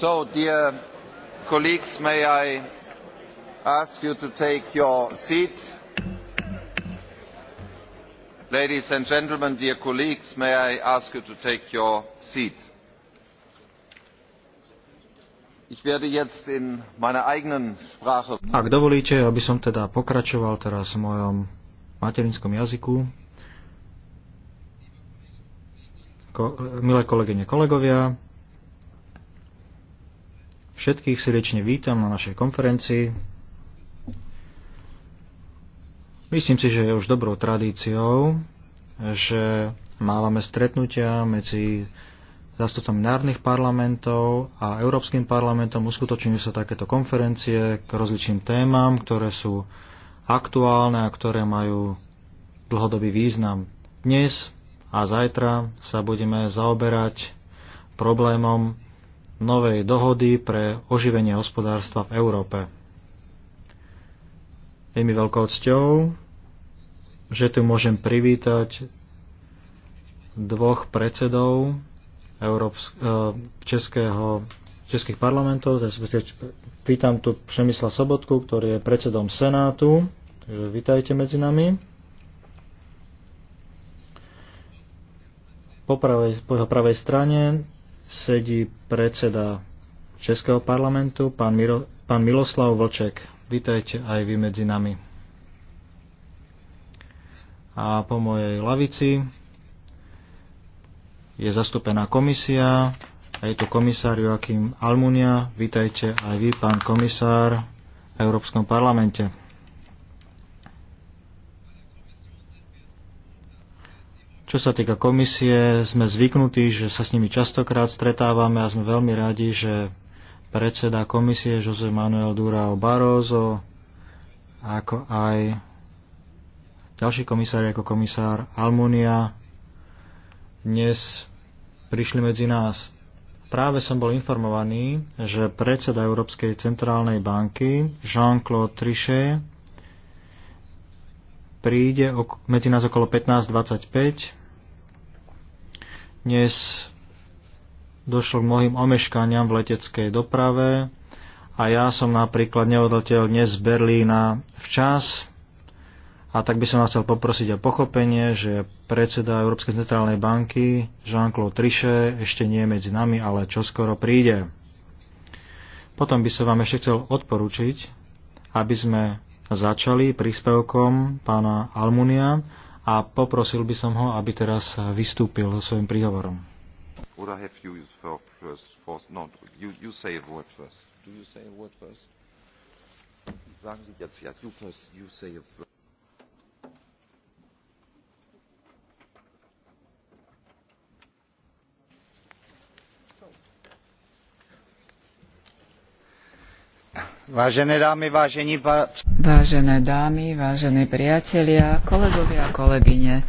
So, dear colleagues, may I ask you to take your seats? Ladies and gentlemen, dear colleagues, may I ask you to take your seats? Ich werde jetzt in meiner eigenen Sprache. Ak dovolíte, aby som teda pokračoval teraz v mojom materinskom jazyku, milé kolegyne, kolegovia, Všetkých srdečne vítam na našej konferencii. Myslím si, že je už dobrou tradíciou, že mávame stretnutia medzi zastupcami národných parlamentov a Európskym parlamentom uskutočňujú sa takéto konferencie k rozličným témam, ktoré sú aktuálne a ktoré majú dlhodobý význam. Dnes a zajtra sa budeme zaoberať problémom novej dohody pre oživenie hospodárstva v Európe. Je mi veľkou cťou, že tu môžem privítať dvoch predsedov Európsk- e, českého, českých parlamentov. Vítam tu Přemysla Sobotku, ktorý je predsedom Senátu. Takže vítajte medzi nami. Po, pravej, po jeho pravej strane sedí predseda Českého parlamentu, pán, Miro, pán Miloslav Vlček. Vítajte aj vy medzi nami. A po mojej lavici je zastúpená komisia a je tu komisár Joachim Almunia. Vítajte aj vy, pán komisár, v Európskom parlamente. Čo sa týka komisie, sme zvyknutí, že sa s nimi častokrát stretávame a sme veľmi radi, že predseda komisie Jose Manuel Durao Barroso, ako aj ďalší komisár ako komisár Almunia dnes prišli medzi nás. Práve som bol informovaný, že predseda Európskej centrálnej banky Jean-Claude Trichet príde medzi nás okolo 15.25 dnes došlo k mnohým omeškaniam v leteckej doprave a ja som napríklad neodletel dnes z Berlína včas a tak by som vás chcel poprosiť o pochopenie, že predseda Európskej centrálnej banky Jean-Claude Trichet ešte nie je medzi nami, ale čoskoro príde. Potom by som vám ešte chcel odporučiť, aby sme začali príspevkom pána Almunia, a poprosil by som ho, aby teraz vystúpil so svojím príhovorom. Vážené dámy, vážení pa... Vážené dámy, vážení priatelia, kolegovia a kolegyne.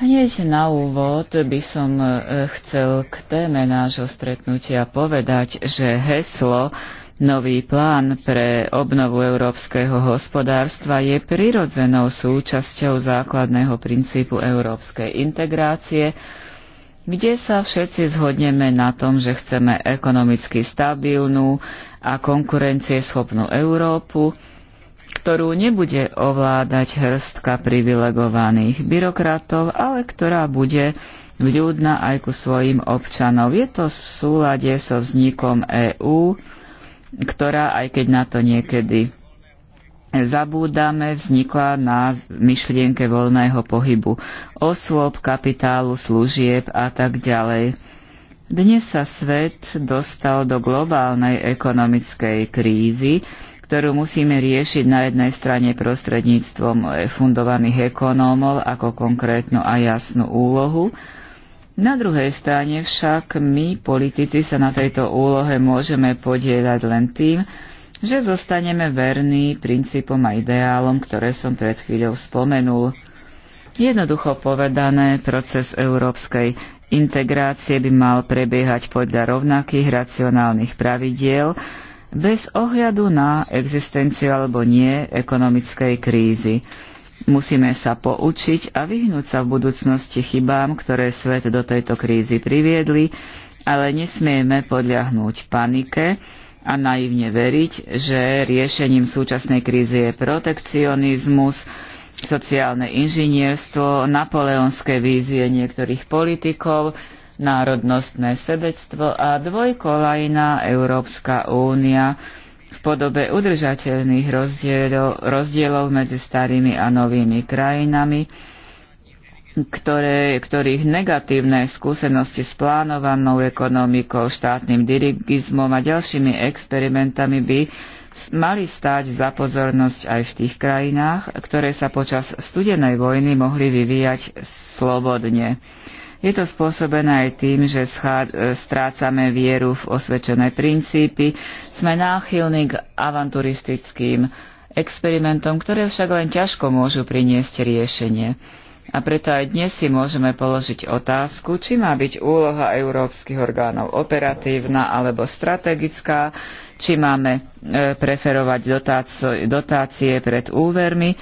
Hneď na úvod by som e, chcel k téme nášho stretnutia povedať, že heslo Nový plán pre obnovu európskeho hospodárstva je prirodzenou súčasťou základného princípu európskej integrácie, kde sa všetci zhodneme na tom, že chceme ekonomicky stabilnú, a konkurencieschopnú Európu, ktorú nebude ovládať hrstka privilegovaných byrokratov, ale ktorá bude vľúdna aj ku svojim občanov. Je to v súlade so vznikom EÚ, ktorá, aj keď na to niekedy zabúdame, vznikla na myšlienke voľného pohybu osôb, kapitálu, služieb a tak ďalej. Dnes sa svet dostal do globálnej ekonomickej krízy, ktorú musíme riešiť na jednej strane prostredníctvom eh, fundovaných ekonómov ako konkrétnu a jasnú úlohu. Na druhej strane však my, politici, sa na tejto úlohe môžeme podielať len tým, že zostaneme verní princípom a ideálom, ktoré som pred chvíľou spomenul – Jednoducho povedané, proces európskej integrácie by mal prebiehať podľa rovnakých racionálnych pravidiel, bez ohľadu na existenciu alebo nie ekonomickej krízy. Musíme sa poučiť a vyhnúť sa v budúcnosti chybám, ktoré svet do tejto krízy priviedli, ale nesmieme podľahnúť panike a naivne veriť, že riešením súčasnej krízy je protekcionizmus, sociálne inžinierstvo, napoleonské vízie niektorých politikov, národnostné sebectvo a dvojkolajná Európska únia v podobe udržateľných rozdielov, rozdielov medzi starými a novými krajinami, ktoré, ktorých negatívne skúsenosti s plánovanou ekonomikou, štátnym dirigizmom a ďalšími experimentami by mali stáť za pozornosť aj v tých krajinách, ktoré sa počas studenej vojny mohli vyvíjať slobodne. Je to spôsobené aj tým, že strácame vieru v osvedčené princípy, sme náchylní k avanturistickým experimentom, ktoré však len ťažko môžu priniesť riešenie. A preto aj dnes si môžeme položiť otázku, či má byť úloha európskych orgánov operatívna alebo strategická, či máme e, preferovať dotácie pred úvermi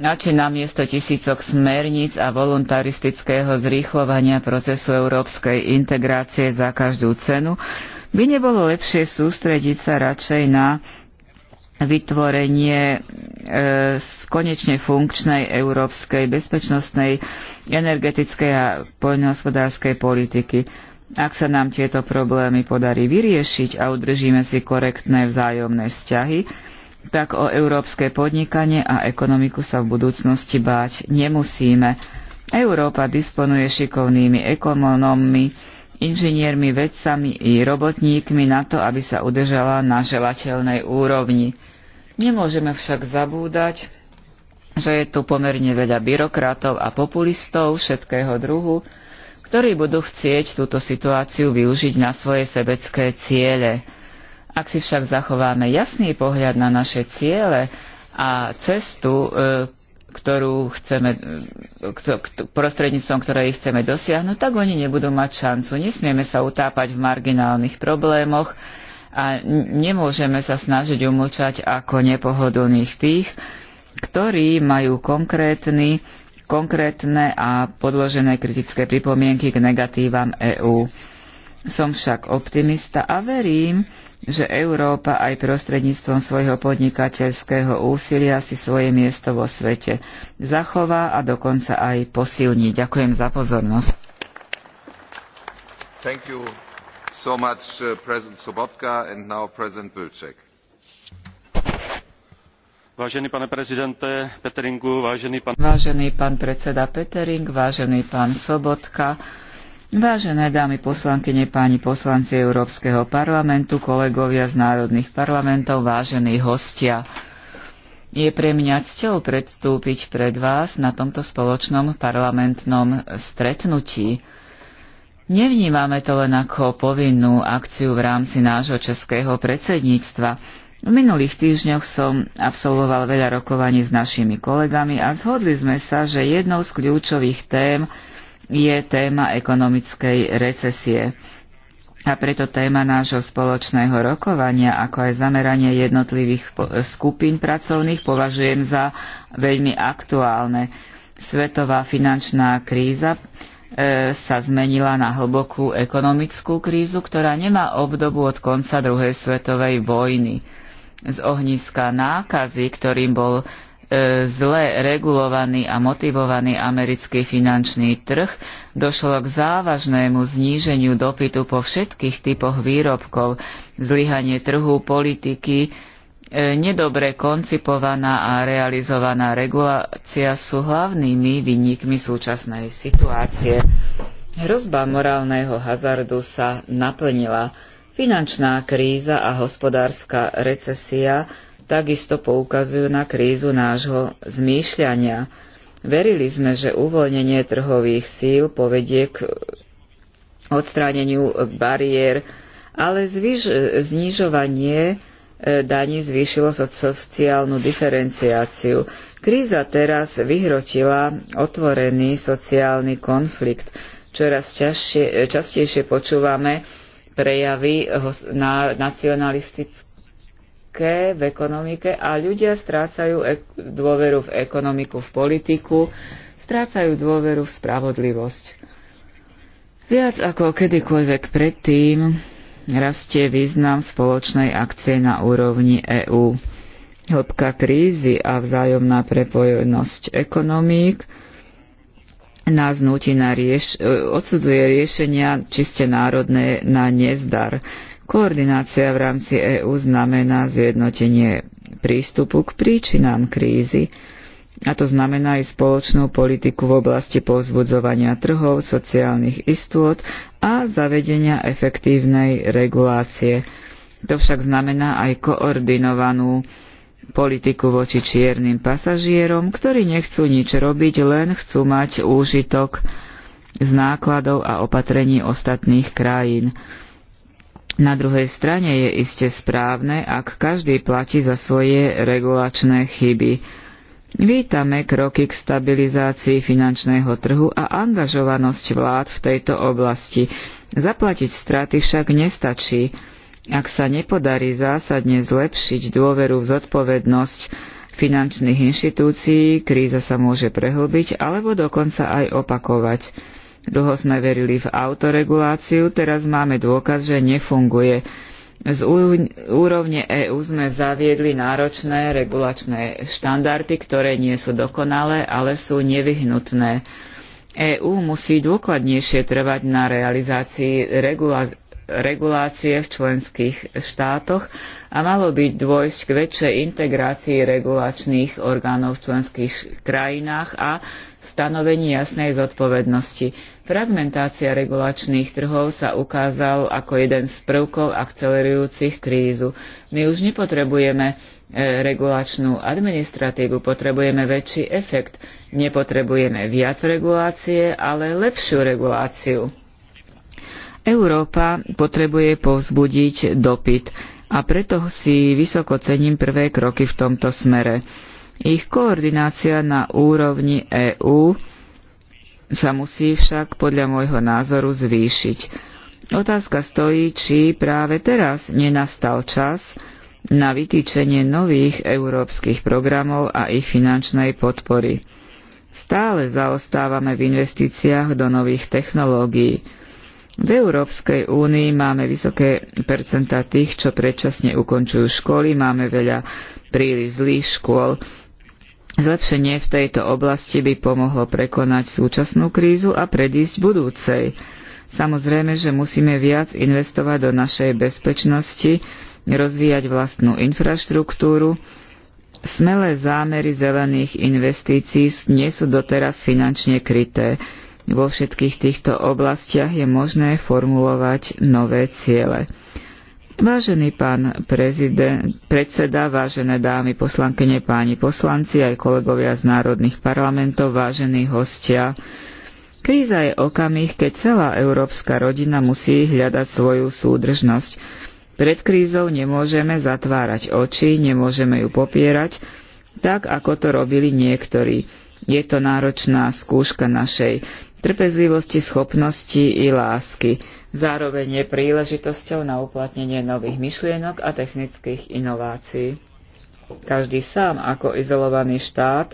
a či namiesto tisícok smerníc a voluntaristického zrýchlovania procesu európskej integrácie za každú cenu by nebolo lepšie sústrediť sa radšej na vytvorenie e, konečne funkčnej európskej bezpečnostnej, energetickej a poľnohospodárskej politiky. Ak sa nám tieto problémy podarí vyriešiť a udržíme si korektné vzájomné vzťahy, tak o európske podnikanie a ekonomiku sa v budúcnosti báť nemusíme. Európa disponuje šikovnými ekonommi, inžiniermi, vedcami i robotníkmi na to, aby sa udržala na želateľnej úrovni. Nemôžeme však zabúdať, že je tu pomerne veľa byrokratov a populistov všetkého druhu, ktorí budú chcieť túto situáciu využiť na svoje sebecké ciele. Ak si však zachováme jasný pohľad na naše ciele a cestu, e, ktorú chceme, e, prostredníctvom ktorej chceme dosiahnuť, tak oni nebudú mať šancu. Nesmieme sa utápať v marginálnych problémoch a nemôžeme sa snažiť umlčať ako nepohodlných tých, ktorí majú konkrétny konkrétne a podložené kritické pripomienky k negatívam EÚ. Som však optimista a verím, že Európa aj prostredníctvom svojho podnikateľského úsilia si svoje miesto vo svete zachová a dokonca aj posilní. Ďakujem za pozornosť. Thank you so much, uh, President Sobotka and now President Vážený pane prezidente Peteringu, vážený pán... Vážený pán predseda Petering, vážený pán Sobotka, vážené dámy poslankyne, páni poslanci Európskeho parlamentu, kolegovia z národných parlamentov, vážení hostia. Je pre mňa cťou predstúpiť pred vás na tomto spoločnom parlamentnom stretnutí. Nevnímame to len ako povinnú akciu v rámci nášho českého predsedníctva. V minulých týždňoch som absolvoval veľa rokovaní s našimi kolegami a zhodli sme sa, že jednou z kľúčových tém je téma ekonomickej recesie. A preto téma nášho spoločného rokovania, ako aj zameranie jednotlivých skupín pracovných, považujem za veľmi aktuálne. Svetová finančná kríza e, sa zmenila na hlbokú ekonomickú krízu, ktorá nemá obdobu od konca druhej svetovej vojny z ohniska nákazy, ktorým bol e, zle regulovaný a motivovaný americký finančný trh, došlo k závažnému zníženiu dopytu po všetkých typoch výrobkov, zlyhanie trhu, politiky, e, nedobre koncipovaná a realizovaná regulácia sú hlavnými vynikmi súčasnej situácie. Hrozba morálneho hazardu sa naplnila Finančná kríza a hospodárska recesia takisto poukazujú na krízu nášho zmýšľania. Verili sme, že uvoľnenie trhových síl povedie k odstráneniu bariér, ale zvyž, znižovanie e, daní zvýšilo sociálnu diferenciáciu. Kríza teraz vyhrotila otvorený sociálny konflikt. Čoraz častejšie počúvame, prejavy na nacionalistické v ekonomike a ľudia strácajú dôveru v ekonomiku, v politiku, strácajú dôveru v spravodlivosť. Viac ako kedykoľvek predtým rastie význam spoločnej akcie na úrovni EÚ. Hĺbka krízy a vzájomná prepojenosť ekonomík – nás nutí na rieš- e, odsudzuje riešenia čiste národné na nezdar. Koordinácia v rámci EÚ znamená zjednotenie prístupu k príčinám krízy, a to znamená aj spoločnú politiku v oblasti povzbudzovania trhov, sociálnych istôt a zavedenia efektívnej regulácie. To však znamená aj koordinovanú politiku voči čiernym pasažierom, ktorí nechcú nič robiť, len chcú mať úžitok z nákladov a opatrení ostatných krajín. Na druhej strane je iste správne, ak každý platí za svoje regulačné chyby. Vítame kroky k stabilizácii finančného trhu a angažovanosť vlád v tejto oblasti. Zaplatiť straty však nestačí ak sa nepodarí zásadne zlepšiť dôveru v zodpovednosť finančných inštitúcií, kríza sa môže prehlbiť alebo dokonca aj opakovať. Dlho sme verili v autoreguláciu, teraz máme dôkaz, že nefunguje. Z úrovne EÚ sme zaviedli náročné regulačné štandardy, ktoré nie sú dokonalé, ale sú nevyhnutné. EÚ musí dôkladnejšie trvať na realizácii regula- regulácie v členských štátoch a malo by dôjsť k väčšej integrácii regulačných orgánov v členských krajinách a stanovení jasnej zodpovednosti. Fragmentácia regulačných trhov sa ukázal ako jeden z prvkov akcelerujúcich krízu. My už nepotrebujeme e, regulačnú administratívu, potrebujeme väčší efekt. Nepotrebujeme viac regulácie, ale lepšiu reguláciu. Európa potrebuje povzbudiť dopyt a preto si vysoko cením prvé kroky v tomto smere. Ich koordinácia na úrovni EÚ sa musí však podľa môjho názoru zvýšiť. Otázka stojí, či práve teraz nenastal čas na vytýčenie nových európskych programov a ich finančnej podpory. Stále zaostávame v investíciách do nových technológií. V Európskej únii máme vysoké percentá tých, čo predčasne ukončujú školy, máme veľa príliš zlých škôl. Zlepšenie v tejto oblasti by pomohlo prekonať súčasnú krízu a predísť budúcej. Samozrejme, že musíme viac investovať do našej bezpečnosti, rozvíjať vlastnú infraštruktúru. Smelé zámery zelených investícií nie sú doteraz finančne kryté. Vo všetkých týchto oblastiach je možné formulovať nové ciele. Vážený pán prezident, predseda, vážené dámy poslankyne, páni poslanci, aj kolegovia z národných parlamentov, vážení hostia, Kríza je okamih, keď celá európska rodina musí hľadať svoju súdržnosť. Pred krízou nemôžeme zatvárať oči, nemôžeme ju popierať, tak ako to robili niektorí. Je to náročná skúška našej trpezlivosti, schopnosti i lásky. Zároveň je príležitosťou na uplatnenie nových myšlienok a technických inovácií. Každý sám ako izolovaný štát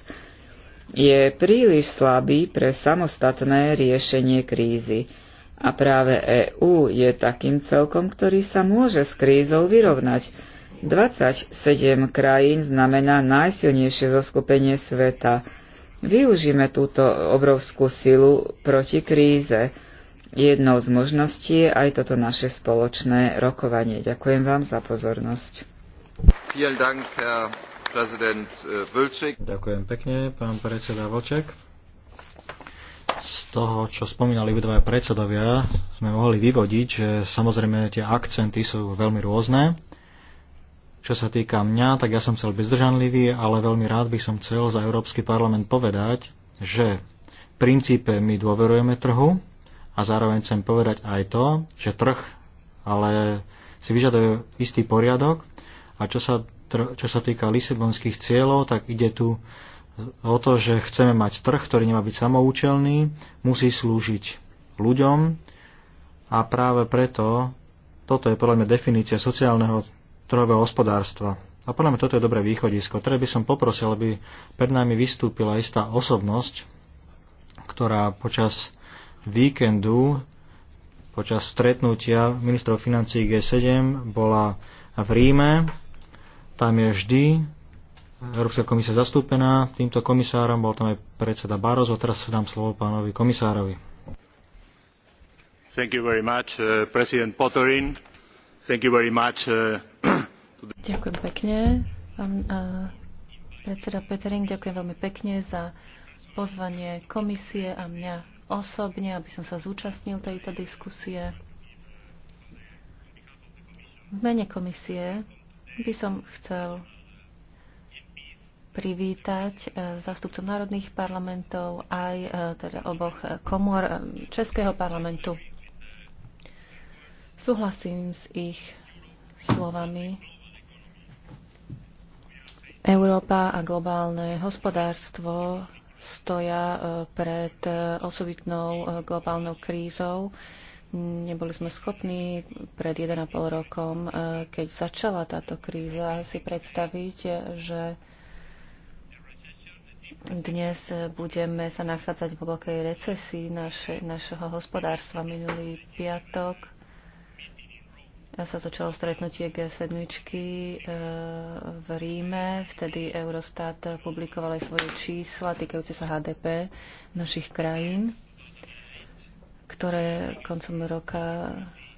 je príliš slabý pre samostatné riešenie krízy. A práve EÚ je takým celkom, ktorý sa môže s krízou vyrovnať. 27 krajín znamená najsilnejšie zoskupenie sveta využíme túto obrovskú silu proti kríze. Jednou z možností je aj toto naše spoločné rokovanie. Ďakujem vám za pozornosť. Äh, Ďakujem pekne, pán predseda Voček. Z toho, čo spomínali dvaja predsedovia, sme mohli vyvodiť, že samozrejme tie akcenty sú veľmi rôzne čo sa týka mňa, tak ja som chcel byť zdržanlivý, ale veľmi rád by som chcel za Európsky parlament povedať, že v princípe my dôverujeme trhu a zároveň chcem povedať aj to, že trh ale si vyžaduje istý poriadok a čo sa, čo sa týka lisabonských cieľov, tak ide tu o to, že chceme mať trh, ktorý nemá byť samoučelný, musí slúžiť ľuďom a práve preto toto je podľa mňa definícia sociálneho trojového hospodárstva. A podľa mňa toto je dobré východisko. Teda by som poprosil, aby pred nami vystúpila istá osobnosť, ktorá počas víkendu, počas stretnutia ministrov financí G7 bola v Ríme. Tam je vždy Európska komisia zastúpená. Týmto komisárom bol tam aj predseda Barozo. Teraz dám slovo pánovi komisárovi. Thank you very much, uh, President Potterin. Thank you very much, uh, Ďakujem pekne. Pán predseda Petering, ďakujem veľmi pekne za pozvanie komisie a mňa osobne, aby som sa zúčastnil tejto diskusie. V mene komisie by som chcel privítať e, zástupcov národných parlamentov aj e, teda oboch komor e, Českého parlamentu. Súhlasím s ich slovami Európa a globálne hospodárstvo stoja e, pred e, osobitnou e, globálnou krízou. Neboli sme schopní pred 1,5 rokom, keď začala táto kríza, si predstaviť, že dnes budeme sa nachádzať v hlbokej recesii našeho hospodárstva. Minulý piatok sa začalo stretnutie G7 eh, v Ríme. Vtedy Eurostat publikoval aj svoje čísla týkajúce sa HDP našich krajín, ktoré koncom roka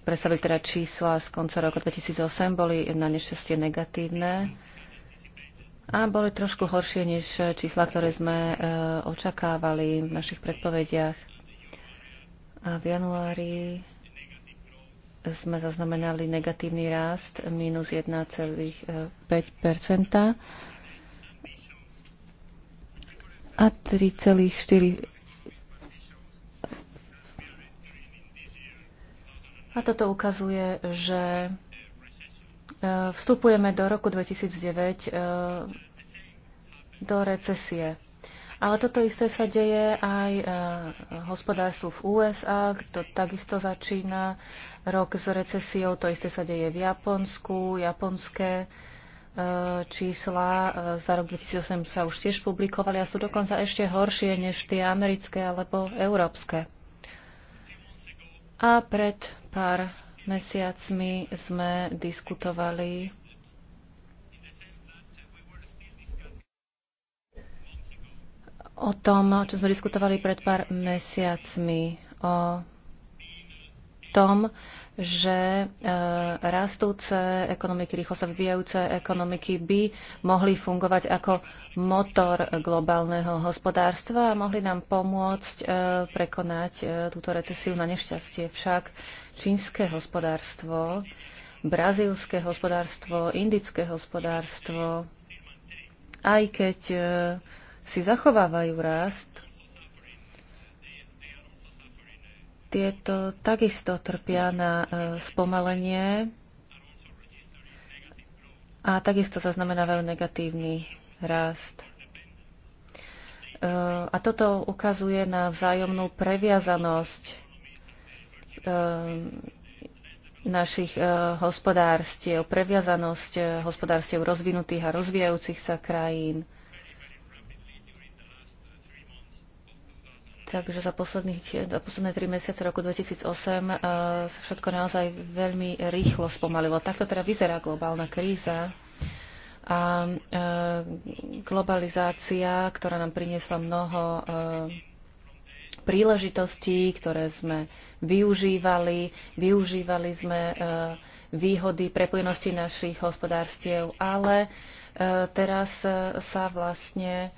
predstavili teda čísla z konca roka 2008, boli na nešťastie negatívne a boli trošku horšie než čísla, ktoré sme eh, očakávali v našich predpovediach. A v januári sme zaznamenali negatívny rást minus 1,5 a 3,4 A toto ukazuje, že e, vstupujeme do roku 2009 e, do recesie. Ale toto isté sa deje aj e, hospodárstvu v USA, to takisto začína rok s recesiou, to isté sa deje v Japonsku, japonské e, čísla e, za rok 2008 sa už tiež publikovali a sú dokonca ešte horšie než tie americké alebo európske. A pred pár mesiacmi sme diskutovali o tom, čo sme diskutovali pred pár mesiacmi, o tom, že e, rastúce ekonomiky, rýchlo sa vyvíjajúce ekonomiky by mohli fungovať ako motor globálneho hospodárstva a mohli nám pomôcť e, prekonať e, túto recesiu na nešťastie. Však čínske hospodárstvo, brazílske hospodárstvo, indické hospodárstvo, aj keď si zachovávajú rast, tieto takisto trpia na e, spomalenie a takisto zaznamenávajú negatívny rast. E, a toto ukazuje na vzájomnú previazanosť e, našich hospodárstiev, previazanosť hospodárstiev rozvinutých a rozvíjajúcich sa krajín. Takže za, posledných, za posledné tri mesiace roku 2008 eh, sa všetko naozaj veľmi rýchlo spomalilo. Takto teda vyzerá globálna kríza a eh, globalizácia, ktorá nám priniesla mnoho eh, príležitostí, ktoré sme využívali. Využívali sme výhody prepojenosti našich hospodárstiev, ale teraz sa vlastne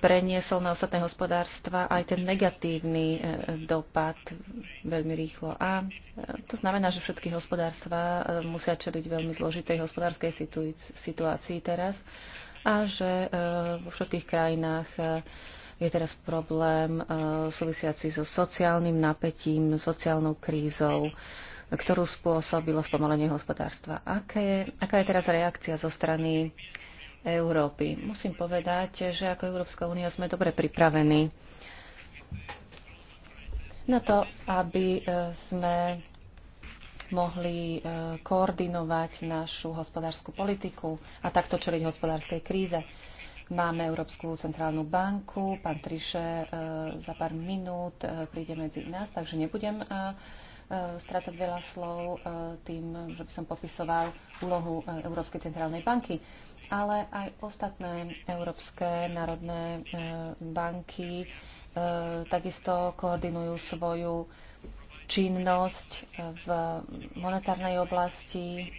preniesol na ostatné hospodárstva aj ten negatívny e, dopad veľmi rýchlo. A e, to znamená, že všetky hospodárstva e, musia čeliť veľmi zložitej hospodárskej situácii teraz a že vo všetkých krajinách je teraz problém súvisiaci so sociálnym napätím, sociálnou krízou, ktorú spôsobilo spomalenie hospodárstva. Aká je, aká je teraz reakcia zo strany Európy. Musím povedať, že ako Európska únia sme dobre pripravení na to, aby e, sme mohli e, koordinovať našu hospodárskú politiku a takto čeliť hospodárskej kríze. Máme Európsku centrálnu banku, pán Triše e, za pár minút príde medzi nás, takže nebudem stratať veľa slov tým, že by som popisoval úlohu Európskej centrálnej banky ale aj ostatné európske národné e, banky e, takisto koordinujú svoju činnosť v monetárnej oblasti,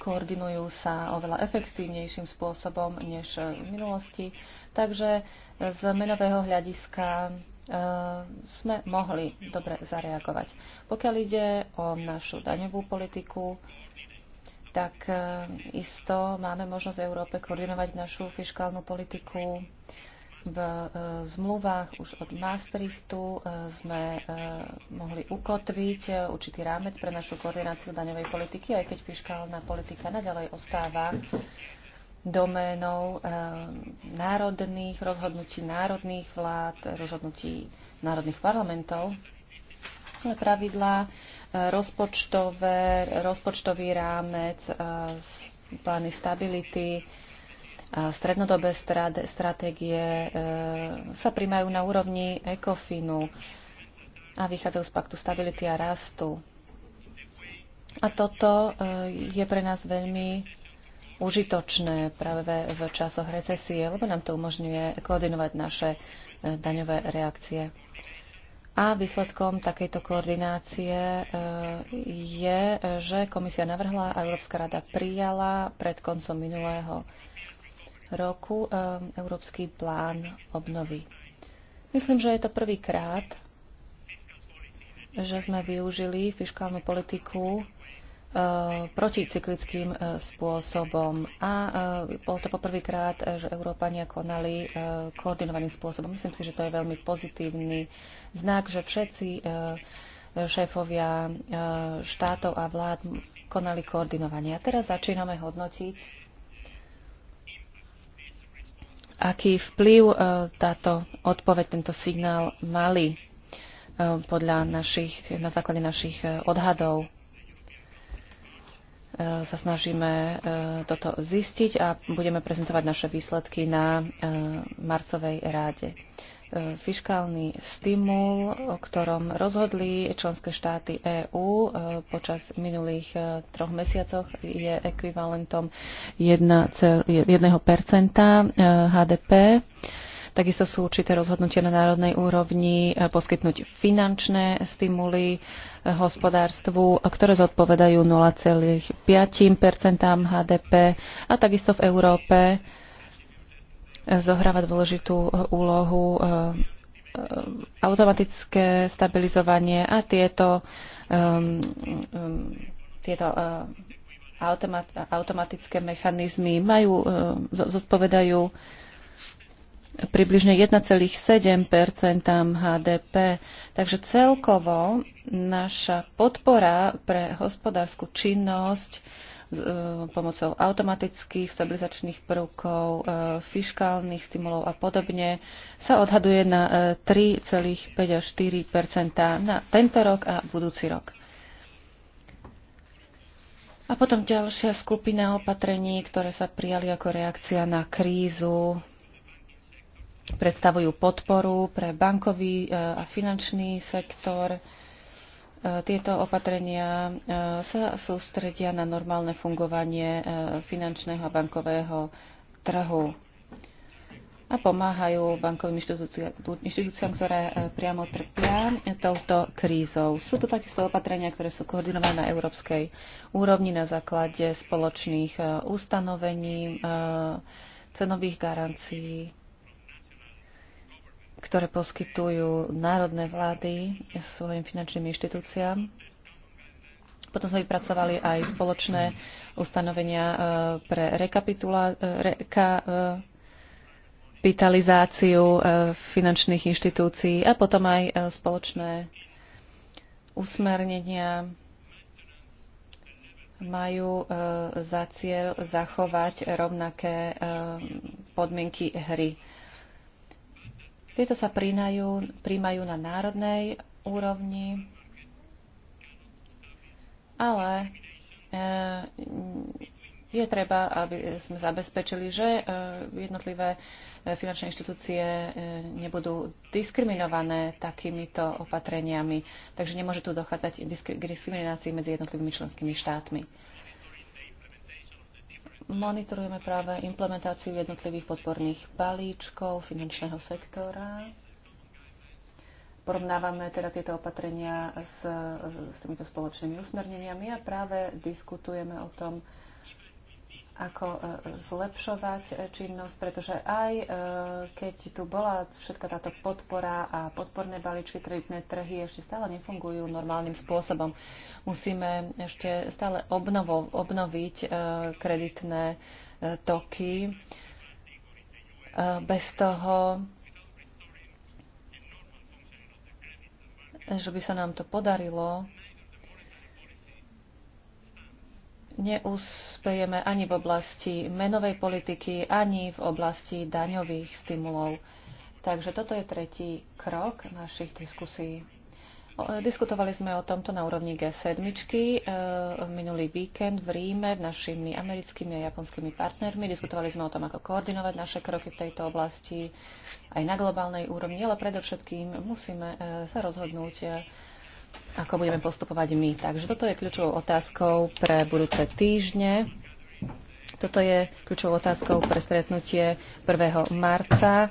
koordinujú sa oveľa efektívnejším spôsobom než v minulosti. Takže z menového hľadiska e, sme mohli dobre zareagovať. Pokiaľ ide o našu daňovú politiku, tak e, isto máme možnosť v Európe koordinovať našu fiskálnu politiku. V e, zmluvách už od Maastrichtu e, sme mohli ukotviť určitý rámec pre našu koordináciu daňovej politiky, aj keď fiskálna politika naďalej ostáva doménou národných rozhodnutí národných vlád, rozhodnutí národných parlamentov. Ale pravidlá rozpočtové, rozpočtový rámec, e, plány stability, e, strednodobé stratégie e, sa príjmajú na úrovni ECOFINu a vychádzajú z paktu stability a rastu. A toto je pre nás veľmi užitočné práve v časoch recesie, lebo nám to umožňuje koordinovať naše daňové reakcie. A výsledkom takejto koordinácie eh, je, že komisia navrhla a Európska rada prijala pred koncom minulého roku eh, Európsky plán obnovy. Myslím, že je to prvýkrát, že sme využili fiskálnu politiku Eh, proticyklickým eh, spôsobom. A eh, bol to poprvýkrát, že Európania konali koordinovaným spôsobom. Myslím si, že to je veľmi pozitívny znak, že všetci šéfovia štátov a vlád konali koordinovanie. A teraz začíname hodnotiť, aký vplyv táto odpoveď, tento signál mali podľa našich, na základe našich odhadov E, sa snažíme e, toto zistiť a budeme prezentovať naše výsledky na e, marcovej ráde. Fiškálny stimul, o ktorom rozhodli členské štáty EÚ počas minulých troch mesiacoch, je ekvivalentom 1% HDP. Takisto sú určité rozhodnutia na národnej úrovni e, poskytnúť finančné stimuly e, hospodárstvu, ktoré zodpovedajú 0,5 HDP a takisto v Európe e, zohráva dôležitú úlohu automatické stabilizovanie a tieto, um, um, tieto uh, automat, automatické mechanizmy majú, uh, zodpovedajú približne 1,7 HDP. Takže celkovo naša podpora pre hospodárskú činnosť e, pomocou automatických stabilizačných prvkov, e, fiskálnych stimulov a podobne sa odhaduje na 3,5 e, až 4 na tento rok a budúci rok. A potom ďalšia skupina opatrení, ktoré sa prijali ako reakcia na krízu predstavujú podporu pre bankový e, a finančný sektor. E, tieto opatrenia e, sa sústredia na normálne fungovanie finančného a bankového trhu a pomáhajú bankovým inštitúciám, ktoré priamo trpia touto krízou. Sú to takisto opatrenia, ktoré sú koordinované na európskej úrovni na základe spoločných ustanovení, cenových garancií ktoré poskytujú národné vlády svojim finančným inštitúciám. Potom sme vypracovali aj spoločné ustanovenia e, pre e, rekapitalizáciu e, finančných inštitúcií a potom aj spoločné usmernenia majú za cieľ zachovať rovnaké podmienky hry tieto sa prínajú, príjmajú na národnej úrovni, ale e, je treba, aby sme zabezpečili, že e, jednotlivé e, finančné inštitúcie nebudú diskriminované takýmito opatreniami. Takže nemôže tu dochádzať k diskriminácii medzi jednotlivými členskými štátmi monitorujeme práve implementáciu jednotlivých podporných balíčkov finančného sektora. Porovnávame teda tieto opatrenia s, s týmito spoločnými usmerneniami a práve diskutujeme o tom, ako e, zlepšovať e, činnosť, pretože aj e, keď tu bola všetka táto podpora a podporné balíčky, kreditné trhy ešte stále nefungujú normálnym spôsobom. Musíme ešte stále obnovo, obnoviť kreditné toky. Bez toho, že by sa nám to podarilo, neúspejeme ani v oblasti menovej politiky, ani v oblasti daňových stimulov. Takže toto je tretí krok našich diskusí. Diskutovali sme o tomto na úrovni G7 eh, minulý víkend v Ríme s našimi americkými a japonskými partnermi. Diskutovali sme o tom, ako koordinovať naše kroky v tejto oblasti aj na globálnej úrovni, ale predovšetkým musíme eh, sa rozhodnúť, eh, ako budeme postupovať my. Takže toto je kľúčovou otázkou pre budúce týždne. Toto je kľúčovou otázkou pre stretnutie 1. marca eh,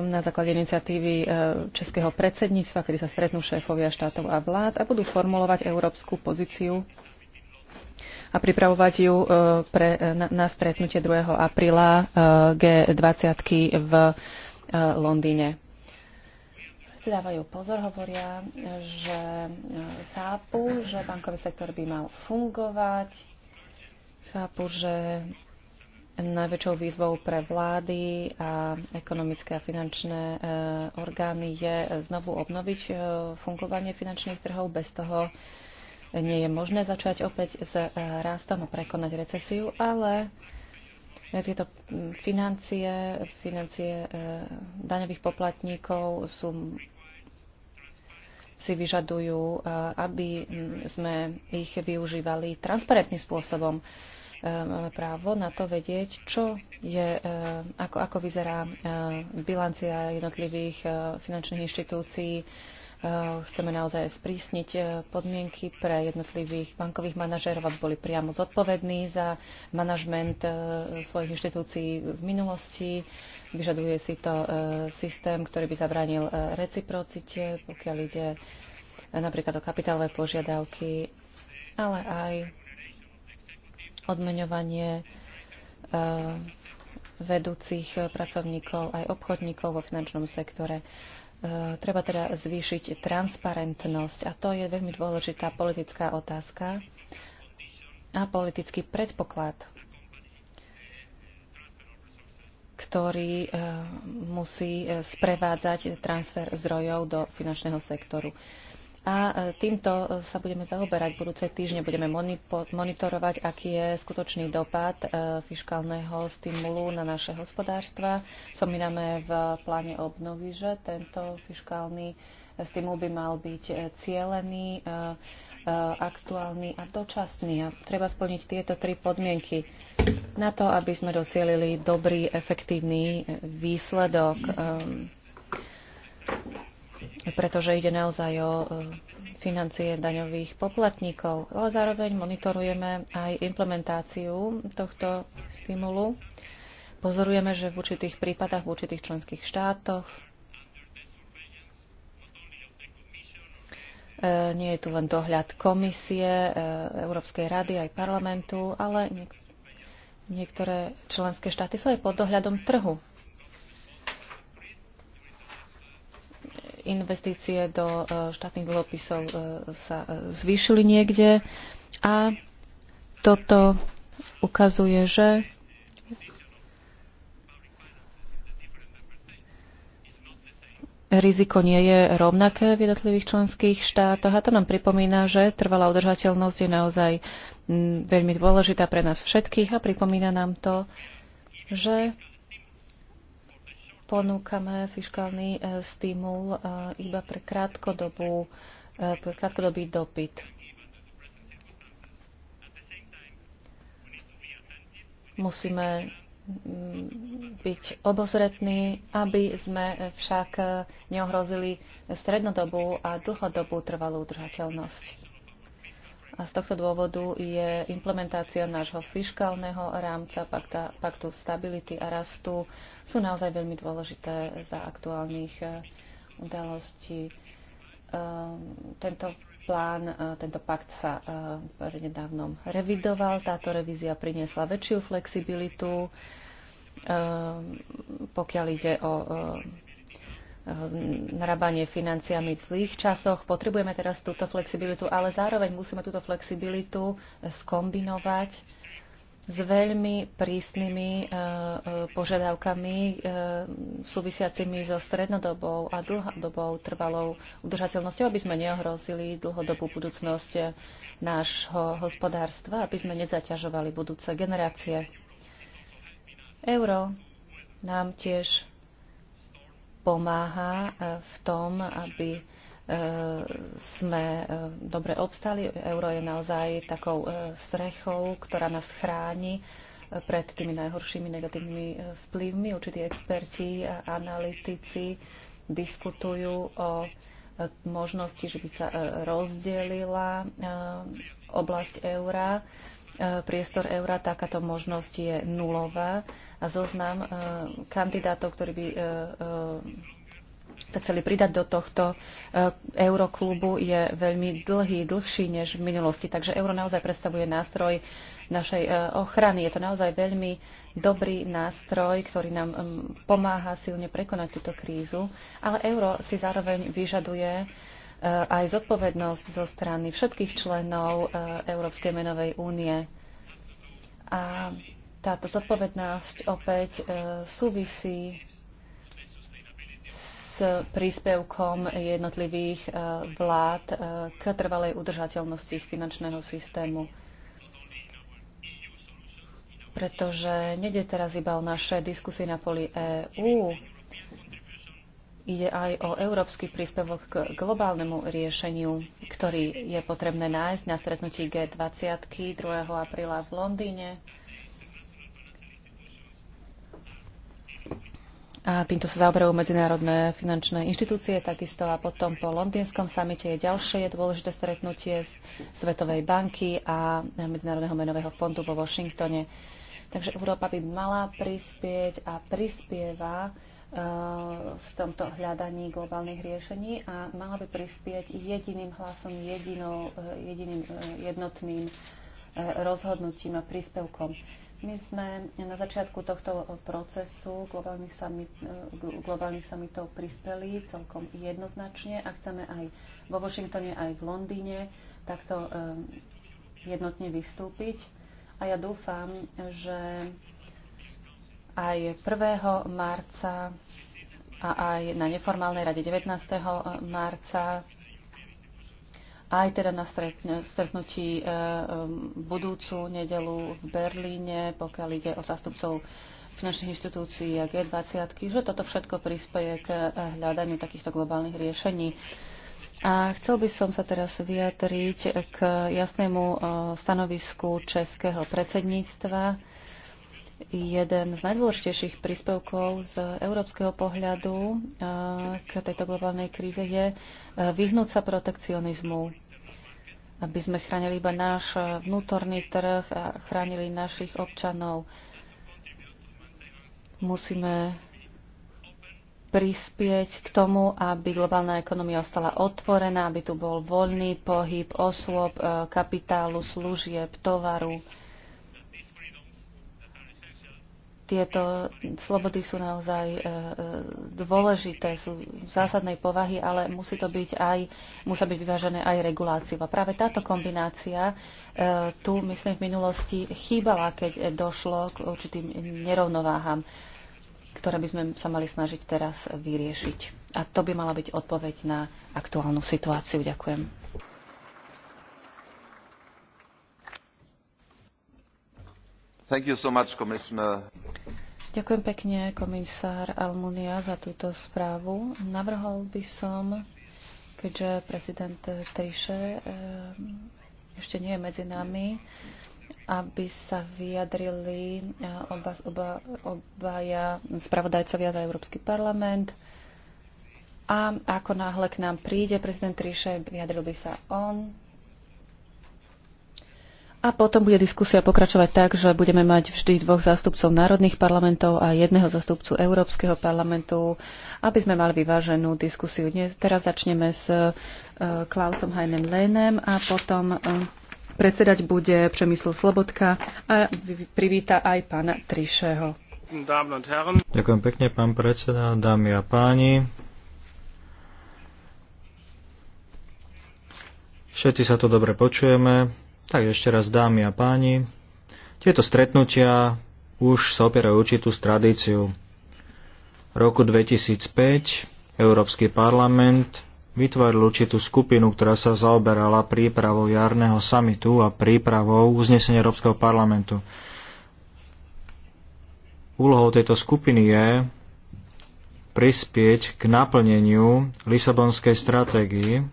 na základe iniciatívy eh, Českého predsedníctva, kedy sa stretnú šéfovia štátov a vlád a budú formulovať európsku pozíciu a pripravovať ju eh, pre, na, na stretnutie 2. apríla G20 v Londýne si dávajú pozor, hovoria, že e, chápu, že bankový sektor by mal fungovať, chápu, že najväčšou výzvou pre vlády a ekonomické a finančné e, orgány je znovu obnoviť e, fungovanie finančných trhov. Bez toho nie je možné začať opäť s rastom a prekonať recesiu, ale tieto financie, financie daňových poplatníkov sú si vyžadujú, e, aby sme ich využívali transparentným spôsobom. E, máme právo na to vedieť, čo je, e, ako, ako vyzerá bilancia jednotlivých finančných inštitúcií. Chceme naozaj sprísniť podmienky pre jednotlivých bankových manažérov, aby boli priamo zodpovední za manažment svojich inštitúcií v minulosti Vyžaduje si to e, systém, ktorý by zabránil e, reciprocite, pokiaľ ide e, napríklad o kapitálové požiadavky, ale aj odmeňovanie vedúcich pracovníkov aj obchodníkov vo finančnom sektore. Treba teda zvýšiť transparentnosť a to je veľmi dôležitá politická otázka a politický predpoklad ktorý e, musí e, sprevádzať transfer zdrojov do finančného sektoru. A e, týmto sa budeme zaoberať budúce týždne. Budeme monitorovať, aký je skutočný dopad fiskálneho stimulu na naše hospodárstva. Spomíname v pláne obnovy, že tento fiskálny stimul by mal byť cielený Eh, aktuálny a dočasný. A treba splniť tieto tri podmienky na to, aby sme docielili dobrý, efektívny eh, výsledok, eh, pretože ide naozaj o financie daňových poplatníkov. Ale zároveň monitorujeme aj implementáciu tohto stimulu. Pozorujeme, že v určitých prípadách, v určitých členských štátoch E, nie je tu len dohľad komisie, e, Európskej rady aj parlamentu, ale niektoré členské štáty sú aj pod dohľadom trhu. Investície do e, štátnych dlhopisov sa zvýšili niekde a toto ukazuje, že riziko nie je rovnaké v jednotlivých členských štátoch a to nám pripomína, že trvalá udržateľnosť je naozaj veľmi dôležitá pre nás všetkých a pripomína nám to, že ponúkame fiskálny e, stimul e, iba pre, krátkodobú, e, pre krátkodobý dopyt. Musíme byť obozretní, aby sme však neohrozili strednodobú a dlhodobú trvalú udržateľnosť. A z tohto dôvodu je implementácia nášho fiškálneho rámca pakta, paktu stability a rastu sú naozaj veľmi dôležité za aktuálnych eh, udalostí. Ehm, tento plán, e, tento pakt sa e, nedávno revidoval. Táto revízia priniesla väčšiu flexibilitu, e, pokiaľ ide o narábanie financiami v zlých časoch. Potrebujeme teraz túto flexibilitu, ale zároveň musíme túto flexibilitu skombinovať s veľmi prísnymi e, e, požiadavkami e, súvisiacimi so strednodobou a dlhodobou trvalou udržateľnosťou, aby sme neohrozili dlhodobú budúcnosť nášho hospodárstva, aby sme nezaťažovali budúce generácie. Euro nám tiež pomáha v tom, aby E, sme e, dobre obstali. Euro je naozaj takou e, strechou, ktorá nás chráni pred tými najhoršími negatívnymi vplyvmi. Určití experti a analytici diskutujú o možnosti, že by sa rozdelila oblasť eura. Priestor eura, takáto možnosť je nulová a zoznam kandidátov, ktorí by sa chceli pridať do tohto e, euroklubu, je veľmi dlhý, dlhší než v minulosti. Takže euro naozaj predstavuje nástroj našej e, ochrany. Je to naozaj veľmi dobrý nástroj, ktorý nám pomáha silne prekonať túto krízu, ale euro si zároveň vyžaduje e, aj zodpovednosť zo strany všetkých členov Európskej menovej únie. A táto zodpovednosť opäť súvisí s príspevkom jednotlivých e, vlád e, k trvalej udržateľnosti finančného systému. Pretože nede teraz iba o naše diskusie na poli EÚ, ide aj o európsky príspevok k globálnemu riešeniu, ktorý je potrebné nájsť na stretnutí G20 2. apríla v Londýne. A týmto sa zaoberajú medzinárodné finančné inštitúcie, takisto a potom po londýnskom samite je ďalšie dôležité stretnutie z Svetovej banky a Medzinárodného menového fondu vo Washingtone. Takže Európa by mala prispieť a prispieva e, v tomto hľadaní globálnych riešení a mala by prispieť jediným hlasom, jedinou, e, jediným e, jednotným rozhodnutím a príspevkom. My sme na začiatku tohto procesu globálnych, summit, globálnych summitov prispeli celkom jednoznačne a chceme aj vo Washingtone, aj v Londýne takto ehm, jednotne vystúpiť. A ja dúfam, že aj 1. marca a aj na neformálnej rade 19. Ehm, marca aj teda na stretnutí e, e, budúcu nedelu v Berlíne, pokiaľ ide o zástupcov finančných inštitúcií a G20, že toto všetko prispieje k e, hľadaniu takýchto globálnych riešení. A chcel by som sa teraz vyjadriť k jasnému stanovisku českého predsedníctva jeden z najdôležitejších príspevkov z európskeho pohľadu eh, k tejto globálnej kríze je eh, vyhnúť sa protekcionizmu, aby sme chránili iba náš eh, vnútorný trh a chránili našich občanov. Musíme prispieť k tomu, aby globálna ekonomia ostala otvorená, aby tu bol voľný pohyb osôb, kapitálu, služieb, tovaru. Tieto slobody sú naozaj e, e, dôležité, sú zásadnej povahy, ale musí to byť aj, musia byť vyvážené aj reguláciou. A práve táto kombinácia e, tu, myslím, v minulosti chýbala, keď došlo k určitým nerovnováhám ktoré by sme sa mali snažiť teraz vyriešiť. A to by mala byť odpoveď na aktuálnu situáciu. Ďakujem. So much, Ďakujem pekne, komisár Almunia, za túto správu. Navrhol by som, keďže prezident Triše eh, ešte nie je medzi nami, aby sa vyjadrili eh, oba, oba, obaja spravodajcovia za Európsky parlament. A ako náhle k nám príde prezident Triše, vyjadril by sa on a potom bude diskusia pokračovať tak, že budeme mať vždy dvoch zástupcov národných parlamentov a jedného zástupcu Európskeho parlamentu, aby sme mali vyváženú diskusiu. Dnes, teraz začneme s uh, Klausom Heinem Lénem a potom uh, predsedať bude Přemysl Slobodka a privíta aj pána Trišeho. Ďakujem pekne, pán predseda, dámy a páni. Všetci sa to dobre počujeme. Tak ešte raz dámy a páni, tieto stretnutia už sa opierajú určitú tradíciu. Roku 2005 Európsky parlament vytvoril určitú skupinu, ktorá sa zaoberala prípravou jarného samitu a prípravou uznesenia Európskeho parlamentu. Úlohou tejto skupiny je prispieť k naplneniu Lisabonskej stratégii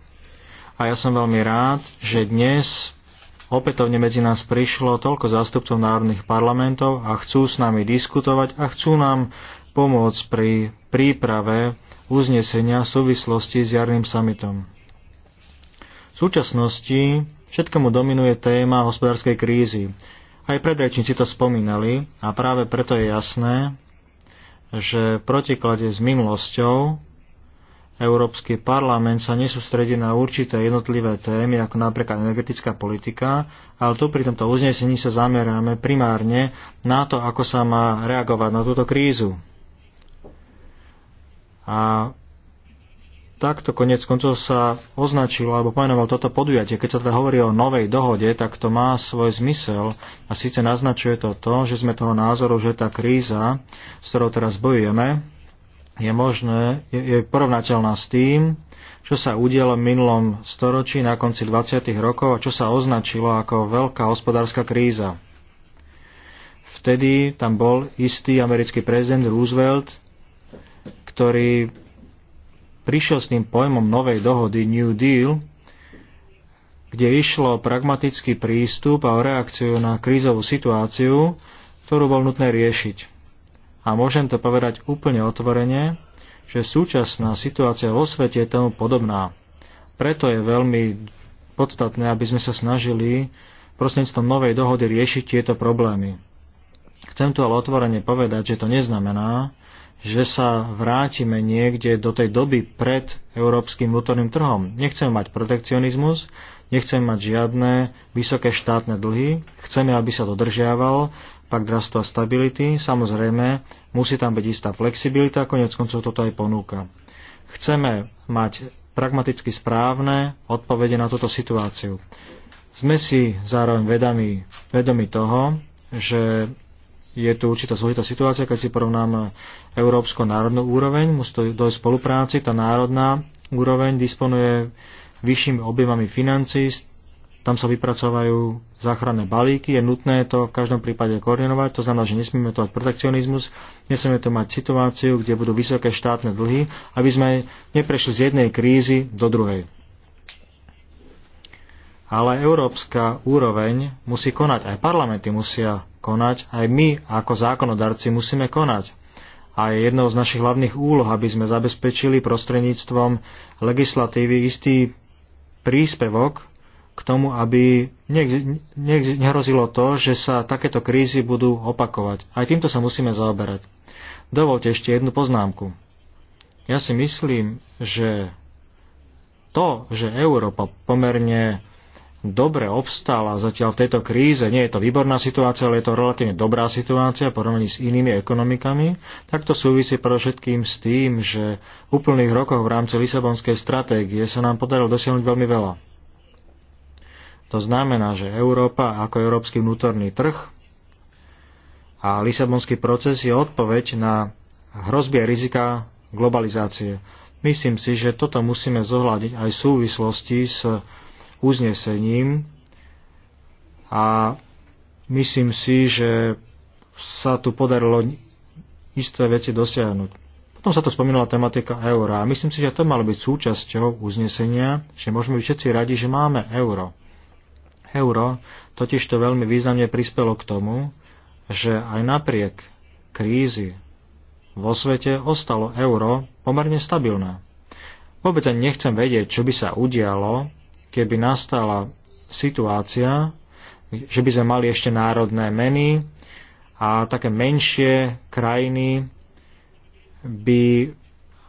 a ja som veľmi rád, že dnes opätovne medzi nás prišlo toľko zástupcov národných parlamentov a chcú s nami diskutovať a chcú nám pomôcť pri príprave uznesenia v súvislosti s jarným samitom. V súčasnosti všetkému dominuje téma hospodárskej krízy. Aj predrečníci to spomínali a práve preto je jasné, že v protiklade s minulosťou Európsky parlament sa nesústredí na určité jednotlivé témy, ako napríklad energetická politika, ale tu pri tomto uznesení sa zameráme primárne na to, ako sa má reagovať na túto krízu. A takto konec koncov sa označilo alebo pomenoval toto podujatie. Keď sa teda hovorí o novej dohode, tak to má svoj zmysel a síce naznačuje to to, že sme toho názoru, že tá kríza, s ktorou teraz bojujeme, je možné, je, je porovnateľná s tým, čo sa udialo v minulom storočí na konci 20. rokov a čo sa označilo ako veľká hospodárska kríza. Vtedy tam bol istý americký prezident Roosevelt, ktorý prišiel s tým pojmom novej dohody New Deal, kde išlo o pragmatický prístup a o reakciu na krízovú situáciu, ktorú bol nutné riešiť. A môžem to povedať úplne otvorene, že súčasná situácia vo svete je tomu podobná. Preto je veľmi podstatné, aby sme sa snažili prostredníctvom novej dohody riešiť tieto problémy. Chcem tu ale otvorene povedať, že to neznamená, že sa vrátime niekde do tej doby pred európskym vnútorným trhom. Nechcem mať protekcionizmus, nechcem mať žiadne vysoké štátne dlhy, chceme, aby sa dodržiaval pakt rastu a stability. Samozrejme, musí tam byť istá flexibilita, konec koncov toto aj ponúka. Chceme mať pragmaticky správne odpovede na túto situáciu. Sme si zároveň vedomi, vedomi toho, že je tu určitá zložitá situácia, keď si porovnáme európsko národnú úroveň, musí to dojsť spolupráci, tá národná úroveň disponuje vyššími objemami financí, tam sa vypracovajú záchranné balíky, je nutné to v každom prípade koordinovať, to znamená, že nesmieme to mať protekcionizmus, nesmieme to mať situáciu, kde budú vysoké štátne dlhy, aby sme neprešli z jednej krízy do druhej. Ale európska úroveň musí konať, aj parlamenty musia konať, aj my ako zákonodarci musíme konať. A je jednou z našich hlavných úloh, aby sme zabezpečili prostredníctvom legislatívy istý príspevok k tomu, aby nehrozilo to, že sa takéto krízy budú opakovať. Aj týmto sa musíme zaoberať. Dovolte ešte jednu poznámku. Ja si myslím, že to, že Európa pomerne dobre obstála zatiaľ v tejto kríze, nie je to výborná situácia, ale je to relatívne dobrá situácia v porovnaní s inými ekonomikami, tak to súvisí predovšetkým s tým, že v úplných rokoch v rámci Lisabonskej stratégie sa nám podarilo dosiahnuť veľmi veľa. To znamená, že Európa ako európsky vnútorný trh a Lisabonský proces je odpoveď na hrozby a rizika globalizácie. Myslím si, že toto musíme zohľadiť aj v súvislosti s uznesením a myslím si, že sa tu podarilo isté veci dosiahnuť. Potom sa to spomínala tematika eura a myslím si, že to malo byť súčasťou uznesenia, že môžeme byť všetci radi, že máme euro. Euro totiž to veľmi významne prispelo k tomu, že aj napriek krízi vo svete ostalo euro pomerne stabilné. Vôbec ani nechcem vedieť, čo by sa udialo, keby nastala situácia, že by sme mali ešte národné meny a také menšie krajiny by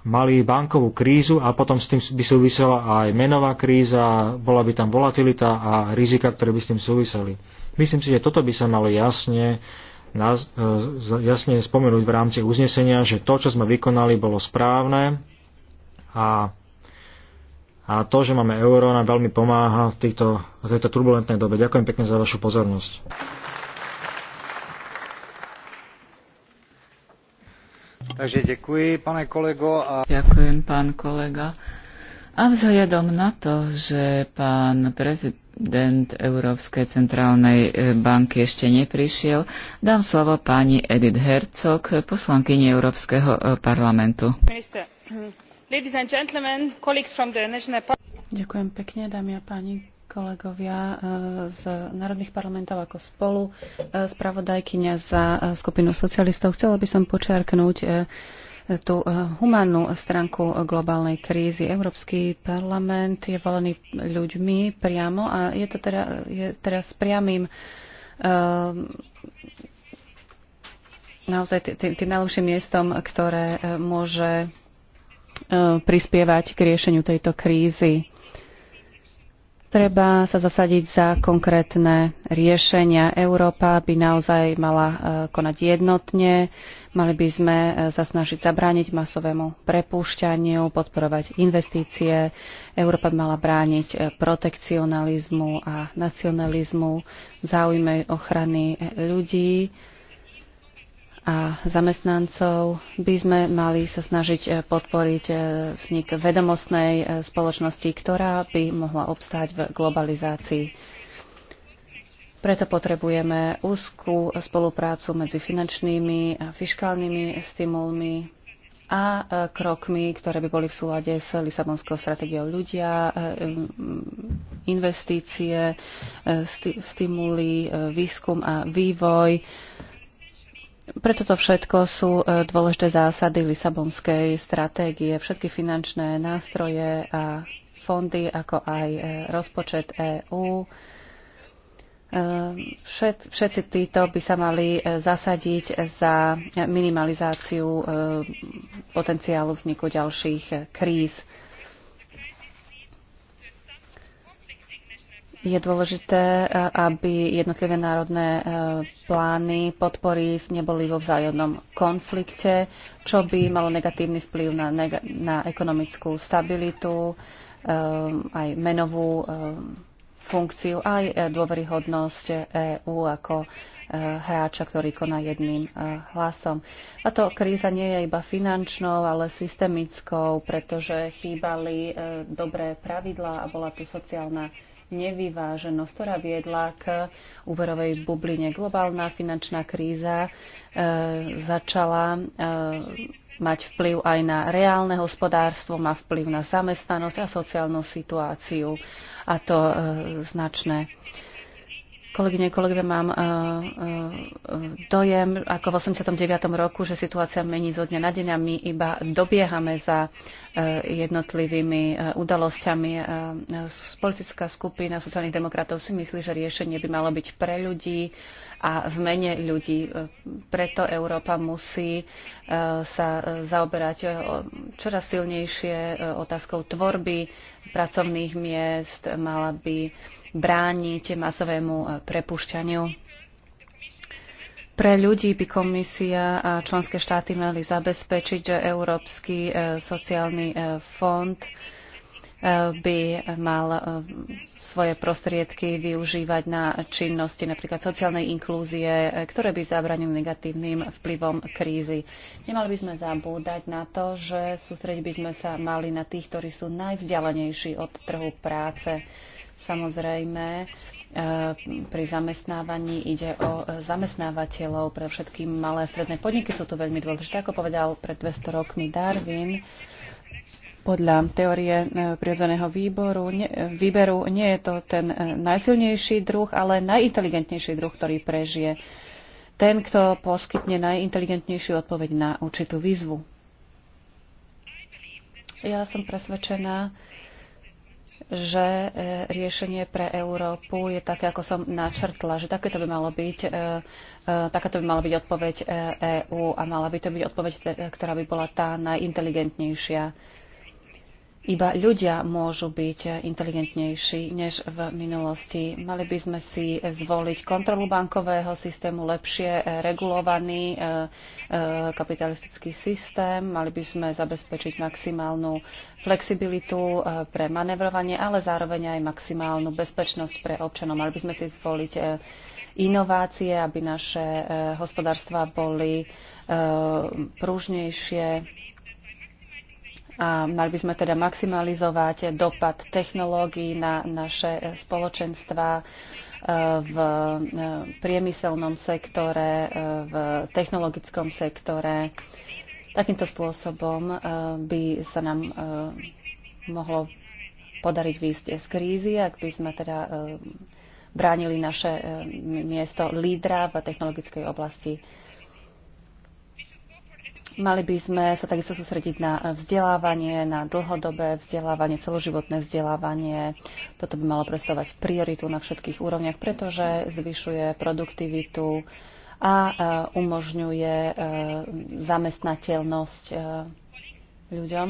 mali bankovú krízu a potom s tým by súvisela aj menová kríza, bola by tam volatilita a rizika, ktoré by s tým súviseli. Myslím si, že toto by sa malo jasne, e, jasne spomenúť v rámci uznesenia, že to, čo sme vykonali, bolo správne a, a to, že máme euro, nám veľmi pomáha v, týchto, v tejto turbulentnej dobe. Ďakujem pekne za vašu pozornosť. Takže ďakujem, pane kolego. A... Ďakujem, pán kolega. A vzhľadom na to, že pán prezident Európskej centrálnej e, banky ešte neprišiel, dám slovo pani Edith Hercog, poslankyni Európskeho e, parlamentu. Minister. Ďakujem pekne, dámy a páni, kolegovia e, z národných parlamentov ako spolu e, spravodajkyňa za e, skupinu socialistov. Chcela by som počiarknúť tú humánnu stránku globálnej krízy. Európsky parlament je volený ľuďmi priamo a je to teda, je teraz priamým naozaj tým, tým najlepším miestom, ktoré môže prispievať k riešeniu tejto krízy. Treba sa zasadiť za konkrétne riešenia. Európa by naozaj mala e, konať jednotne, mali by sme e, sa snažiť zabrániť masovému prepúšťaniu, podporovať investície. Európa by mala brániť e, protekcionalizmu a nacionalizmu v záujme ochrany ľudí a zamestnancov by sme mali sa snažiť e, podporiť e, vznik vedomostnej e, spoločnosti, ktorá by mohla obstáť v globalizácii. Preto potrebujeme úzkú spoluprácu medzi finančnými a fiskálnymi stimulmi a krokmi, ktoré by boli v súlade s Lisabonskou stratégiou ľudia, investície, stimuly, výskum a vývoj, preto to všetko sú e, dôležité zásady Lisabonskej stratégie, všetky finančné nástroje a fondy, ako aj e, rozpočet EÚ. E, všet, všetci títo by sa mali zasadiť za minimalizáciu potenciálu vzniku ďalších kríz. Je dôležité, e, aby jednotlivé národné e, plány podpory neboli vo vzájomnom konflikte, čo by malo negatívny vplyv na, na ekonomickú stabilitu, e, aj menovú funkciu, aj dôveryhodnosť EÚ ako hráča, ktorý koná jedným hlasom. Táto kríza nie je iba finančnou, ale systemickou, pretože chýbali dobré pravidlá a bola tu sociálna nevyváženosť, ktorá viedla k úverovej bubline. Globálna finančná kríza e, začala e, mať vplyv aj na reálne hospodárstvo, má vplyv na zamestnanosť a sociálnu situáciu a to e, značné. E, Kolegyne, kolegovia, mám eh, eh, dojem, ako v 89. roku, že situácia mení zo dňa na deň a my iba dobiehame za eh, jednotlivými udalosťami. Politická skupina sociálnych demokratov si myslí, že riešenie by malo byť pre ľudí a v mene ľudí. Preto Európa musí sa zaoberať čoraz silnejšie otázkou tvorby pracovných miest, mala by brániť masovému e, prepušťaniu. Pre ľudí by komisia a členské štáty mali zabezpečiť, že Európsky e, sociálny e, fond by mal svoje prostriedky využívať na činnosti napríklad sociálnej inklúzie, ktoré by zabranili negatívnym vplyvom krízy. Nemali by sme zabúdať na to, že sústrediť by sme sa mali na tých, ktorí sú najvzdialenejší od trhu práce Samozrejme, e, pri zamestnávaní ide o e, zamestnávateľov, pre všetky malé a stredné podniky sú to veľmi dôležité. Ako povedal pred 200 rokmi Darwin, podľa teórie e, prirodzeného výboru, ne, výberu nie je to ten najsilnejší druh, ale najinteligentnejší druh, ktorý prežije. Ten, kto poskytne najinteligentnejšiu odpoveď na určitú výzvu. Ja som presvedčená, že e, riešenie pre Európu je také, ako som načrtla, že takéto by malo byť, e, e, takáto by mala byť odpoveď EÚ a mala by to byť odpoveď, ktorá by bola tá najinteligentnejšia iba ľudia môžu byť inteligentnejší než v minulosti. Mali by sme si zvoliť kontrolu bankového systému, lepšie eh, regulovaný eh, eh, kapitalistický systém. Mali by sme zabezpečiť maximálnu flexibilitu pre manevrovanie, ale zároveň aj maximálnu bezpečnosť pre občanov. Mali by sme si zvoliť inovácie, aby naše hospodárstva boli prúžnejšie a mali by sme teda maximalizovať dopad technológií na naše spoločenstva e, v e, priemyselnom sektore, e, v technologickom sektore. Takýmto spôsobom by sa nám mohlo podariť výjsť z krízy, ak by sme teda bránili naše miesto lídra v technologickej oblasti. Mali by sme sa takisto sústrediť na vzdelávanie, na dlhodobé vzdelávanie, celoživotné vzdelávanie. Toto by malo predstavovať prioritu na všetkých úrovniach, pretože zvyšuje produktivitu a e, umožňuje e, zamestnateľnosť e, ľuďom.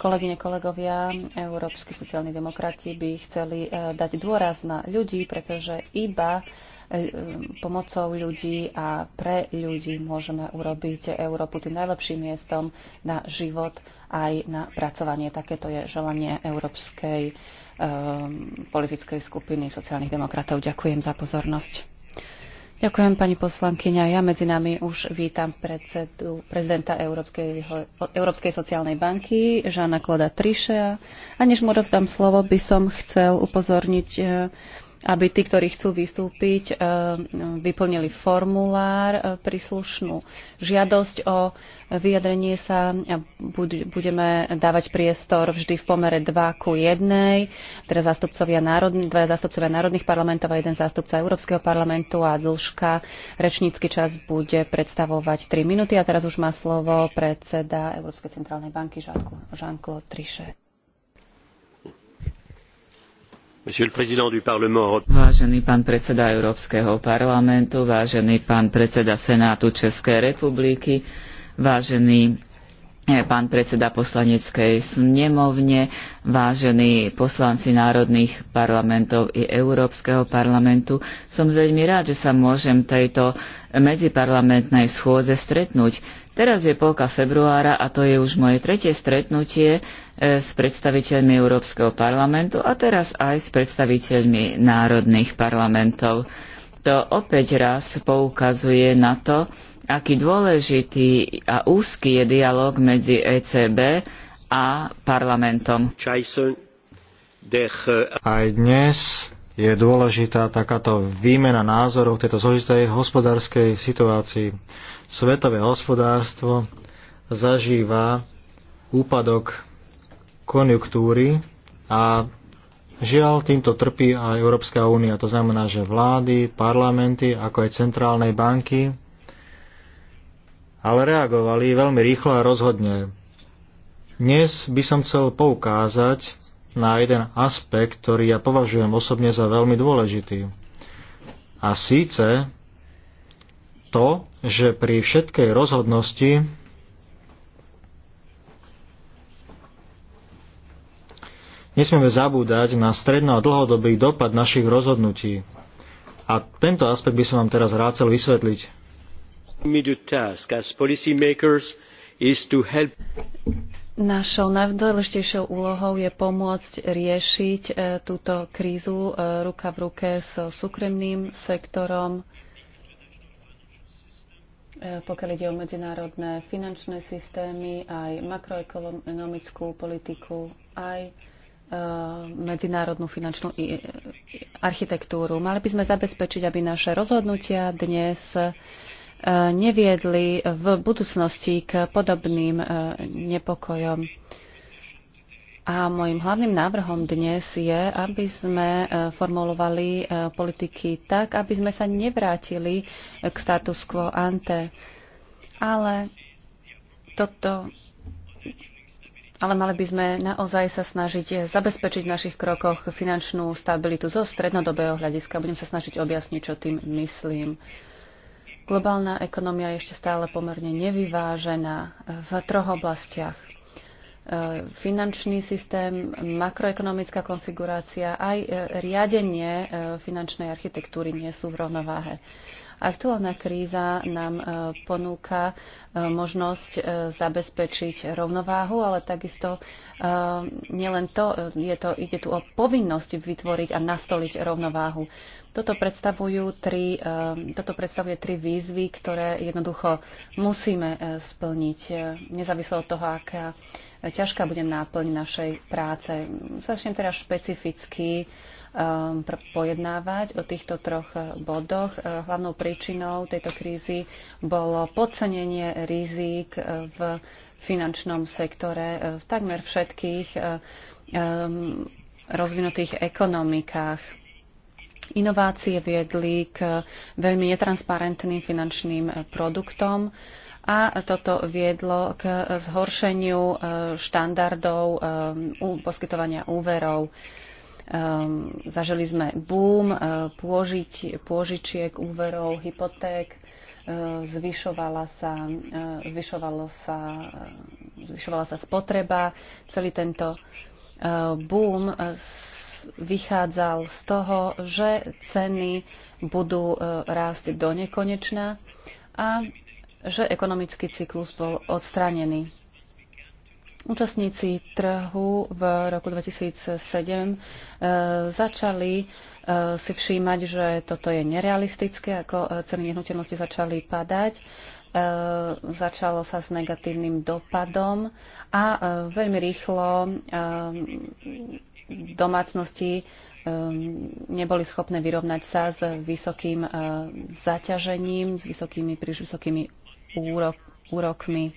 Kolegyne, kolegovia, európsky sociálni demokrati by chceli dať dôraz na ľudí, pretože iba E, pomocou ľudí a pre ľudí môžeme urobiť Európu tým najlepším miestom na život aj na pracovanie. Takéto je želanie Európskej e, politickej skupiny sociálnych demokratov. Ďakujem za pozornosť. Ďakujem, pani poslankyňa. Ja medzi nami už vítam predsedu, prezidenta Európskej, Európskej sociálnej banky, Žána Kloda Trišea. A než mu odovzdám slovo, by som chcel upozorniť e, aby tí, ktorí chcú vystúpiť, eh, vyplnili formulár, eh, príslušnú žiadosť o vyjadrenie sa. Budeme dávať priestor vždy v pomere 2 ku 1, teda zástupcovia národn- dvaja zástupcovia národných parlamentov a jeden zástupca Európskeho parlamentu a dĺžka rečnícky čas bude predstavovať 3 minúty. A teraz už má slovo predseda Európskej centrálnej banky Jean-Claude Trichet. Vážený pán predseda Európskeho parlamentu, vážený pán predseda Senátu Českej republiky, vážený eh, pán predseda poslaneckej snemovne, vážení poslanci národných parlamentov i Európskeho parlamentu. Som veľmi rád, že sa môžem tejto medziparlamentnej schôdze stretnúť Teraz je polka februára a to je už moje tretie stretnutie e, s predstaviteľmi Európskeho parlamentu a teraz aj s predstaviteľmi národných parlamentov. To opäť raz poukazuje na to, aký dôležitý a úzky je dialog medzi ECB a parlamentom. E, aj dnes je dôležitá takáto výmena názorov v tejto zložitej hospodárskej situácii svetové hospodárstvo zažíva úpadok konjunktúry a žiaľ týmto trpí aj Európska únia. To znamená, že vlády, parlamenty, ako aj centrálnej banky, ale reagovali veľmi rýchlo a rozhodne. Dnes by som chcel poukázať na jeden aspekt, ktorý ja považujem osobne za veľmi dôležitý. A síce to, že pri všetkej rozhodnosti nesmieme zabúdať na stredno a dlhodobý dopad našich rozhodnutí. A tento aspekt by som vám teraz rád chcel vysvetliť. Našou najdôležitejšou úlohou je pomôcť riešiť e, túto krízu e, ruka v ruke so súkromným sektorom, E, pokiaľ ide o medzinárodné finančné systémy, aj makroekonomickú politiku, aj e, medzinárodnú finančnú e, architektúru. Mali by sme zabezpečiť, aby naše rozhodnutia dnes neviedli v budúcnosti k podobným nepokojom. A môjim hlavným návrhom dnes je, aby sme e, formulovali e, politiky tak, aby sme sa nevrátili e, k status quo ante. Ale toto ale mali by sme naozaj sa snažiť zabezpečiť v našich krokoch finančnú stabilitu zo strednodobého hľadiska. Budem sa snažiť objasniť, čo tým myslím. Globálna ekonomia je ešte stále pomerne nevyvážená v troch oblastiach. E, finančný systém, makroekonomická konfigurácia, aj e, riadenie e, finančnej architektúry nie sú v rovnováhe. Aktuálna kríza nám ponúka možnosť zabezpečiť rovnováhu, ale takisto nielen to, je to, ide tu o povinnosť vytvoriť a nastoliť rovnováhu. Toto, predstavujú tri, toto predstavuje tri výzvy, ktoré jednoducho musíme splniť, nezávisle od toho, aká ťažká bude náplň našej práce. Začnem teraz špecificky um, pojednávať o týchto troch uh, bodoch. Uh, hlavnou príčinou tejto krízy bolo podcenenie rizík uh, v finančnom sektore v takmer všetkých um, rozvinutých ekonomikách. Inovácie viedli k veľmi netransparentným finančným produktom, a toto viedlo k zhoršeniu eh, štandardov eh, poskytovania úverov. Eh, zažili sme boom pôžiť, pôžičiek, úverov, hypoték zvyšovala sa, zvyšovalo sa, zvyšovala sa spotreba. Celý tento boom vychádzal z toho, že ceny budú rásť do nekonečna a že ekonomický cyklus bol odstranený. Účastníci trhu v roku 2007 e, začali e, si všímať, že toto je nerealistické, ako e, ceny nehnuteľnosti začali padať začalo sa s negatívnym dopadom a veľmi rýchlo domácnosti neboli schopné vyrovnať sa s vysokým zaťažením, s vysokými, príliš vysokými úrok, úrokmi.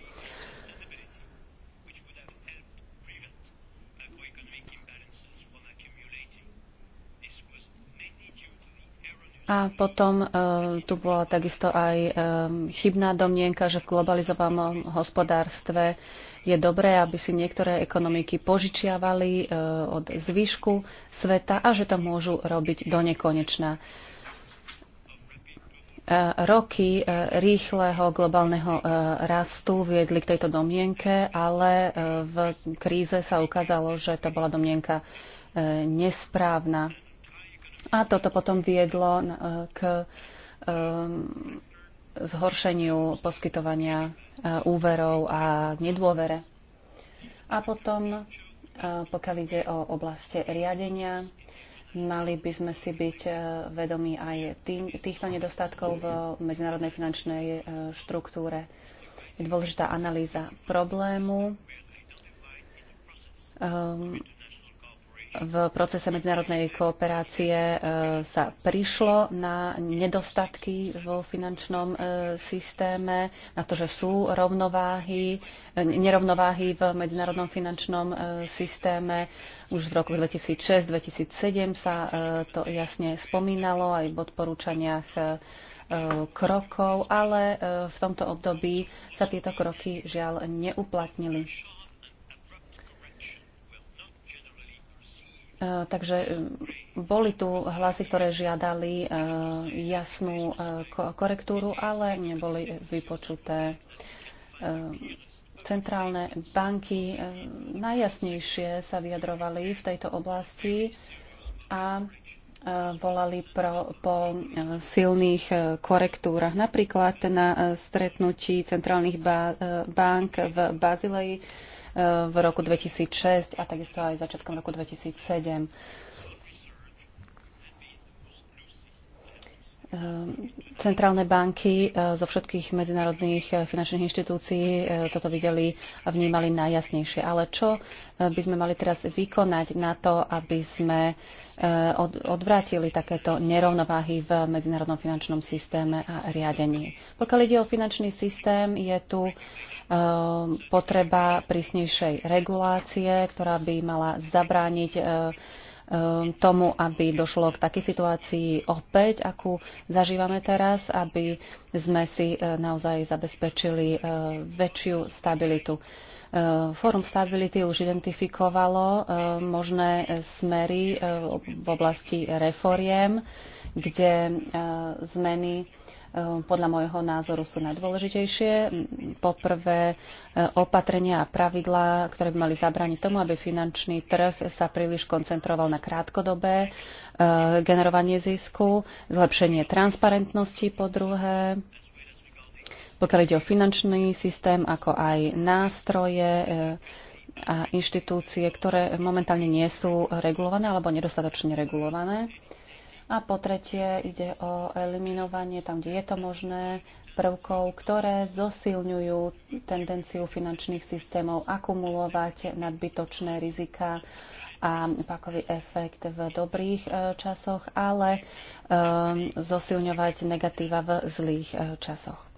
A potom uh, tu bola takisto aj um, chybná domnienka, že v globalizovanom hospodárstve je dobré, aby si niektoré ekonomiky požičiavali uh, od zvyšku sveta a že to môžu robiť do nekonečna. Uh, Roky e, rýchleho globálneho e, rastu viedli k tejto domienke, ale e, v kríze sa ukázalo, že to bola domienka nesprávna. A toto potom viedlo k zhoršeniu poskytovania úverov a nedôvere. A potom, pokiaľ ide o oblasti riadenia, Mali by sme si byť e, vedomí aj týchto nedostatkov v medzinárodnej finančnej e, štruktúre. Je dôležitá analýza problému. Um, v procese medzinárodnej kooperácie e, sa prišlo na nedostatky vo finančnom e, systéme, na to, že sú rovnováhy, e, nerovnováhy v medzinárodnom finančnom systéme. Už v roku 2006-2007 sa to jasne spomínalo aj v odporúčaniach krokov, ale v tomto období sa tieto kroky žiaľ neuplatnili. Eh, takže eh, boli tu hlasy, ktoré žiadali eh, jasnú korektúru, ale neboli vypočuté centrálne banky najjasnejšie sa vyjadrovali v tejto oblasti a volali pro, po silných korektúrach. Napríklad na stretnutí centrálnych bank v Bazileji v roku 2006 a takisto aj začiatkom roku 2007. Ehm, centrálne banky e, zo všetkých medzinárodných e, finančných inštitúcií e, toto videli a vnímali najjasnejšie. Ale čo by sme mali teraz vykonať na to, aby sme odvrátili takéto nerovnováhy v medzinárodnom finančnom systéme a riadení? Pokiaľ ide o finančný systém, je tu potreba prísnejšej regulácie, ktorá by mala zabrániť Ehm, tomu, aby došlo k takej situácii opäť, akú zažívame teraz, aby sme si e, naozaj zabezpečili e, väčšiu stabilitu. E, Fórum stability už identifikovalo možné smery v oblasti reforiem, kde zmeny Ehm, podľa môjho názoru sú najdôležitejšie. Poprvé e, opatrenia a pravidlá, ktoré by mali zabrániť tomu, aby finančný trh sa príliš koncentroval na krátkodobé e, generovanie zisku, zlepšenie transparentnosti po druhé, pokiaľ ide o finančný systém, ako aj nástroje e, a inštitúcie, ktoré momentálne nie sú regulované alebo nedostatočne regulované. A po tretie ide o eliminovanie tam, kde je to možné, prvkov, ktoré zosilňujú tendenciu finančných systémov akumulovať nadbytočné rizika a pakový efekt v dobrých e, časoch, ale e, zosilňovať negatíva v zlých e, časoch.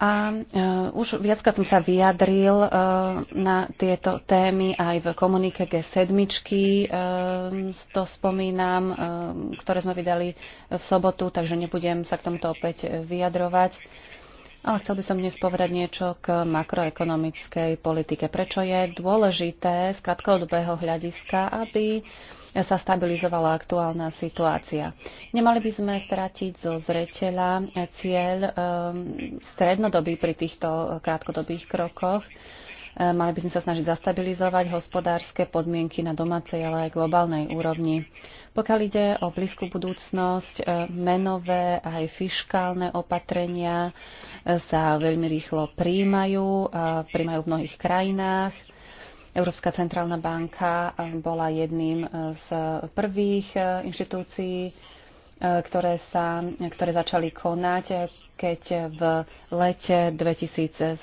A uh, už viackrát som sa vyjadril uh, na tieto témy aj v komunike G7, uh, e, to spomínam, uh, ktoré sme vydali v sobotu, takže nebudem sa k tomuto opäť vyjadrovať. Ale chcel by som dnes povedať niečo k makroekonomickej politike. Prečo je dôležité z krátkodobého hľadiska, aby uh, sa stabilizovala aktuálna situácia. Nemali by sme stratiť zo zreteľa cieľ ehm, strednodobý pri týchto krátkodobých krokoch. Ehm, mali by sme sa snažiť zastabilizovať hospodárske podmienky na domácej, ale aj globálnej úrovni. Pokiaľ ide o blízku budúcnosť, ehm, menové aj fiškálne opatrenia sa veľmi rýchlo príjmajú, príjmajú v mnohých krajinách Európska centrálna banka eh, bola jedným eh, z prvých eh, inštitúcií, ktoré, sa, ktoré začali konať, keď v lete 2007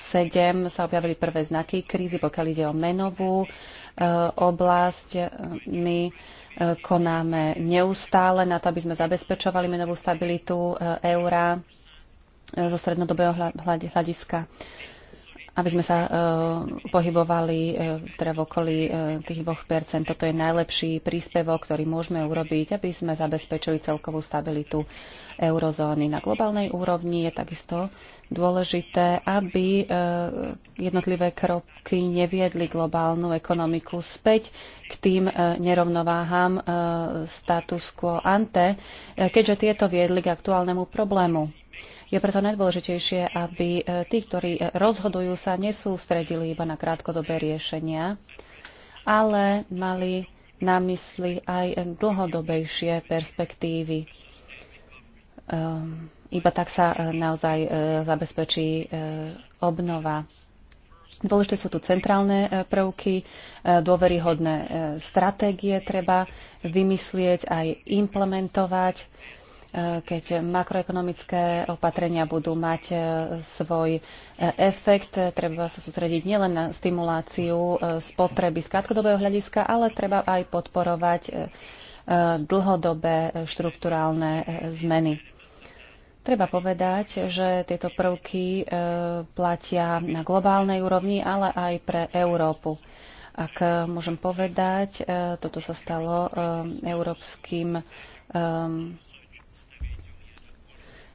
sa objavili prvé znaky krízy, pokiaľ ide o menovú oblasť. My konáme neustále na to, aby sme zabezpečovali menovú stabilitu eura zo strednodobého hľadiska aby sme sa e, pohybovali e, teda v okolí e, tých 2%. Toto je najlepší príspevok, ktorý môžeme urobiť, aby sme zabezpečili celkovú stabilitu eurozóny. Na globálnej úrovni je takisto dôležité, aby jednotlivé kroky neviedli globálnu ekonomiku späť k tým nerovnováhám status quo ante, keďže tieto viedli k aktuálnemu problému je preto najdôležitejšie, aby e, tí, ktorí e, rozhodujú, sa nesústredili iba na krátkodobé riešenia, ale mali na mysli aj dlhodobejšie perspektívy. Ehm, iba tak sa e, naozaj zabezpečí obnova. Dôležité sú tu centrálne prvky, dôveryhodné stratégie treba vymyslieť aj implementovať keď makroekonomické opatrenia budú mať e, svoj e, efekt, treba sa sústrediť nielen na stimuláciu e, spotreby z krátkodobého hľadiska, ale treba aj podporovať dlhodobé štruktúrálne zmeny. Treba povedať, že tieto prvky platia na globálnej úrovni, ale aj pre Európu. Ak môžem povedať, toto sa stalo európskym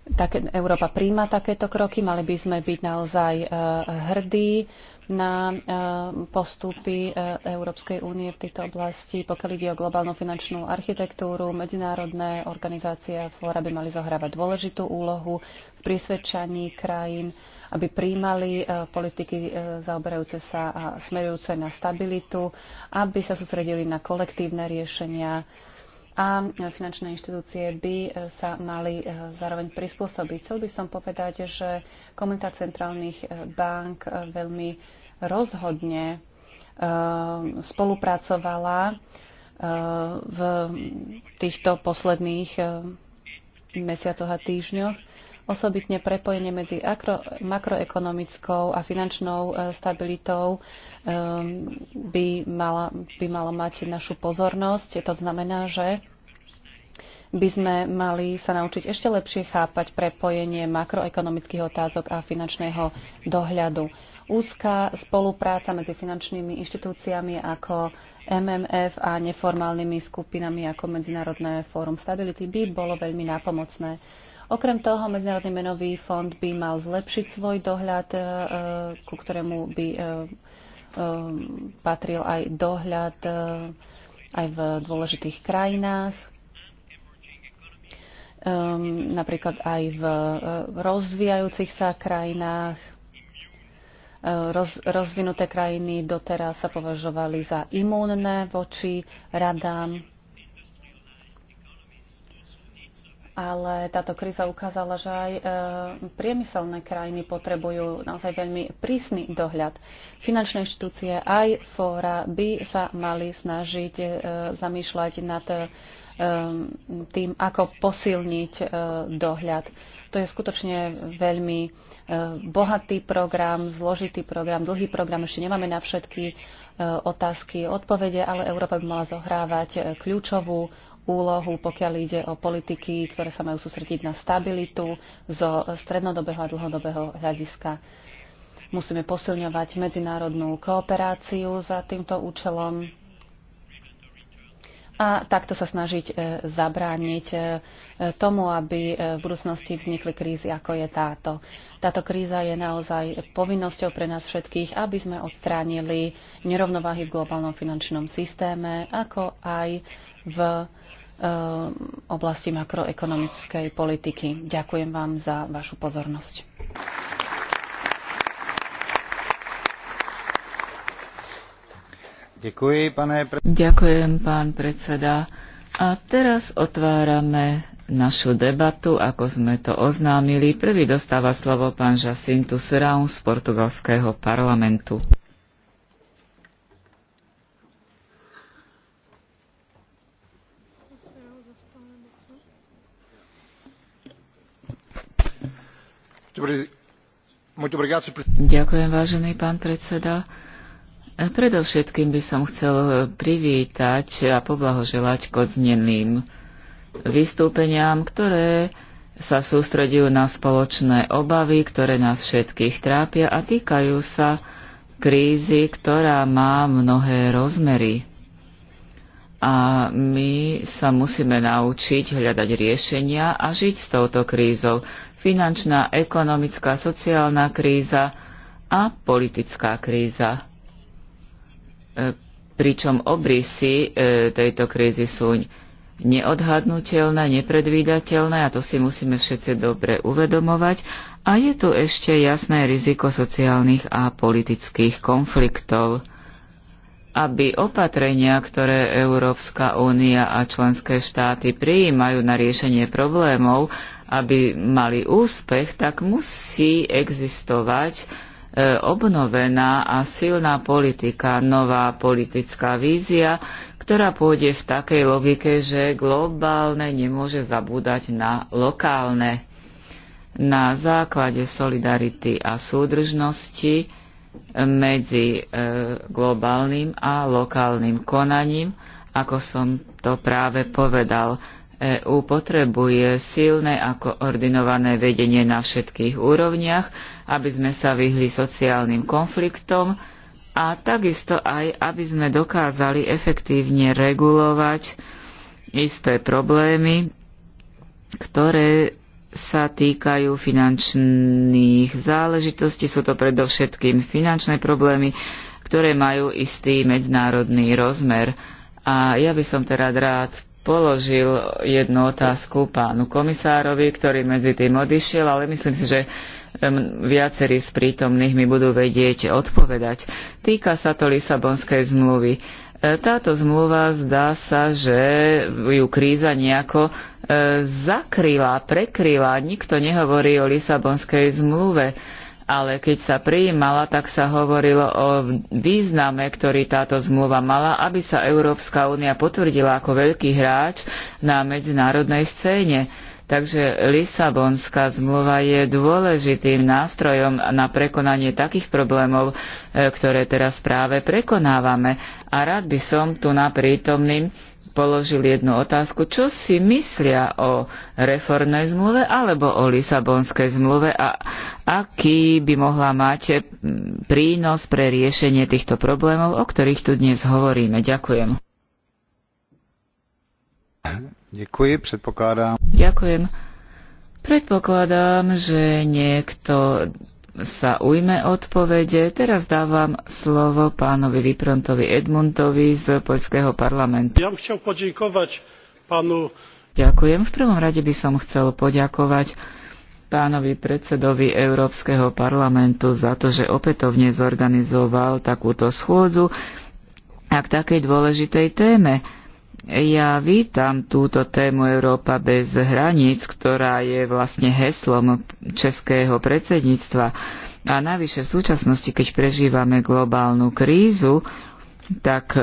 tak Európa príjma takéto kroky, mali by sme byť naozaj eh, hrdí na eh, postupy eh, Európskej únie v tejto oblasti. Pokiaľ ide o globálnu finančnú architektúru, medzinárodné organizácie a fóra by mali zohrávať dôležitú úlohu v prisvedčaní krajín, aby príjmali politiky zaoberajúce sa a smerujúce na stabilitu, aby sa sústredili na kolektívne riešenia a finančné inštitúcie by e, sa mali e, zároveň prispôsobiť. Chcel by som povedať, že komunita centrálnych e, bank veľmi rozhodne spolupracovala v týchto posledných mesiacoch a týždňoch osobitne prepojenie medzi makroekonomickou a finančnou e, stabilitou e, by, mala, by mala mať našu pozornosť. To znamená, že by sme mali sa naučiť ešte lepšie chápať prepojenie makroekonomických otázok a finančného dohľadu. Úzká spolupráca medzi finančnými inštitúciami ako MMF a neformálnymi skupinami ako Medzinárodné fórum stability by bolo veľmi nápomocné. Okrem toho, Medzinárodný menový fond by mal zlepšiť svoj dohľad, e, ku ktorému by e, e, patril aj dohľad aj v dôležitých krajinách, ehm, napríklad aj v rozvíjajúcich sa krajinách. Roz, rozvinuté krajiny doteraz sa považovali za imúnne voči radám ale táto kríza ukázala, že aj e, priemyselné krajiny potrebujú naozaj veľmi prísny dohľad. Finančné inštitúcie aj fóra by sa mali snažiť e, zamýšľať nad e, tým, ako posilniť dohľad. To je skutočne veľmi bohatý program, zložitý program, dlhý program, ešte nemáme na všetky E, otázky, odpovede, ale Európa by mala zohrávať e, kľúčovú úlohu, pokiaľ ide o politiky, ktoré sa majú sústrediť na stabilitu zo strednodobého a dlhodobého hľadiska. Musíme posilňovať medzinárodnú kooperáciu za týmto účelom a takto sa snažiť e, zabrániť e, tomu, aby e, v budúcnosti vznikli krízy, ako je táto. Táto kríza je naozaj povinnosťou pre nás všetkých, aby sme odstránili nerovnováhy v globálnom finančnom systéme, ako aj v oblasti makroekonomickej politiky. Ďakujem vám za vašu pozornosť. Ďakujem, pán predseda. A teraz otvárame našu debatu, ako sme to oznámili. Prvý dostáva slovo pán Jacinto Serão z portugalského parlamentu. Ďakujem, vážený pán predseda. Predovšetkým by som chcel privítať a poblahoželať kozneným vystúpeniam, ktoré sa sústredujú na spoločné obavy, ktoré nás všetkých trápia a týkajú sa krízy, ktorá má mnohé rozmery. A my sa musíme naučiť hľadať riešenia a žiť s touto krízou. Finančná, ekonomická, sociálna kríza a politická kríza. E, pričom obrysy e, tejto krízy sú neodhadnutelné, nepredvídateľné a to si musíme všetci dobre uvedomovať. A je tu ešte jasné riziko sociálnych a politických konfliktov. Aby opatrenia, ktoré Európska únia a členské štáty prijímajú na riešenie problémov, aby mali úspech, tak musí existovať E, obnovená a silná politika, nová politická vízia, ktorá pôjde v takej logike, že globálne nemôže zabúdať na lokálne. Na základe solidarity a súdržnosti medzi e, globálnym a lokálnym konaním, ako som to práve povedal, EÚ potrebuje silné a koordinované vedenie na všetkých úrovniach, aby sme sa vyhli sociálnym konfliktom a takisto aj, aby sme dokázali efektívne regulovať isté problémy, ktoré sa týkajú finančných záležitostí. Sú to predovšetkým finančné problémy, ktoré majú istý medzinárodný rozmer. A ja by som teda rád položil jednu otázku pánu komisárovi, ktorý medzi tým odišiel, ale myslím si, že viacerí z prítomných mi budú vedieť odpovedať. Týka sa to Lisabonskej zmluvy. E, táto zmluva zdá sa, že ju kríza nejako e, zakryla, prekryla. Nikto nehovorí o Lisabonskej zmluve ale keď sa prijímala, tak sa hovorilo o význame, ktorý táto zmluva mala, aby sa Európska únia potvrdila ako veľký hráč na medzinárodnej scéne. Takže Lisabonská zmluva je dôležitým nástrojom na prekonanie takých problémov, e, ktoré teraz práve prekonávame. A rád by som tu na prítomným položil jednu otázku, čo si myslia o reformnej zmluve alebo o Lisabonskej zmluve a aký by mohla mať prínos pre riešenie týchto problémov, o ktorých tu dnes hovoríme. Ďakujem. Ďakujem, predpokladám. Ďakujem. Predpokladám, že niekto sa ujme odpovede. Teraz dávam slovo pánovi Viprontovi Edmundovi z Poľského parlamentu. Ja chcel poďakovať pánu... Ďakujem. V prvom rade by som chcel poďakovať pánovi predsedovi Európskeho parlamentu za to, že opätovne zorganizoval takúto schôdzu a k takej dôležitej téme ja vítam túto tému Európa bez hraníc, ktorá je vlastne heslom českého predsedníctva. A navyše v súčasnosti, keď prežívame globálnu krízu, tak e,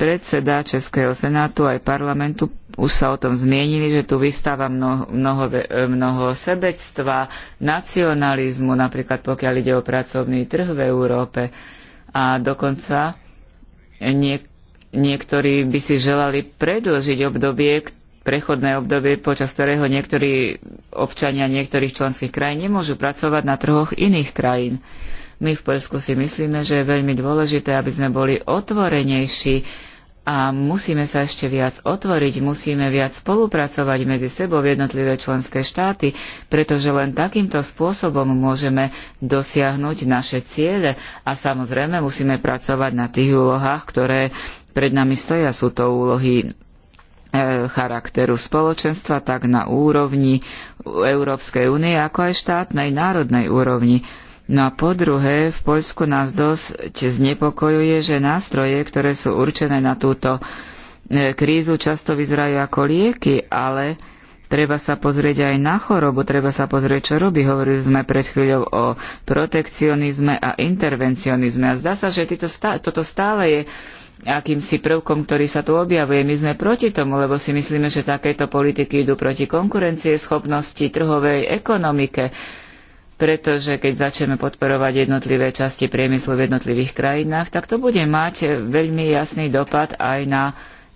predseda Českého senátu aj parlamentu už sa o tom zmienili, že tu vystáva mnoho, mnoho, e, mnoho sebectva, nacionalizmu, napríklad pokiaľ ide o pracovný trh v Európe. A dokonca niek- Niektorí by si želali predlžiť obdobie, prechodné obdobie, počas ktorého niektorí občania niektorých členských krajín nemôžu pracovať na trhoch iných krajín. My v Poľsku si myslíme, že je veľmi dôležité, aby sme boli otvorenejší a musíme sa ešte viac otvoriť, musíme viac spolupracovať medzi sebou jednotlivé členské štáty, pretože len takýmto spôsobom môžeme dosiahnuť naše ciele a samozrejme musíme pracovať na tých úlohách, ktoré pred nami stoja, sú to úlohy e, charakteru spoločenstva, tak na úrovni Európskej únie, ako aj štátnej, národnej úrovni. No a po druhé, v Poľsku nás dosť znepokojuje, že nástroje, ktoré sú určené na túto e, krízu, často vyzerajú ako lieky, ale treba sa pozrieť aj na chorobu, treba sa pozrieť, čo robí. Hovorili sme pred chvíľou o protekcionizme a intervencionizme. A zdá sa, že toto stále je akýmsi prvkom, ktorý sa tu objavuje. My sme proti tomu, lebo si myslíme, že takéto politiky idú proti konkurencie, schopnosti trhovej ekonomike, pretože keď začneme podporovať jednotlivé časti priemyslu v jednotlivých krajinách, tak to bude mať veľmi jasný dopad aj na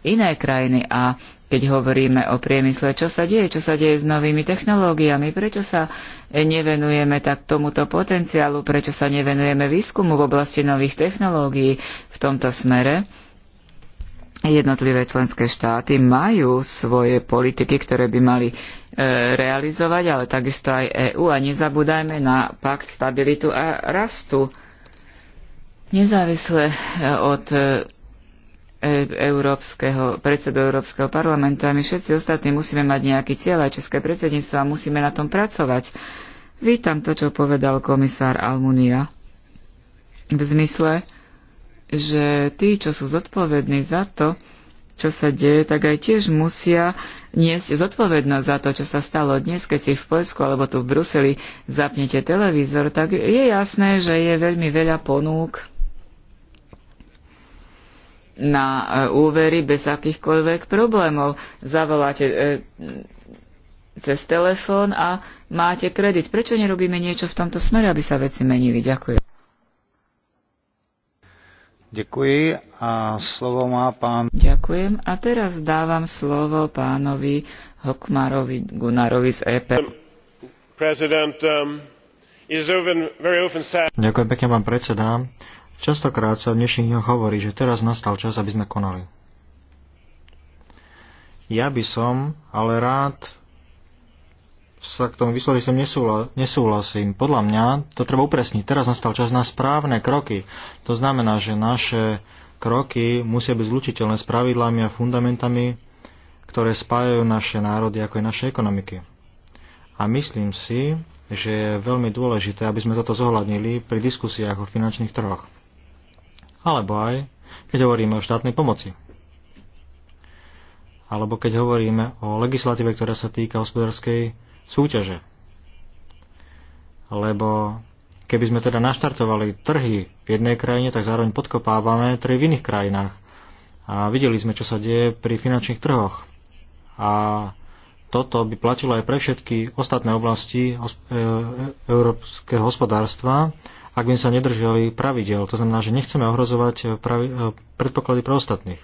iné krajiny. A keď hovoríme o priemysle, čo sa deje, čo sa deje s novými technológiami, prečo sa nevenujeme tak tomuto potenciálu, prečo sa nevenujeme výskumu v oblasti nových technológií v tomto smere. Jednotlivé členské štáty majú svoje politiky, ktoré by mali e, realizovať, ale takisto aj EÚ a nezabúdajme na pakt stabilitu a rastu. Nezávisle e, od e, E, Európskeho, predsedu Európskeho parlamentu a my všetci ostatní musíme mať nejaký cieľ aj České predsedníctvo a musíme na tom pracovať. Vítam to, čo povedal komisár Almunia. V zmysle, že tí, čo sú zodpovední za to, čo sa deje, tak aj tiež musia niesť zodpovednosť za to, čo sa stalo dnes, keď si v Poľsku alebo tu v Bruseli zapnete televízor, tak je jasné, že je veľmi veľa ponúk na e, úvery bez akýchkoľvek problémov. Zavoláte e, cez telefón a máte kredit. Prečo nerobíme niečo v tomto smere, aby sa veci menili? Ďakujem. Ďakujem a slovo má pán... Ďakujem a teraz dávam slovo pánovi Hokmarovi Gunarovi z EP. Um, Ďakujem pekne, pán predseda. Častokrát sa v dnešných dňoch hovorí, že teraz nastal čas, aby sme konali. Ja by som ale rád sa k tomu vyslovil, že som nesúhlasím. Podľa mňa to treba upresniť. Teraz nastal čas na správne kroky. To znamená, že naše kroky musia byť zlučiteľné s pravidlami a fundamentami, ktoré spájajú naše národy ako aj naše ekonomiky. A myslím si, že je veľmi dôležité, aby sme toto zohľadnili pri diskusiách o finančných trhoch alebo aj keď hovoríme o štátnej pomoci. Alebo keď hovoríme o legislatíve, ktorá sa týka hospodárskej súťaže. Lebo keby sme teda naštartovali trhy v jednej krajine, tak zároveň podkopávame trhy v iných krajinách. A videli sme, čo sa deje pri finančných trhoch. A toto by platilo aj pre všetky ostatné oblasti e, e, európskeho hospodárstva, ak by sa nedržali pravidel. To znamená, že nechceme ohrozovať eh, pravi- eh, predpoklady pre ostatných.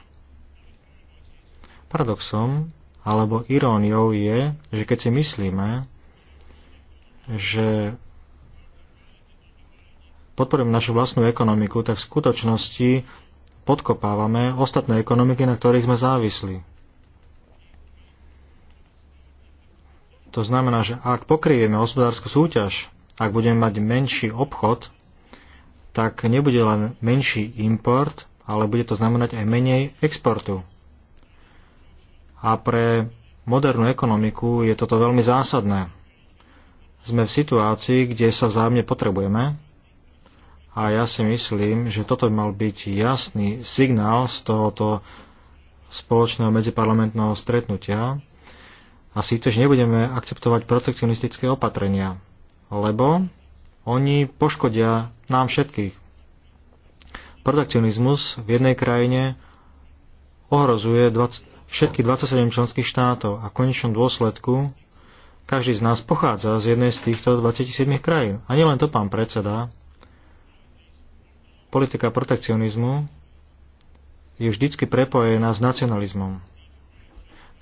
Paradoxom alebo iróniou je, že keď si myslíme, že podporujeme našu vlastnú ekonomiku, tak v skutočnosti podkopávame ostatné ekonomiky, na ktorých sme závisli. To znamená, že ak pokrivieme hospodárskú súťaž, ak budeme mať menší obchod, tak nebude len menší import, ale bude to znamenať aj menej exportu. A pre modernú ekonomiku je toto veľmi zásadné. Sme v situácii, kde sa vzájomne potrebujeme a ja si myslím, že toto mal byť jasný signál z tohoto spoločného medziparlamentného stretnutia a si tiež nebudeme akceptovať protekcionistické opatrenia, lebo oni poškodia nám všetkých. Protekcionizmus v jednej krajine ohrozuje 20, všetky 27 členských štátov a v konečnom dôsledku každý z nás pochádza z jednej z týchto 27 krajín. A nielen to, pán predseda, politika protekcionizmu je vždycky prepojená s nacionalizmom.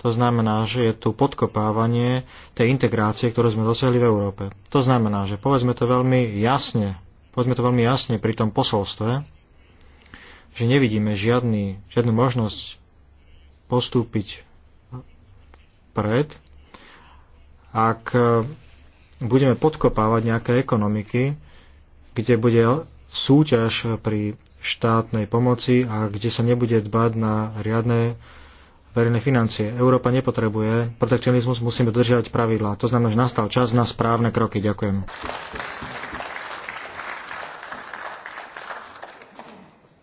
To znamená, že je tu podkopávanie tej integrácie, ktorú sme dosiahli v Európe. To znamená, že povedzme to veľmi jasne, povedzme to veľmi jasne pri tom posolstve, že nevidíme žiadny, žiadnu možnosť postúpiť pred, ak e, budeme podkopávať nejaké ekonomiky, kde bude súťaž pri štátnej pomoci a kde sa nebude dbať na riadne verejné financie. Európa nepotrebuje protekcionizmus, musíme dodržiavať pravidlá. To znamená, že nastal čas na správne kroky. Ďakujem.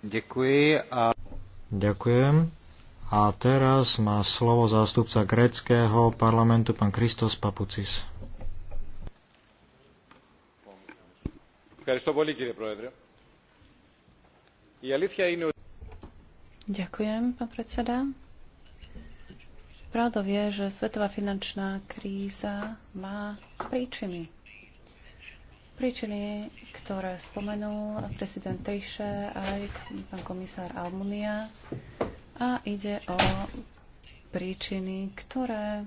Ďakujem. A... Ďakujem. A teraz má slovo zástupca greckého parlamentu, pán Kristos Papucis. Ďakujem, pán predseda. Pravdou je, že svetová finančná kríza má príčiny. Príčiny, ktoré spomenul prezident Tejše aj pán komisár Almunia. A ide o príčiny, ktoré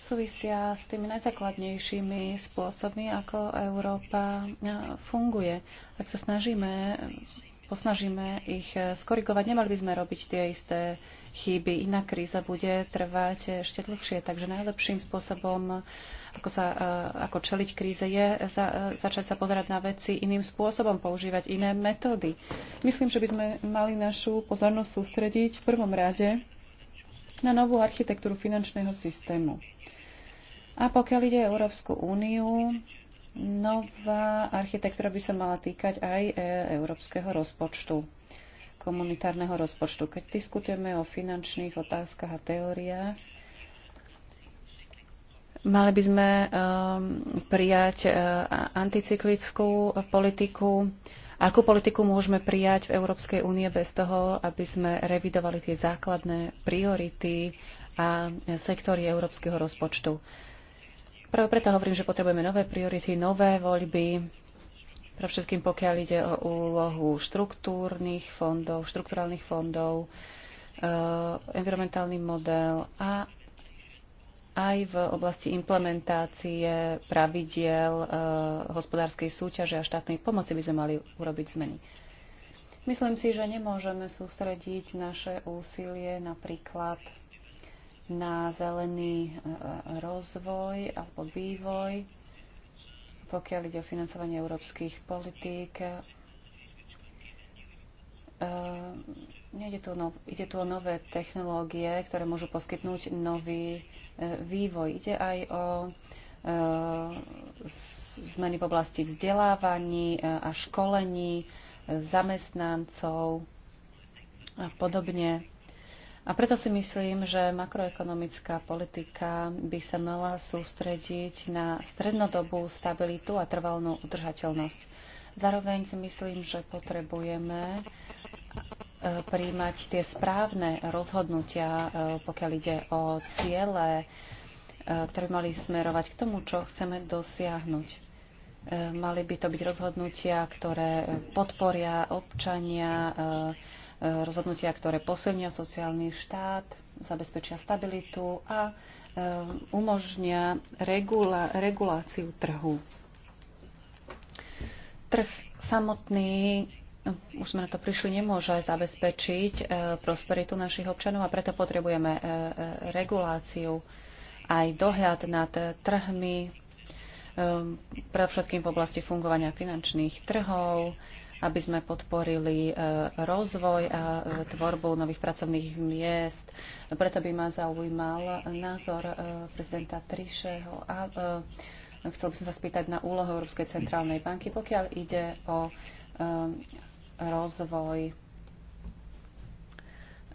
súvisia s tými najzákladnejšími spôsobmi, ako Európa funguje. Ak sa snažíme posnažíme ich eh, skorigovať. Nemali by sme robiť tie isté chyby, inak kríza bude trvať ešte dlhšie. Takže najlepším spôsobom, eh, ako, sa, eh, ako čeliť kríze, je za, začať sa pozerať na veci iným spôsobom, používať iné metódy. Myslím, že by sme mali našu pozornosť sústrediť v prvom rade na novú architektúru finančného systému. A pokiaľ ide o Európsku úniu, Nová architektúra by sa mala týkať aj e, európskeho rozpočtu, komunitárneho rozpočtu. Keď diskutujeme o finančných otázkach a teóriách, mali by sme e, prijať e, anticyklickú politiku. Akú politiku môžeme prijať v Európskej únie bez toho, aby sme revidovali tie základné priority a sektory európskeho rozpočtu? Práve preto hovorím, že potrebujeme nové priority, nové voľby, pre všetkým pokiaľ ide o úlohu štruktúrnych fondov, štrukturálnych fondov, eh, environmentálny model a aj v oblasti implementácie pravidiel eh, hospodárskej súťaže a štátnej pomoci by sme mali urobiť zmeny. Myslím si, že nemôžeme sústrediť naše úsilie napríklad na zelený e, e, rozvoj alebo vývoj, pokiaľ ide o financovanie európskych politík. ide, e, tu no, ide tu o nové technológie, ktoré môžu poskytnúť nový vývoj. Ide aj o zmeny v oblasti vzdelávaní a školení zamestnancov a podobne. A preto si myslím, že makroekonomická politika by sa mala sústrediť na strednodobú stabilitu a trvalnú udržateľnosť. Zároveň si myslím, že potrebujeme e, príjmať tie správne rozhodnutia, e, pokiaľ ide o ciele, e, ktoré mali smerovať k tomu, čo chceme dosiahnuť. Mali by to byť rozhodnutia, ktoré podporia občania, rozhodnutia, ktoré posilnia sociálny štát, zabezpečia stabilitu a e, umožnia regula- reguláciu trhu. Trh samotný už sme na to prišli, nemôže zabezpečiť e, prosperitu našich občanov a preto potrebujeme e, reguláciu, aj dohľad nad trhmi, predovšetkým v oblasti fungovania finančných trhov, aby sme podporili e, rozvoj a e, tvorbu nových pracovných miest. Preto by ma zaujímal názor e, prezidenta Trišeho a chcel by som sa spýtať na úlohu Európskej centrálnej banky, pokiaľ ide o rozvoj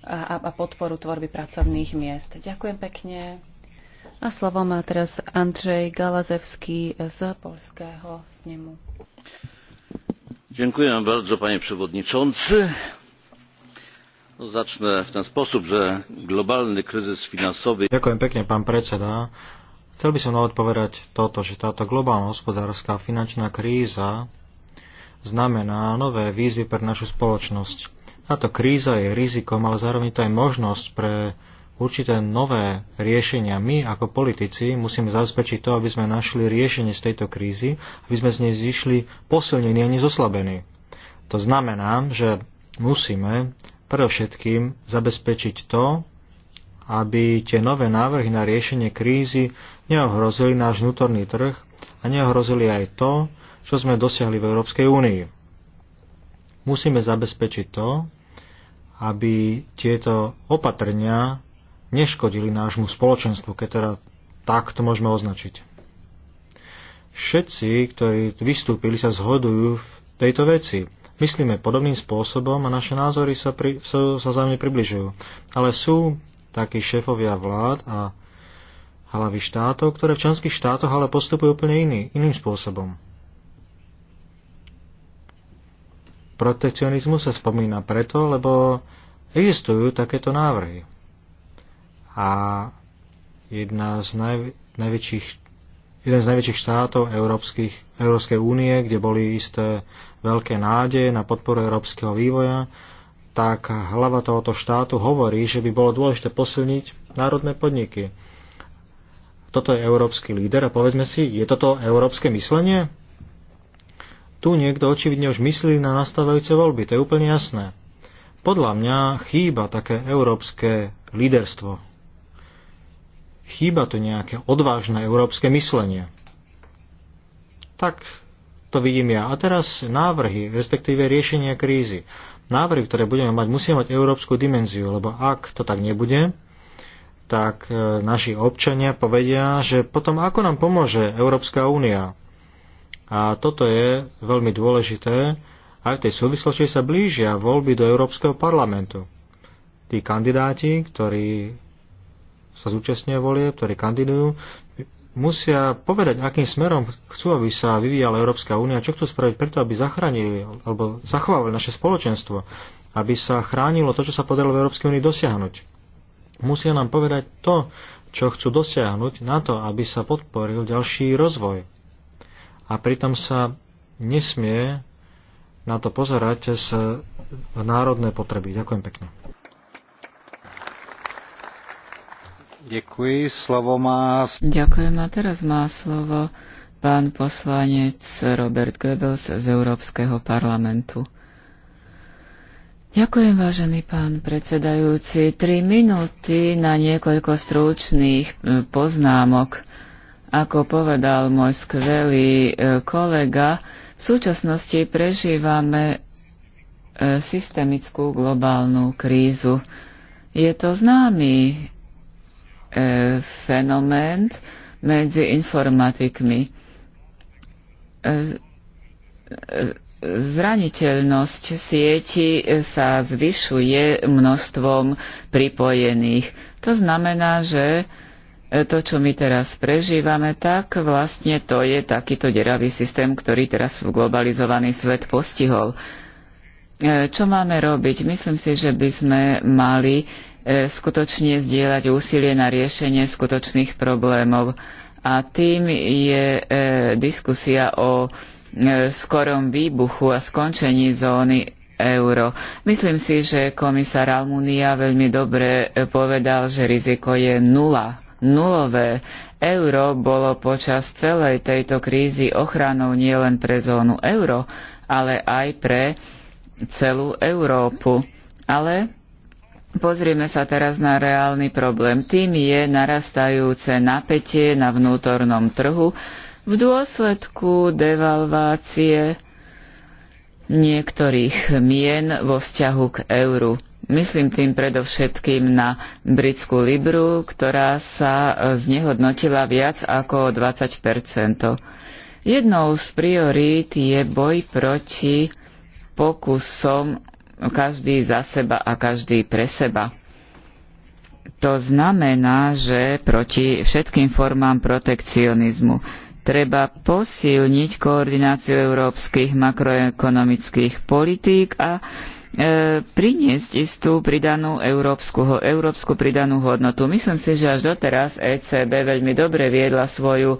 a podporu tvorby pracovných miest. Ďakujem pekne. A slovo má teraz Andrej Galazevský z Polského snemu bardzo panie przewodniczący. No, zacznę w ten sposób, że globalny kryzys finansowy... Ďakujem pekne, pán predseda. Chcel by som odpovedať toto, že táto globálna hospodárska finančná kríza znamená nové výzvy pre našu spoločnosť. Táto kríza je rizikom, ale zároveň to aj možnosť pre určité nové riešenia. My ako politici musíme zabezpečiť to, aby sme našli riešenie z tejto krízy, aby sme z nej zišli posilnení a nezoslabení. To znamená, že musíme predovšetkým zabezpečiť to, aby tie nové návrhy na riešenie krízy neohrozili náš vnútorný trh a neohrozili aj to, čo sme dosiahli v Európskej únii. Musíme zabezpečiť to, aby tieto opatrenia neškodili nášmu spoločenstvu, keď teda tak to môžeme označiť. Všetci, ktorí vystúpili, sa zhodujú v tejto veci. Myslíme podobným spôsobom a naše názory sa, pri, sa, sa mne približujú. Ale sú takí šéfovia vlád a hlavy štátov, ktoré v členských štátoch ale postupujú úplne iný, iným spôsobom. Protekcionizmus sa spomína preto, lebo existujú takéto návrhy a jedna z najväčších, jeden z najväčších štátov Európskych, Európskej únie, kde boli isté veľké nádeje na podporu európskeho vývoja, tak hlava tohoto štátu hovorí, že by bolo dôležité posilniť národné podniky. Toto je európsky líder a povedzme si, je toto európske myslenie? Tu niekto očividne už myslí na nastavajúce voľby, to je úplne jasné. Podľa mňa chýba také európske líderstvo. Chýba tu nejaké odvážne európske myslenie. Tak to vidím ja. A teraz návrhy, respektíve riešenia krízy. Návrhy, ktoré budeme mať, musia mať európsku dimenziu, lebo ak to tak nebude, tak e, naši občania povedia, že potom ako nám pomôže Európska únia. A toto je veľmi dôležité. Aj v tej súvislosti sa blížia voľby do Európskeho parlamentu. Tí kandidáti, ktorí sa zúčastňuje volie, ktorí kandidujú, musia povedať, akým smerom chcú, aby sa vyvíjala Európska únia, čo chcú spraviť preto, aby zachránili alebo zachovávali naše spoločenstvo, aby sa chránilo to, čo sa podarilo v Európskej únii dosiahnuť. Musia nám povedať to, čo chcú dosiahnuť na to, aby sa podporil ďalší rozvoj. A pritom sa nesmie na to pozerať z národné potreby. Ďakujem pekne. Ďakujem, slovo má... Ďakujem a teraz má slovo pán poslanec Robert Goebbels z Európskeho parlamentu. Ďakujem, vážený pán predsedajúci. Tri minúty na niekoľko stručných poznámok. Ako povedal môj skvelý e, kolega, v súčasnosti prežívame e, systemickú globálnu krízu. Je to známy E, fenomén medzi informatikmi. E, e, zraniteľnosť sieti sa zvyšuje množstvom pripojených. To znamená, že to, čo my teraz prežívame, tak vlastne to je takýto deravý systém, ktorý teraz v globalizovaný svet postihol. Čo máme robiť? Myslím si, že by sme mali E, skutočne zdieľať úsilie na riešenie skutočných problémov. A tým je e, diskusia o e, skorom výbuchu a skončení zóny euro. Myslím si, že komisár Almunia veľmi dobre povedal, že riziko je nula. Nulové euro bolo počas celej tejto krízy ochranou nielen pre zónu euro, ale aj pre celú Európu. Ale Pozrieme sa teraz na reálny problém. Tým je narastajúce napätie na vnútornom trhu v dôsledku devalvácie niektorých mien vo vzťahu k euru. Myslím tým predovšetkým na britskú libru, ktorá sa znehodnotila viac ako 20 Jednou z priorít je boj proti pokusom No, každý za seba a každý pre seba. To znamená, že proti všetkým formám protekcionizmu treba posilniť koordináciu európskych makroekonomických politík a e, priniesť istú pridanú európsku, európsku pridanú hodnotu. Myslím si, že až doteraz ECB veľmi dobre viedla svoju e,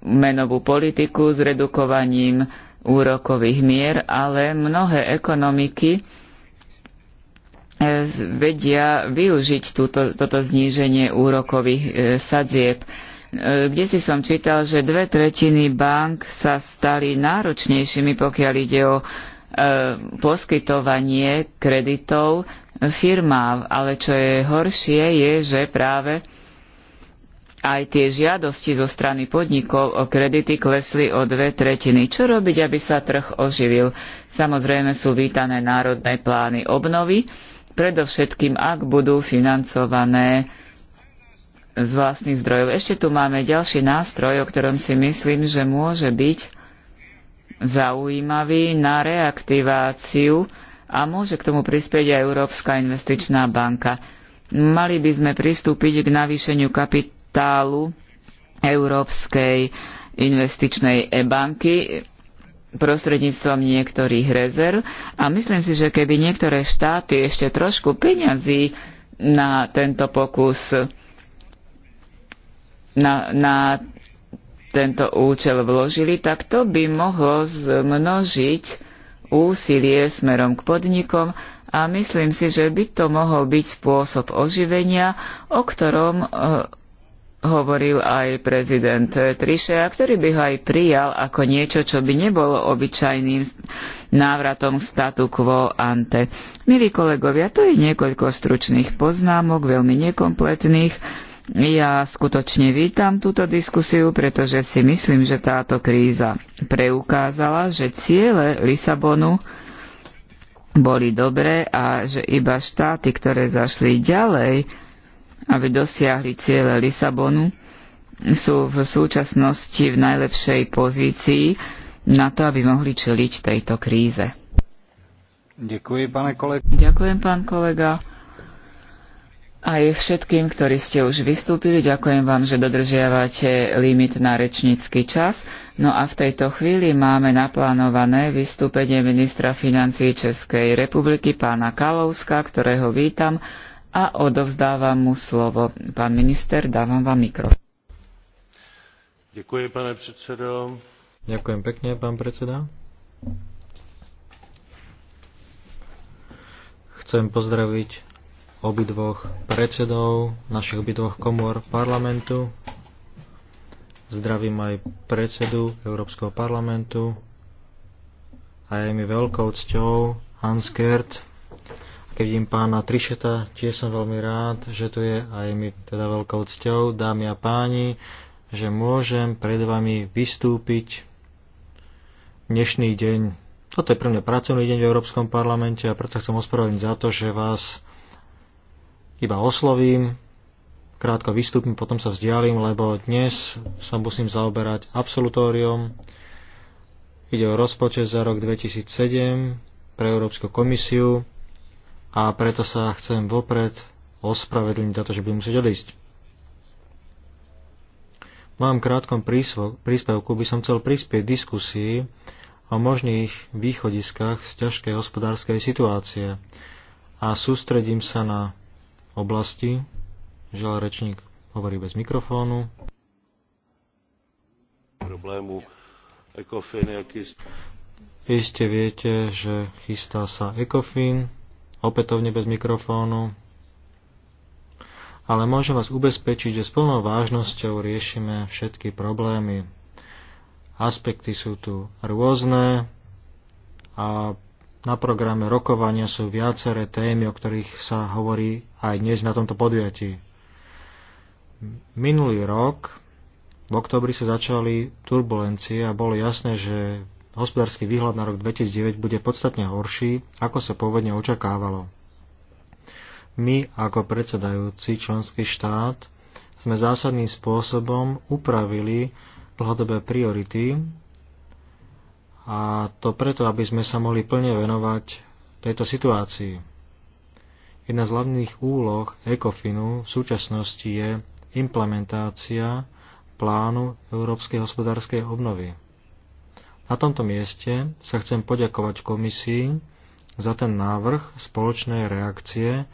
menovú politiku s redukovaním úrokových mier, ale mnohé ekonomiky eh, vedia využiť túto, toto zníženie úrokových eh, sadzieb. Eh, kde si som čítal, že dve tretiny bank sa stali náročnejšími, pokiaľ ide o poskytovanie kreditov firmám, ale čo je horšie, je, že práve aj tie žiadosti zo strany podnikov o kredity klesli o dve tretiny. Čo robiť, aby sa trh oživil? Samozrejme sú vítané národné plány obnovy, predovšetkým ak budú financované z vlastných zdrojov. Ešte tu máme ďalší nástroj, o ktorom si myslím, že môže byť zaujímavý na reaktiváciu a môže k tomu prispieť aj Európska investičná banka. Mali by sme pristúpiť k navýšeniu kapitálu kapitálu Európskej investičnej e-banky prostredníctvom niektorých rezerv a myslím si, že keby niektoré štáty ešte trošku peňazí na tento pokus na, na tento účel vložili, tak to by mohlo zmnožiť úsilie smerom k podnikom a myslím si, že by to mohol byť spôsob oživenia, o ktorom eh, hovoril aj prezident Trišea, ktorý by ho aj prijal ako niečo, čo by nebolo obyčajným návratom statu quo ante. Milí kolegovia, to je niekoľko stručných poznámok, veľmi nekompletných. Ja skutočne vítam túto diskusiu, pretože si myslím, že táto kríza preukázala, že ciele Lisabonu boli dobré a že iba štáty, ktoré zašli ďalej, aby dosiahli ciele Lisabonu, sú v súčasnosti v najlepšej pozícii na to, aby mohli čeliť tejto kríze. Ďakujem, pane kolega. Ďakujem, pán kolega. Aj všetkým, ktorí ste už vystúpili, ďakujem vám, že dodržiavate limit na rečnícky čas. No a v tejto chvíli máme naplánované vystúpenie ministra financí Českej republiky, pána Kalovska, ktorého vítam a odovzdávam mu slovo. Pán minister, dávam vám mikrofón. Ďakujem, pane predsedo. Ďakujem pekne, pán predseda. Chcem pozdraviť obidvoch predsedov našich obidvoch komor parlamentu. Zdravím aj predsedu Európskeho parlamentu a je mi veľkou cťou Hans Gert, keď vidím pána Trišeta, tiež som veľmi rád, že tu je a je mi teda veľkou cťou, dámy a páni, že môžem pred vami vystúpiť dnešný deň. Toto je pre mňa pracovný deň v Európskom parlamente a preto chcem ospravedlniť za to, že vás iba oslovím, krátko vystúpim, potom sa vzdialím, lebo dnes sa musím zaoberať absolutóriom. Ide o rozpočet za rok 2007 pre Európsku komisiu a preto sa chcem vopred ospravedlniť za to, že budem musieť odísť. V mojom krátkom príspevku by som chcel prispieť diskusii o možných východiskách z ťažkej hospodárskej situácie a sústredím sa na oblasti, žiaľ rečník hovorí bez mikrofónu, problému ECOFIN, aký... Iste viete, že chystá sa ECOFIN, opätovne bez mikrofónu. Ale môžem vás ubezpečiť, že s plnou vážnosťou riešime všetky problémy. Aspekty sú tu rôzne a na programe rokovania sú viaceré témy, o ktorých sa hovorí aj dnes na tomto podujatí. Minulý rok v oktobri sa začali turbulencie a bolo jasné, že hospodársky výhľad na rok 2009 bude podstatne horší, ako sa pôvodne očakávalo. My, ako predsedajúci členský štát, sme zásadným spôsobom upravili dlhodobé priority a to preto, aby sme sa mohli plne venovať tejto situácii. Jedna z hlavných úloh ECOFINu v súčasnosti je implementácia plánu Európskej hospodárskej obnovy. Na tomto mieste sa chcem poďakovať komisii za ten návrh spoločnej reakcie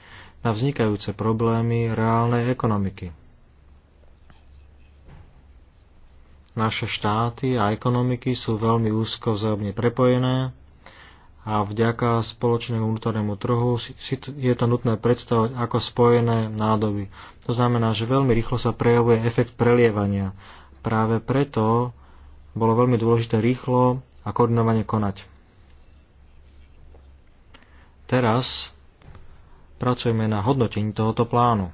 na vznikajúce problémy reálnej ekonomiky. Naše štáty a ekonomiky sú veľmi úzko vzájomne prepojené a vďaka spoločnému vnútornému trhu je to nutné predstavovať ako spojené nádoby. To znamená, že veľmi rýchlo sa prejavuje efekt prelievania. Práve preto bolo veľmi dôležité rýchlo a koordinovane konať. Teraz pracujeme na hodnotení tohoto plánu.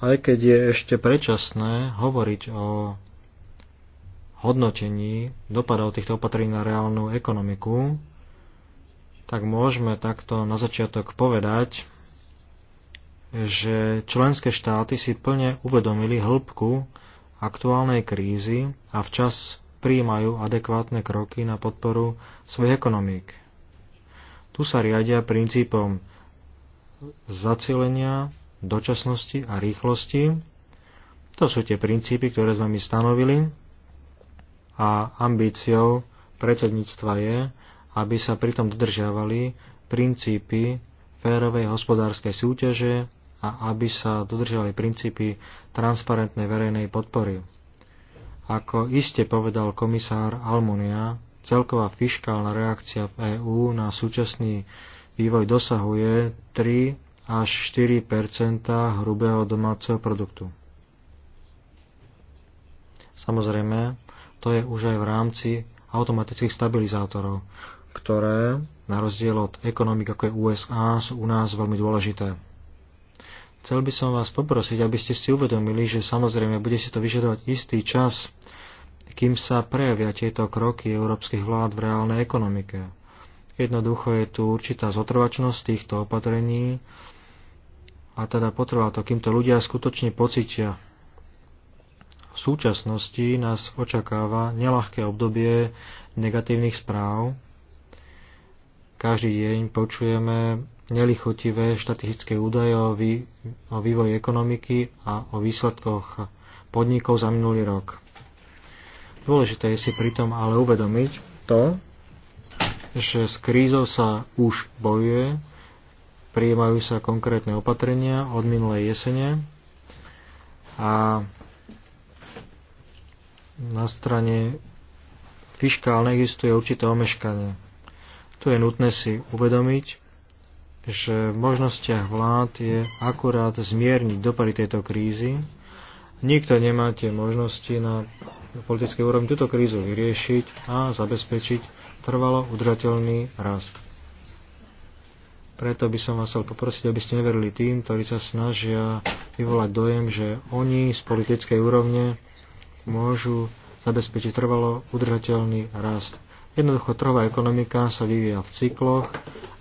Aj keď je ešte predčasné hovoriť o hodnotení dopadov týchto opatrení na reálnu ekonomiku, tak môžeme takto na začiatok povedať, že členské štáty si plne uvedomili hĺbku aktuálnej krízy a včas príjmajú adekvátne kroky na podporu svojich ekonomík. Tu sa riadia princípom zacielenia, dočasnosti a rýchlosti. To sú tie princípy, ktoré sme my stanovili a ambíciou predsedníctva je, aby sa pritom dodržiavali princípy férovej hospodárskej súťaže, a aby sa dodržali princípy transparentnej verejnej podpory. Ako iste povedal komisár Almunia, celková fiškálna reakcia v EÚ na súčasný vývoj dosahuje 3 až 4 hrubého domáceho produktu. Samozrejme, to je už aj v rámci automatických stabilizátorov, ktoré, na rozdiel od ekonomik ako je USA, sú u nás veľmi dôležité. Chcel by som vás poprosiť, aby ste si uvedomili, že samozrejme bude si to vyžadovať istý čas, kým sa prejavia tieto kroky európskych vlád v reálnej ekonomike. Jednoducho je tu určitá zotrvačnosť týchto opatrení a teda potrvá to, kým to ľudia skutočne pocitia. V súčasnosti nás očakáva nelahké obdobie negatívnych správ. Každý deň počujeme nelichotivé štatistické údaje o, vý, o vývoji ekonomiky a o výsledkoch podnikov za minulý rok. Dôležité je si pritom ale uvedomiť to, že s krízou sa už bojuje, prijímajú sa konkrétne opatrenia od minulej jesene a na strane fiškálnej existuje určité omeškanie. Tu je nutné si uvedomiť, že v možnostiach vlád je akurát zmierniť dopady tejto krízy. Nikto nemá tie možnosti na politickej úrovni túto krízu vyriešiť a zabezpečiť trvalo udržateľný rast. Preto by som vás chcel poprosiť, aby ste neverili tým, ktorí sa snažia vyvolať dojem, že oni z politickej úrovne môžu zabezpečiť trvalo udržateľný rast. Jednoducho trhová ekonomika sa vyvíja v cykloch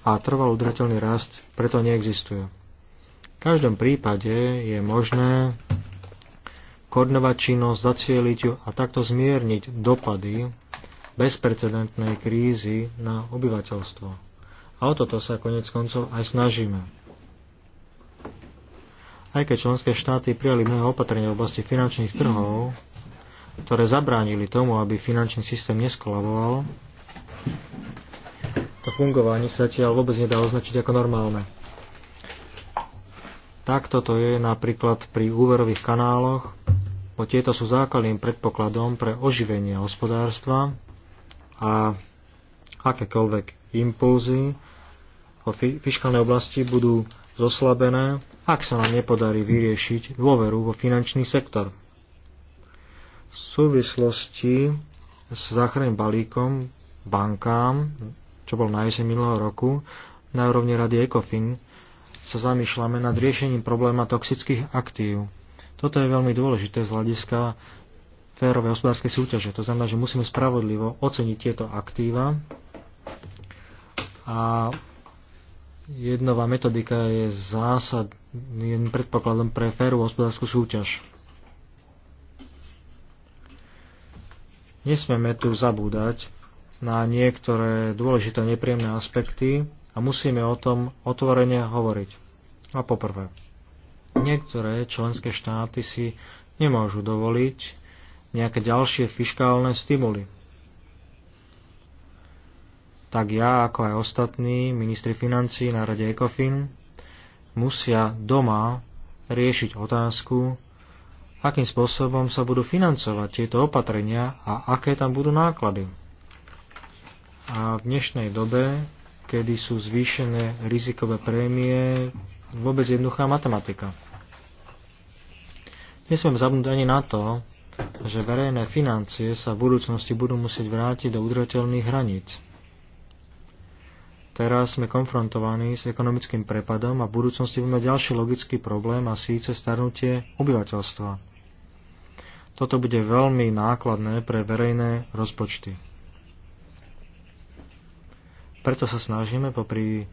a trval udržateľný rast preto neexistuje. V každom prípade je možné koordinovať činnosť, zacieliť ju a takto zmierniť dopady bezprecedentnej krízy na obyvateľstvo. A o toto sa konec koncov aj snažíme. Aj keď členské štáty prijali mnoho opatrenia v oblasti finančných trhov, mm ktoré zabránili tomu, aby finančný systém neskolaboval, to fungovanie sa zatiaľ vôbec nedá označiť ako normálne. Takto to je napríklad pri úverových kanáloch, bo tieto sú základným predpokladom pre oživenie hospodárstva a akékoľvek impulzy o fiskálnej oblasti budú zoslabené, ak sa nám nepodarí vyriešiť dôveru vo finančný sektor v súvislosti s záchranným balíkom bankám, čo bol na jeseň minulého roku, na úrovni rady ECOFIN sa zamýšľame nad riešením probléma toxických aktív. Toto je veľmi dôležité z hľadiska férovej hospodárskej súťaže. To znamená, že musíme spravodlivo oceniť tieto aktíva a jednová metodika je zásadným predpokladom pre férovú hospodárskú súťaž. Nesmieme tu zabúdať na niektoré dôležité nepríjemné aspekty a musíme o tom otvorene hovoriť. A poprvé, niektoré členské štáty si nemôžu dovoliť nejaké ďalšie fiskálne stimuly. Tak ja, ako aj ostatní ministri financí na rade ECOFIN, musia doma riešiť otázku, akým spôsobom sa budú financovať tieto opatrenia a aké tam budú náklady. A v dnešnej dobe, kedy sú zvýšené rizikové prémie, vôbec jednoduchá matematika. Nesmiem zabudnúť ani na to, že verejné financie sa v budúcnosti budú musieť vrátiť do udržateľných hraníc. Teraz sme konfrontovaní s ekonomickým prepadom a v budúcnosti budeme ďalší logický problém a síce starnutie obyvateľstva. Toto bude veľmi nákladné pre verejné rozpočty. Preto sa snažíme popri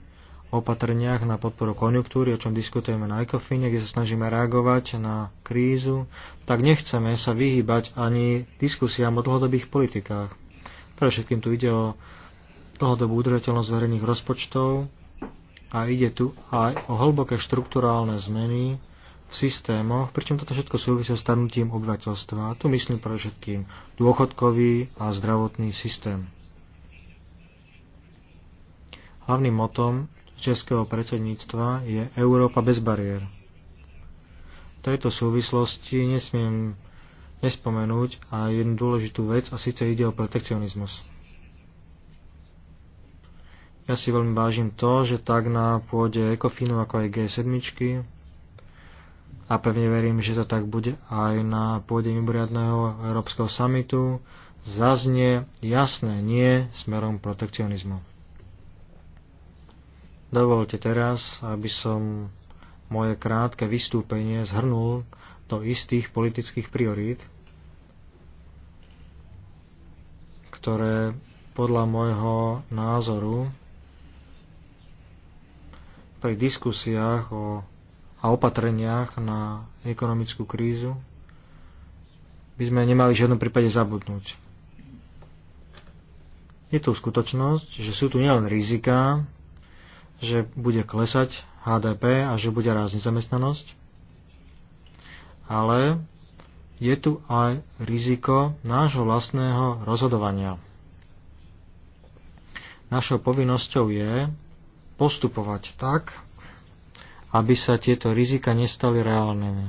opatrniach na podporu konjunktúry, o čom diskutujeme na ECOFINE, kde sa snažíme reagovať na krízu, tak nechceme sa vyhýbať ani diskusiám o dlhodobých politikách. Pre všetkým tu ide o dlhodobú udržateľnosť verejných rozpočtov a ide tu aj o hlboké štruktúrálne zmeny, systémoch, pričom toto všetko súvisí s starnutím obyvateľstva. Tu myslím pre všetkým dôchodkový a zdravotný systém. Hlavným motom českého predsedníctva je Európa bez bariér. V tejto súvislosti nesmiem nespomenúť a jednu dôležitú vec a síce ide o protekcionizmus. Ja si veľmi vážim to, že tak na pôde ECOFINu ako aj G7 a pevne verím, že to tak bude aj na pôde mimoriadného Európskeho samitu, zaznie jasné nie smerom protekcionizmu. Dovolte teraz, aby som moje krátke vystúpenie zhrnul do istých politických priorít, ktoré podľa môjho názoru pri diskusiách o a opatreniach na ekonomickú krízu by sme nemali v žiadnom prípade zabudnúť. Je tu skutočnosť, že sú tu nielen rizika, že bude klesať HDP a že bude rásť nezamestnanosť, ale je tu aj riziko nášho vlastného rozhodovania. Našou povinnosťou je postupovať tak, aby sa tieto rizika nestali reálnymi.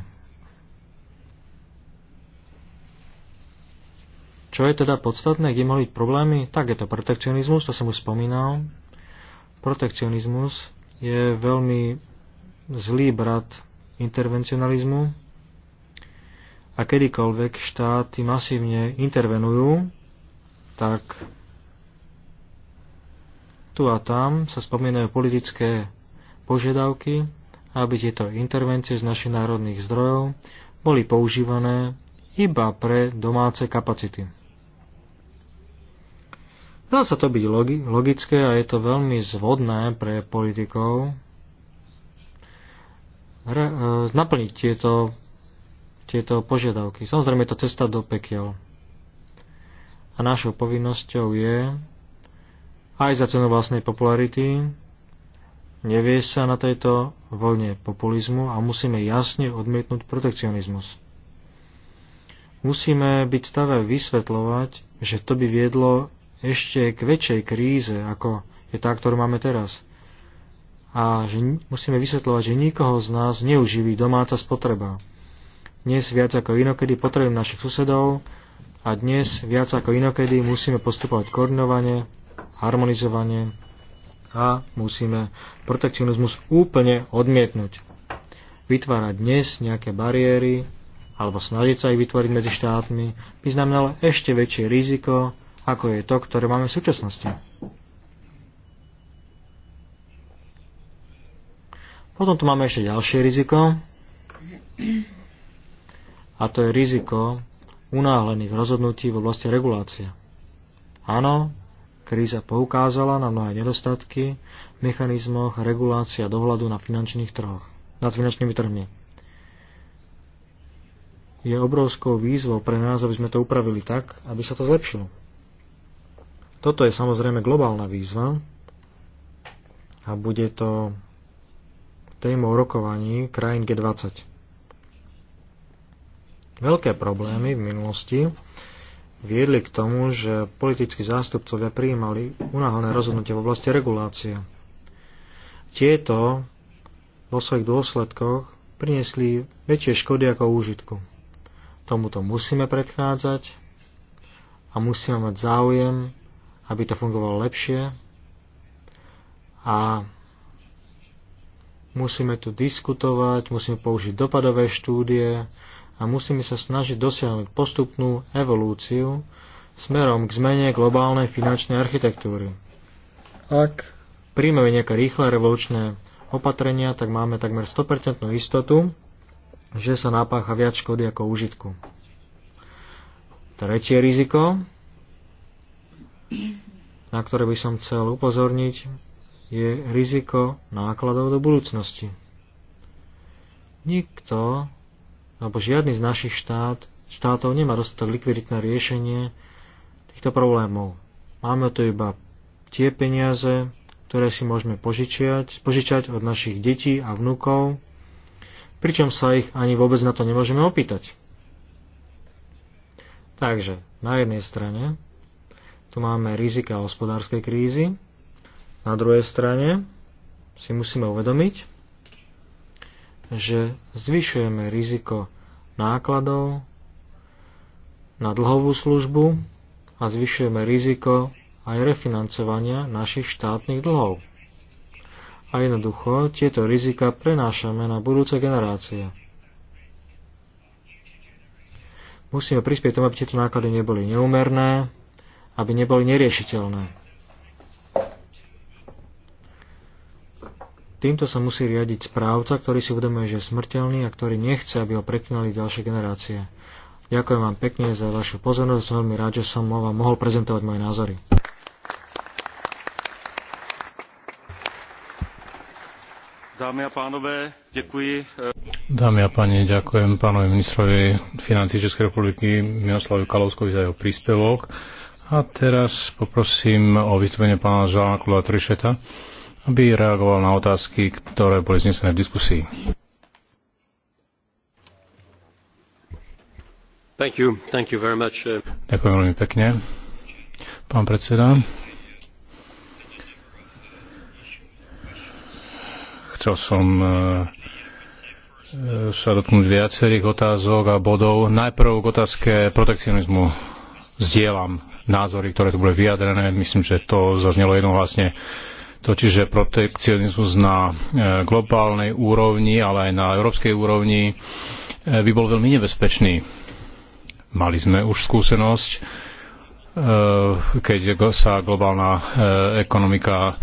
Čo je teda podstatné, kde mohli byť problémy? Tak je to protekcionizmus, to som už spomínal. Protekcionizmus je veľmi zlý brat intervencionalizmu a kedykoľvek štáty masívne intervenujú, tak tu a tam sa spomínajú politické požiadavky, aby tieto intervencie z našich národných zdrojov boli používané iba pre domáce kapacity. Dá sa to byť logické a je to veľmi zvodné pre politikov e, naplniť tieto, tieto požiadavky. Samozrejme je to cesta do pekiel. A našou povinnosťou je aj za cenu vlastnej popularity nevie sa na tejto vlne populizmu a musíme jasne odmietnúť protekcionizmus. Musíme byť stave vysvetľovať, že to by viedlo ešte k väčšej kríze, ako je tá, ktorú máme teraz. A že musíme vysvetľovať, že nikoho z nás neuživí domáca spotreba. Dnes viac ako inokedy potrebujeme našich susedov a dnes viac ako inokedy musíme postupovať koordinovane, harmonizovane a musíme protekcionizmus úplne odmietnúť. Vytvárať dnes nejaké bariéry alebo snažiť sa ich vytvoriť medzi štátmi by znamenalo ešte väčšie riziko, ako je to, ktoré máme v súčasnosti. Potom tu máme ešte ďalšie riziko a to je riziko unáhlených rozhodnutí v oblasti regulácie. Áno, Kríza poukázala na mnohé nedostatky v mechanizmoch regulácia dohľadu na finančných trhoch, nad finančnými trhmi. Je obrovskou výzvou pre nás, aby sme to upravili tak, aby sa to zlepšilo. Toto je samozrejme globálna výzva a bude to témou rokovaní krajín G20. Veľké problémy v minulosti viedli k tomu, že politickí zástupcovia prijímali unáhlené rozhodnutie v oblasti regulácie. Tieto vo svojich dôsledkoch priniesli väčšie škody ako úžitku. Tomuto musíme predchádzať a musíme mať záujem, aby to fungovalo lepšie a musíme tu diskutovať, musíme použiť dopadové štúdie, a musíme sa snažiť dosiahnuť postupnú evolúciu smerom k zmene globálnej finančnej architektúry. Ak príjmeme nejaké rýchle revolučné opatrenia, tak máme takmer 100% istotu, že sa napácha viac škody ako užitku. Tretie riziko, na ktoré by som chcel upozorniť, je riziko nákladov do budúcnosti. Nikto alebo žiadny z našich štát, štátov nemá dostatok likvidit na riešenie týchto problémov. Máme tu iba tie peniaze, ktoré si môžeme požičiať, požičať od našich detí a vnúkov, pričom sa ich ani vôbec na to nemôžeme opýtať. Takže, na jednej strane tu máme rizika hospodárskej krízy, na druhej strane si musíme uvedomiť, že zvyšujeme riziko nákladov na dlhovú službu a zvyšujeme riziko aj refinancovania našich štátnych dlhov. A jednoducho tieto rizika prenášame na budúce generácie. Musíme prispieť tomu, aby tieto náklady neboli neumerné, aby neboli neriešiteľné. Týmto sa musí riadiť správca, ktorý si uvedomuje, že je smrteľný a ktorý nechce, aby ho preknali ďalšie generácie. Ďakujem vám pekne za vašu pozornosť. Som veľmi rád, že som vám mohol prezentovať moje názory. Dámy a pánové, děkuji. E- Dámy a páni, ďakujem pánovi ministrovi financí Českej republiky Miroslavu Kalovskovi za jeho príspevok. A teraz poprosím o vystúpenie pána Žána Kula Trišeta aby reagoval na otázky, ktoré boli znesené v diskusii. Thank you. Thank you very much. Uh, Ďakujem veľmi pekne. Pán predseda. Chcel som uh, uh, sa dotknúť viacerých otázok a bodov. Najprv k otázke protekcionizmu. Zdieľam názory, ktoré tu boli vyjadrené. Myslím, že to zaznelo jednohlasne. vlastne totiž že protekcionizmus na e, globálnej úrovni, ale aj na európskej úrovni e, by bol veľmi nebezpečný. Mali sme už skúsenosť, e, keď sa globálna ekonomika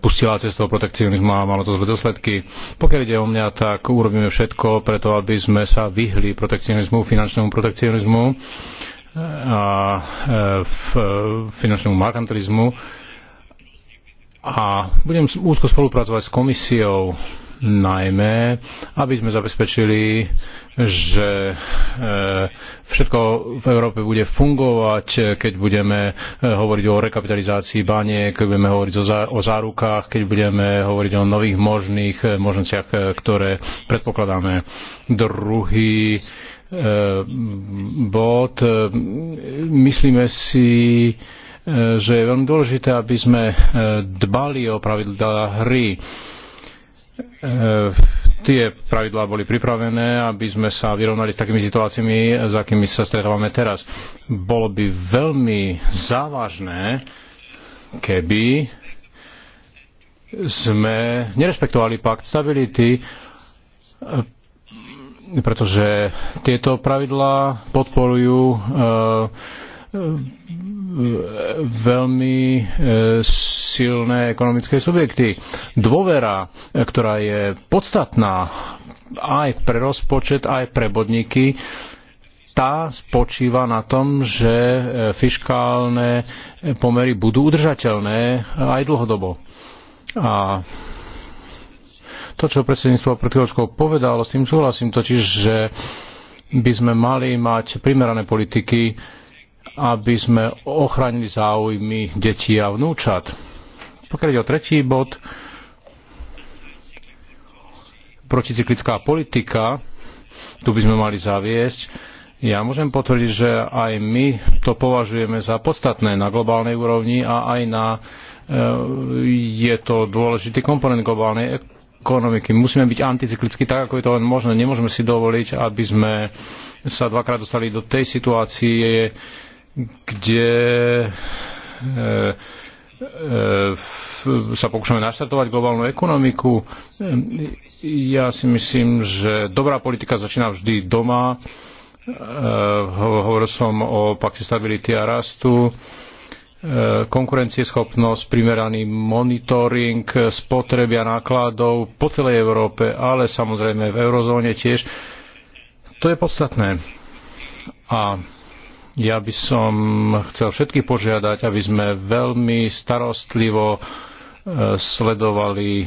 pustila cez toho protekcionizmu a malo to zlé dosledky. Pokiaľ ide o mňa, tak urobíme všetko preto, aby sme sa vyhli protekcionizmu, finančnému protekcionizmu a finančnému markantilizmu a budem úzko spolupracovať s komisiou najmä, aby sme zabezpečili, že e, všetko v Európe bude fungovať, keď budeme e, hovoriť o rekapitalizácii baniek, keď budeme hovoriť o zárukách, keď budeme hovoriť o nových možných e, možnostiach, ktoré predpokladáme. Druhý bod, myslíme si, E, že je veľmi dôležité, aby sme e, dbali o pravidlá hry. E, tie pravidlá boli pripravené, aby sme sa vyrovnali s takými situáciami, s akými sa stretávame teraz. Bolo by veľmi závažné, keby sme nerespektovali pakt stability, pretože tieto pravidlá podporujú veľmi e, silné ekonomické subjekty. Dôvera, e, ktorá je podstatná aj pre rozpočet, aj pre bodníky, tá spočíva na tom, že e, fiskálne pomery budú udržateľné aj dlhodobo. A to, čo predsedníctvo pred chvíľočkou povedalo, s tým súhlasím totiž, že by sme mali mať primerané politiky, aby sme ochránili záujmy detí a vnúčat. Pokiaľ ide o tretí bod, proticyklická politika, tu by sme mali zaviesť. Ja môžem potvrdiť, že aj my to považujeme za podstatné na globálnej úrovni a aj na e, je to dôležitý komponent globálnej ekonomiky. Musíme byť anticyklicky tak, ako je to len možné. Nemôžeme si dovoliť, aby sme sa dvakrát dostali do tej situácie, kde e, e, sa pokúšame naštartovať globálnu ekonomiku. Ja si myslím, že dobrá politika začína vždy doma. E, hovoril som o pakte stability a rastu konkurencieschopnosť, primeraný monitoring spotreby a nákladov po celej Európe, ale samozrejme v eurozóne tiež. To je podstatné. A ja by som chcel všetky požiadať, aby sme veľmi starostlivo e, sledovali e,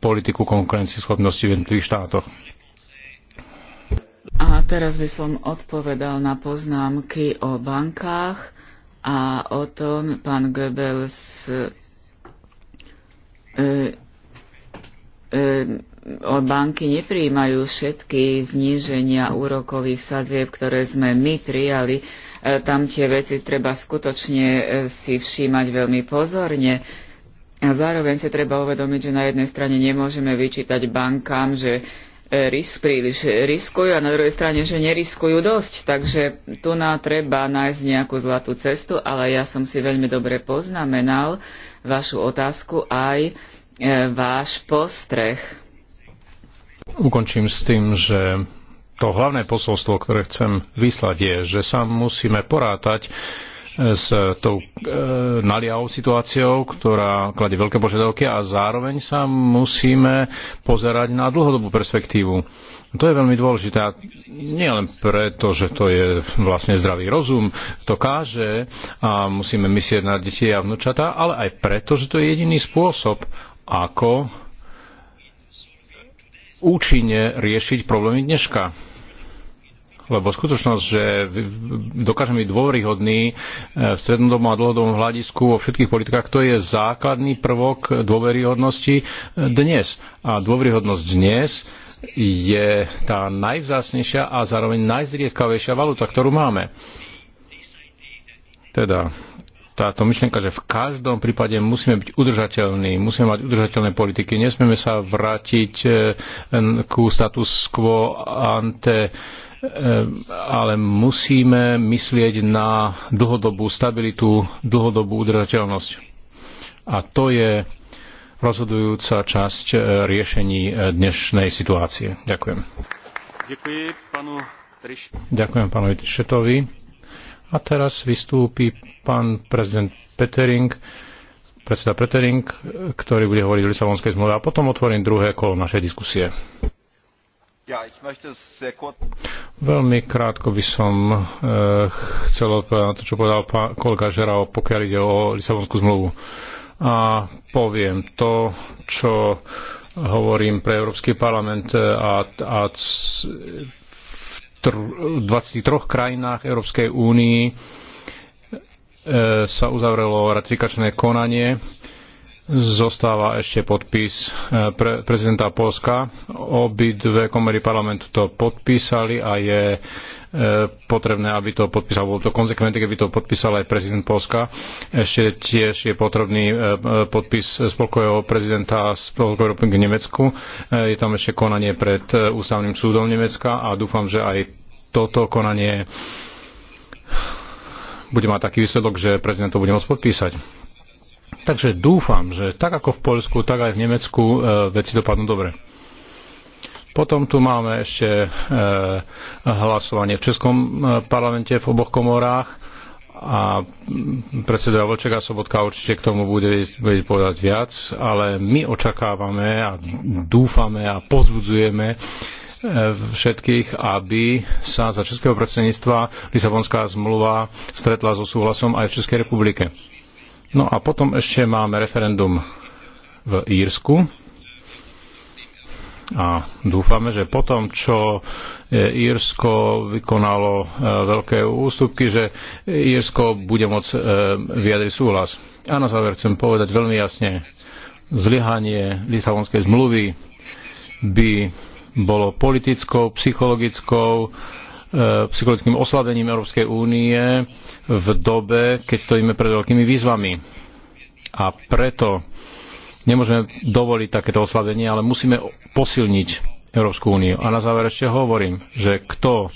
politiku konkurencieschopnosti v jednotlivých štátoch. A teraz by som odpovedal na poznámky o bankách a o tom pán Goebbels e, e, e o banky neprijímajú všetky zníženia úrokových sadzieb, ktoré sme my prijali E, tam tie veci treba skutočne e, si všímať veľmi pozorne. A zároveň si treba uvedomiť, že na jednej strane nemôžeme vyčítať bankám, že e, risk, príliš riskujú a na druhej strane, že neriskujú dosť. Takže tu nám treba nájsť nejakú zlatú cestu, ale ja som si veľmi dobre poznamenal vašu otázku aj váš postreh. Ukončím s tým, že to hlavné posolstvo, ktoré chcem vyslať, je, že sa musíme porátať e, s tou e, naliavou situáciou, ktorá kladie veľké požiadavky a zároveň sa musíme pozerať na dlhodobú perspektívu. To je veľmi dôležité a nie len preto, že to je vlastne zdravý rozum, to káže a musíme myslieť na deti a vnúčatá, ale aj preto, že to je jediný spôsob, ako účinne riešiť problémy dneška. Lebo skutočnosť, že dokážeme byť dôveryhodný e, v strednodobom a dlhodobom hľadisku vo všetkých politikách, to je základný prvok dôveryhodnosti e, dnes. A dôveryhodnosť dnes je tá najvzácnejšia a zároveň najzriedkavejšia valuta, ktorú máme. Teda táto myšlienka, že v každom prípade musíme byť udržateľní, musíme mať udržateľné politiky, nesmieme sa vrátiť e, ku status quo ante, e, ale musíme myslieť na dlhodobú stabilitu, dlhodobú udržateľnosť. A to je rozhodujúca časť e, riešení dnešnej situácie. Ďakujem. Ďakujem, panu Ďakujem pánovi Trišetovi. A teraz vystúpi pán prezident Petering, predseda Petering, ktorý bude hovoriť o Lisabonskej zmluve a potom otvorím druhé kolo našej diskusie. Ja, Veľmi krátko by som e, chcel odpovedať na to, čo povedal pán kolega Žerao, pokiaľ ide o Lisabonskú zmluvu. A poviem to, čo hovorím pre Európsky parlament eh, a, a 23 krajinách Európskej únii e, sa uzavrelo ratifikačné konanie. Zostáva ešte podpis e, pre, prezidenta Polska. Obidve komory parlamentu to podpísali a je E, potrebné, aby to podpísal. Bolo to konzekventné, keby to podpísal aj prezident Polska. Ešte tiež je potrebný e, e, podpis spolkového prezidenta spolkového Európy k Nemecku. Je tam ešte konanie pred ústavným súdom Nemecka a dúfam, že aj toto konanie bude mať taký výsledok, že prezident to bude môcť podpísať. Takže dúfam, že tak ako v Poľsku, tak aj v Nemecku veci dopadnú dobre. Potom tu máme ešte e, hlasovanie v Českom e, parlamente v oboch komorách a predseda Vlček a Sobotka určite k tomu bude, bude povedať viac, ale my očakávame a dúfame a pozbudzujeme e, všetkých, aby sa za českého predsedníctva Lisabonská zmluva stretla so súhlasom aj v Českej republike. No a potom ešte máme referendum v Írsku, a dúfame, že potom, čo e, Írsko vykonalo e, veľké ústupky, že Írsko bude môcť e, vyjadriť súhlas. A na záver chcem povedať veľmi jasne, zlyhanie Lisabonskej zmluvy by bolo politickou, psychologickou, psychologickým oslabením Európskej únie v dobe, keď stojíme pred veľkými výzvami. A preto Nemôžeme dovoliť takéto oslabenie, ale musíme posilniť Európsku úniu. A na záver ešte hovorím, že kto eh,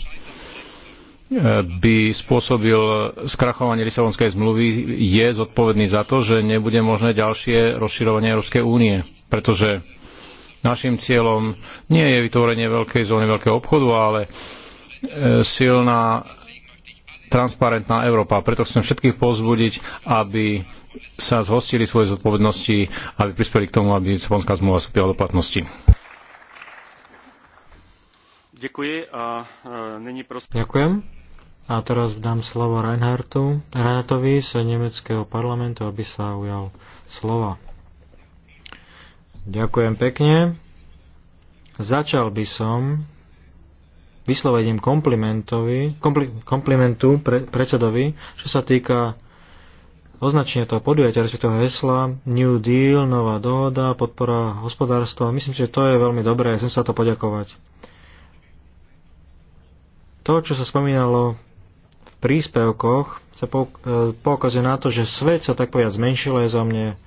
by spôsobil skrachovanie Lisabonskej zmluvy, je zodpovedný za to, že nebude možné ďalšie rozširovanie Európskej únie. Pretože našim cieľom nie je vytvorenie veľkej zóny veľkého obchodu, ale eh, silná, transparentná Európa. Preto chcem všetkých pozbudiť, aby sa zhostili svoje zodpovednosti, aby prispeli k tomu, aby Lisabonská zmluva vstúpila do platnosti. Ďakujem a e, není prosím. Ďakujem. A teraz dám slovo Reinhardtu, Reinhardtovi z nemeckého parlamentu, aby sa ujal slova. Ďakujem pekne. Začal by som vyslovením komplimentovi, kompli, komplimentu pre, predsedovi, čo sa týka označenie toho podujatia, respektíve hesla New Deal, nová dohoda, podpora hospodárstva. Myslím si, že to je veľmi dobré, chcem sa to poďakovať. To, čo sa spomínalo v príspevkoch, sa e, poukazuje na to, že svet sa tak povedať zmenšil, je za mne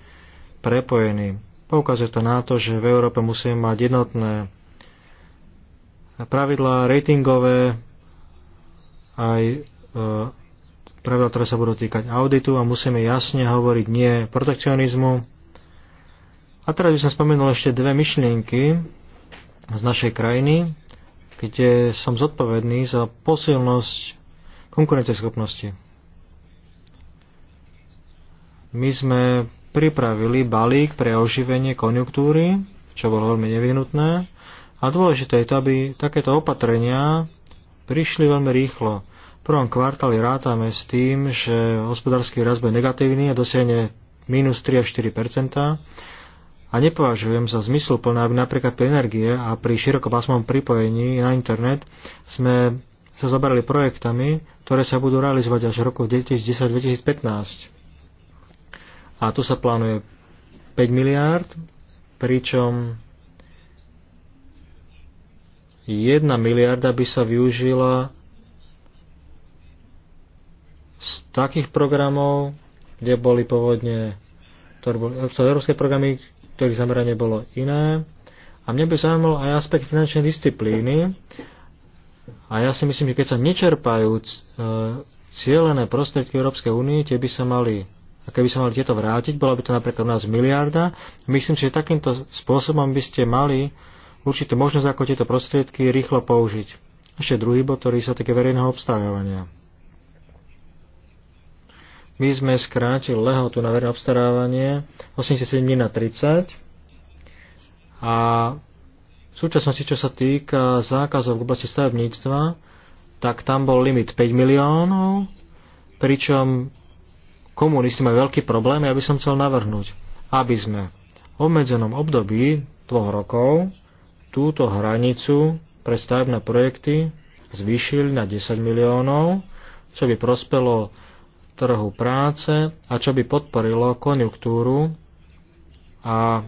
prepojený. Poukazuje to na to, že v Európe musíme mať jednotné pravidlá ratingové aj e, pravidla, ktoré sa budú týkať auditu a musíme jasne hovoriť nie protekcionizmu. A teraz by som spomenul ešte dve myšlienky z našej krajiny, kde som zodpovedný za posilnosť konkurenceschopnosti. My sme pripravili balík pre oživenie konjunktúry, čo bolo veľmi nevyhnutné. A dôležité je to, aby takéto opatrenia prišli veľmi rýchlo prvom kvartáli rátame s tým, že hospodársky rast bude negatívny a dosiahne minus 3 až 4 a nepovažujem za zmysluplné, aby napríklad pri energie a pri širokopásmovom pripojení na internet sme sa zabrali projektami, ktoré sa budú realizovať až v roku 2010-2015. A tu sa plánuje 5 miliárd, pričom 1 miliarda by sa využila z takých programov, kde boli pôvodne ktoré boli, to európske programy, ktorých zameranie bolo iné. A mne by zaujímal aj aspekt finančnej disciplíny. A ja si myslím, že keď sa nečerpajú e, cieľené prostriedky Európskej únie, tie by sa mali a keby sa mali tieto vrátiť, bola by to napríklad u nás miliarda. Myslím si, že takýmto spôsobom by ste mali určitú možnosť, ako tieto prostriedky rýchlo použiť. Ešte druhý bod, ktorý sa týka verejného obstarávania. My sme skrátili lehotu na verejné obstarávanie 87 dní na 30 a v súčasnosti, čo sa týka zákazov v oblasti stavebníctva, tak tam bol limit 5 miliónov, pričom komunisti majú veľký problém, ja by som chcel navrhnúť, aby sme v obmedzenom období dvoch rokov túto hranicu pre stavebné projekty zvýšili na 10 miliónov, čo by prospelo trhu práce a čo by podporilo konjunktúru a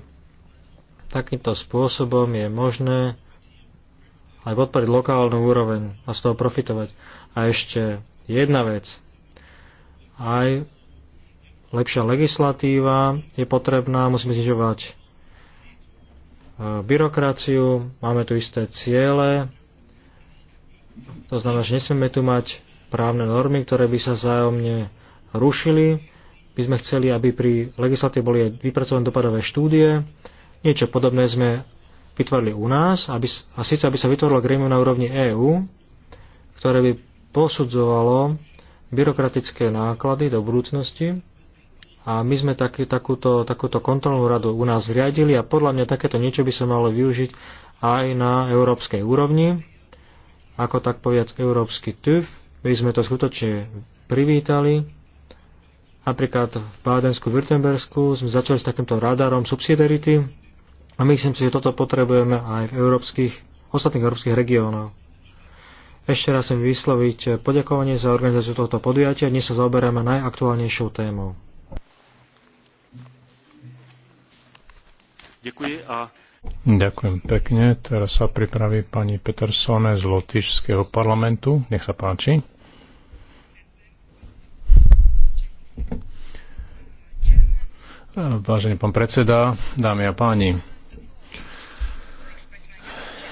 takýmto spôsobom je možné aj podporiť lokálnu úroveň a z toho profitovať. A ešte jedna vec. Aj lepšia legislatíva je potrebná, musíme znižovať e, byrokraciu, máme tu isté ciele, to znamená, že nesmieme tu mať právne normy, ktoré by sa zájomne rušili. My sme chceli, aby pri legislatíve boli vypracované dopadové štúdie. Niečo podobné sme vytvorili u nás, aby, a síce aby sa vytvorilo grémium na úrovni EÚ, ktoré by posudzovalo byrokratické náklady do budúcnosti. A my sme taký, takúto, takúto kontrolnú radu u nás zriadili a podľa mňa takéto niečo by sa malo využiť aj na európskej úrovni, ako tak povedať európsky TÜV. My sme to skutočne privítali Napríklad v Bádensku, Württembersku sme začali s takýmto radarom subsidiarity a myslím si, že toto potrebujeme aj v európskych, ostatných európskych regiónoch. Ešte raz chcem vysloviť poďakovanie za organizáciu tohto podujatia. Dnes sa zaoberáme najaktuálnejšou témou. Ďakujem a Ďakujem pekne. Teraz sa pripraví pani Petersone z Lotyšského parlamentu. Nech sa páči. Vážený pán predseda, dámy a páni,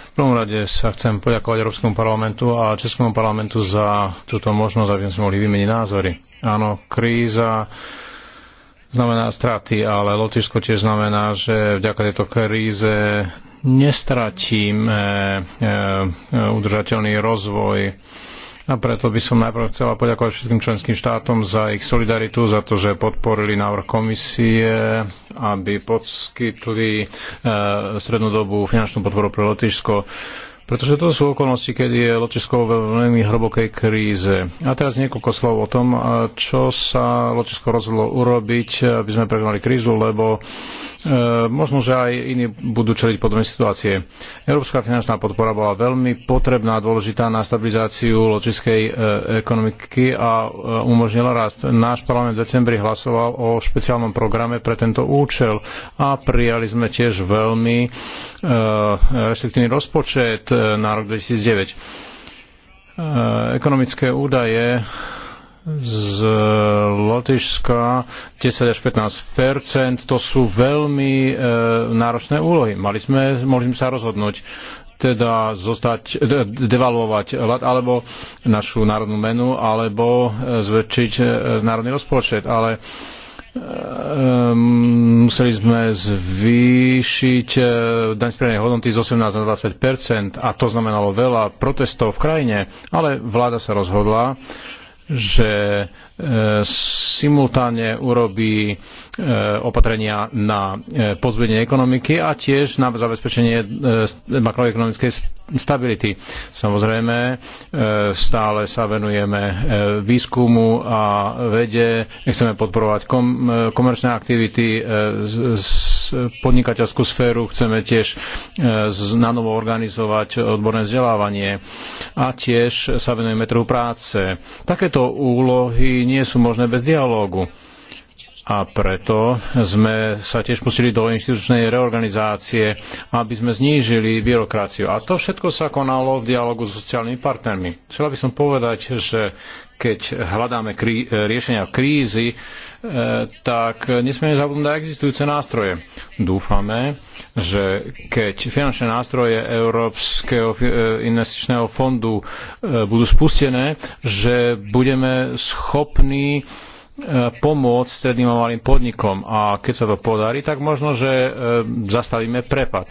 v prvom rade sa chcem poďakovať Európskemu parlamentu a Českému parlamentu za túto možnosť, aby sme mohli vymeniť názory. Áno, kríza znamená straty, ale Lotyšsko tiež znamená, že vďaka tejto kríze nestratíme eh, eh, udržateľný rozvoj a preto by som najprv chcela poďakovať všetkým členským štátom za ich solidaritu, za to, že podporili návrh komisie, aby podskytli e, strednodobú finančnú podporu pre Lotyšsko. Pretože to sú okolnosti, keď je Lotyšsko vo veľmi hlbokej kríze. A teraz niekoľko slov o tom, e, čo sa Lotyšsko rozhodlo urobiť, aby sme prekonali krízu, lebo E, možno, že aj iní budú čeliť podobné situácie. Európska finančná podpora bola veľmi potrebná, a dôležitá na stabilizáciu lotiskej e, ekonomiky a e, umožnila rast. Náš parlament v decembri hlasoval o špeciálnom programe pre tento účel a prijali sme tiež veľmi reštriktívny rozpočet na rok 2009. Ekonomické údaje z Lotyšska 10 až 15 To sú veľmi e, náročné úlohy. Mali sme, mohli sme sa rozhodnúť teda zostať, e, devalovať lat alebo našu národnú menu, alebo e, zväčšiť e, národný rozpočet. Ale museli sme zvýšiť daň z hodnoty z 18 na 20 a to znamenalo veľa protestov v krajine, ale vláda sa rozhodla, že e, simultáne urobí e, opatrenia na e, pozvedenie ekonomiky a tiež na zabezpečenie makroekonomickej stability. Samozrejme, stále sa venujeme výskumu a vede, chceme podporovať komerčné aktivity, podnikateľskú sféru, chceme tiež e, nanovo organizovať odborné vzdelávanie a tiež sa venujeme trhu práce. Takéto úlohy nie sú možné bez dialógu. A preto sme sa tiež pustili do inštitučnej reorganizácie, aby sme znížili byrokraciu. A to všetko sa konalo v dialogu s sociálnymi partnermi. Chcela by som povedať, že keď hľadáme krí- riešenia krízy, E, tak nesmieme zabudnúť na existujúce nástroje. Dúfame, že keď finančné nástroje Európskeho e, investičného fondu e, budú spustené, že budeme schopní pomôcť stredným a malým podnikom. A keď sa to podarí, tak možno, že zastavíme prepad.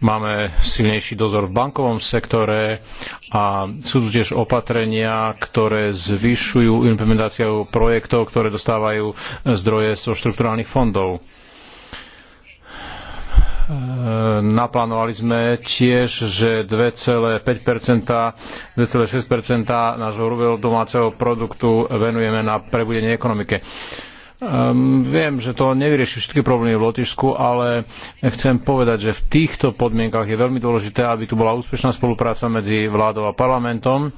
Máme silnejší dozor v bankovom sektore a sú tu tiež opatrenia, ktoré zvyšujú implementáciu projektov, ktoré dostávajú zdroje zo štrukturálnych fondov naplánovali sme tiež, že 2,5%, 2,6% nášho hrubého domáceho produktu venujeme na prebudenie ekonomike. Um, viem, že to nevyrieši všetky problémy v Lotyšsku, ale chcem povedať, že v týchto podmienkach je veľmi dôležité, aby tu bola úspešná spolupráca medzi vládou a parlamentom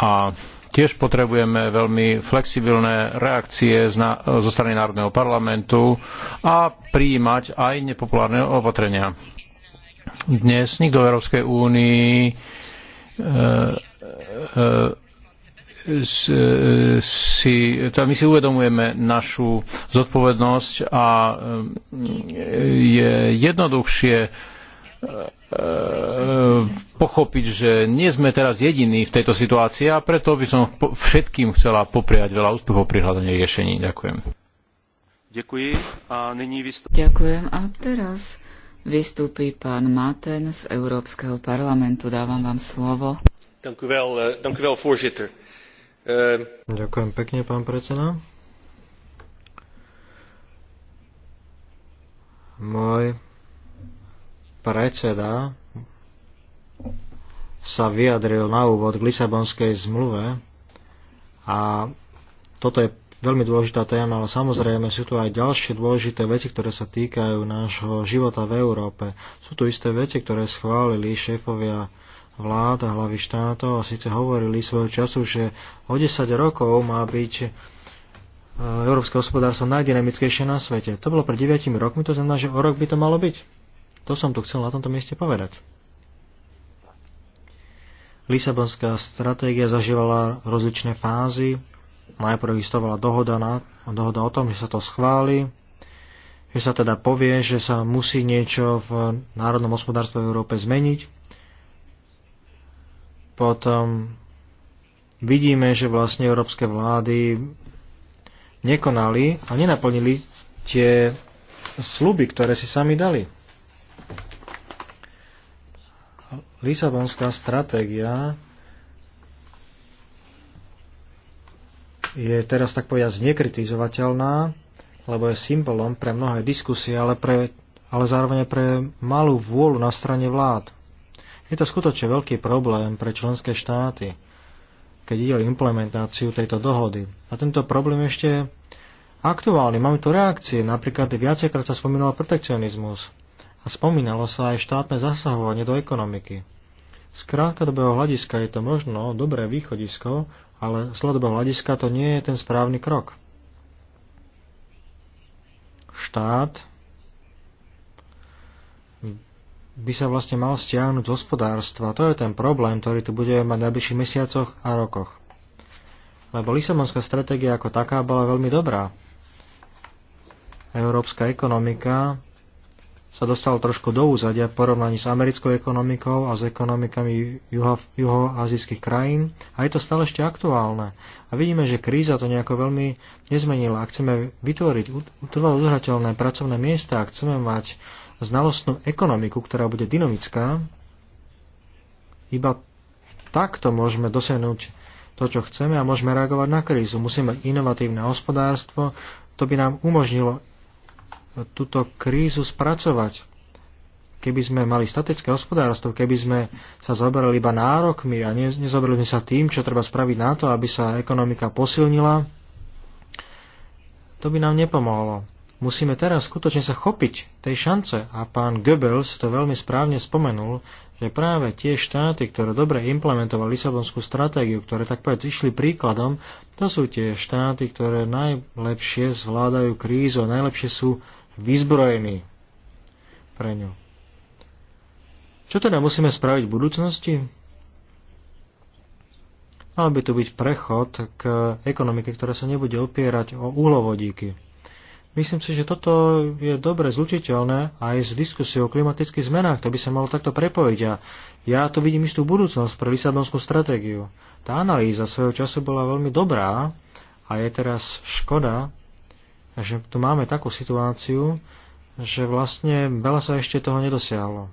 a tiež potrebujeme veľmi flexibilné reakcie zo strany Národného parlamentu a prijímať aj nepopulárne opatrenia. Dnes nikto v Európskej únii e, e, E, si, teda my si uvedomujeme našu zodpovednosť a e, je jednoduchšie e, pochopiť, že nie sme teraz jediní v tejto situácii a preto by som všetkým chcela popriať veľa úspechov pri hľadaní riešení. Ďakujem. Ďakujem a, vystup... Ďakujem a teraz vystúpi pán Maten z Európskeho parlamentu. Dávam vám slovo. Dank u wel, uh, dank u wel, voorzitter. Ehm, Ďakujem pekne, pán predseda. Môj predseda sa vyjadril na úvod k Lisabonskej zmluve a toto je veľmi dôležitá téma, ale samozrejme sú tu aj ďalšie dôležité veci, ktoré sa týkajú nášho života v Európe. Sú tu isté veci, ktoré schválili šéfovia vlád a hlavy štátov a síce hovorili svojho času, že o 10 rokov má byť e, európske hospodárstvo najdynamickejšie na svete. To bolo pred 9 rokmi, to znamená, že o rok by to malo byť. To som tu chcel na tomto mieste povedať. Lisabonská stratégia zažívala rozličné fázy. Najprv existovala dohoda, na, dohoda o tom, že sa to schváli, že sa teda povie, že sa musí niečo v národnom hospodárstve v Európe zmeniť potom vidíme, že vlastne európske vlády nekonali a nenaplnili tie sluby, ktoré si sami dali. Lisabonská stratégia je teraz tak povedať nekritizovateľná, lebo je symbolom pre mnohé diskusie, ale, pre, ale zároveň pre malú vôľu na strane vlád. Je to skutočne veľký problém pre členské štáty, keď ide o implementáciu tejto dohody. A tento problém ešte aktuálny. Máme tu reakcie. Napríklad viacejkrát sa spomínal protekcionizmus a spomínalo sa aj štátne zasahovanie do ekonomiky. Z krátkodobého hľadiska je to možno dobré východisko, ale z dlhodobého hľadiska to nie je ten správny krok. Štát by sa vlastne mal stiahnuť z hospodárstva. To je ten problém, ktorý tu budeme mať v najbližších mesiacoch a rokoch. Lebo Lisabonská stratégia ako taká bola veľmi dobrá. Európska ekonomika sa dostala trošku do úzadia v porovnaní s americkou ekonomikou a s ekonomikami juho, juhoazijských krajín a je to stále ešte aktuálne. A vidíme, že kríza to nejako veľmi nezmenila. Ak chceme vytvoriť utrvalo udržateľné pracovné miesta, ak chceme mať znalostnú ekonomiku, ktorá bude dynamická, iba takto môžeme dosiahnuť to, čo chceme a môžeme reagovať na krízu. Musíme mať inovatívne hospodárstvo, to by nám umožnilo túto krízu spracovať. Keby sme mali statické hospodárstvo, keby sme sa zoberali iba nárokmi a nezoberali sa tým, čo treba spraviť na to, aby sa ekonomika posilnila, to by nám nepomohlo. Musíme teraz skutočne sa chopiť tej šance a pán Goebbels to veľmi správne spomenul, že práve tie štáty, ktoré dobre implementovali Lisabonskú stratégiu, ktoré tak povedz išli príkladom, to sú tie štáty, ktoré najlepšie zvládajú krízu a najlepšie sú vyzbrojení pre ňu. Čo teda musíme spraviť v budúcnosti? Mal by tu byť prechod k ekonomike, ktorá sa nebude opierať o uhlovodíky. Myslím si, že toto je dobre zlučiteľné aj s diskusiou o klimatických zmenách. To by sa malo takto prepojiť. A ja tu vidím istú budúcnosť pre Lisabonskú stratégiu. Tá analýza svojho času bola veľmi dobrá a je teraz škoda, že tu máme takú situáciu, že vlastne veľa sa ešte toho nedosiahlo.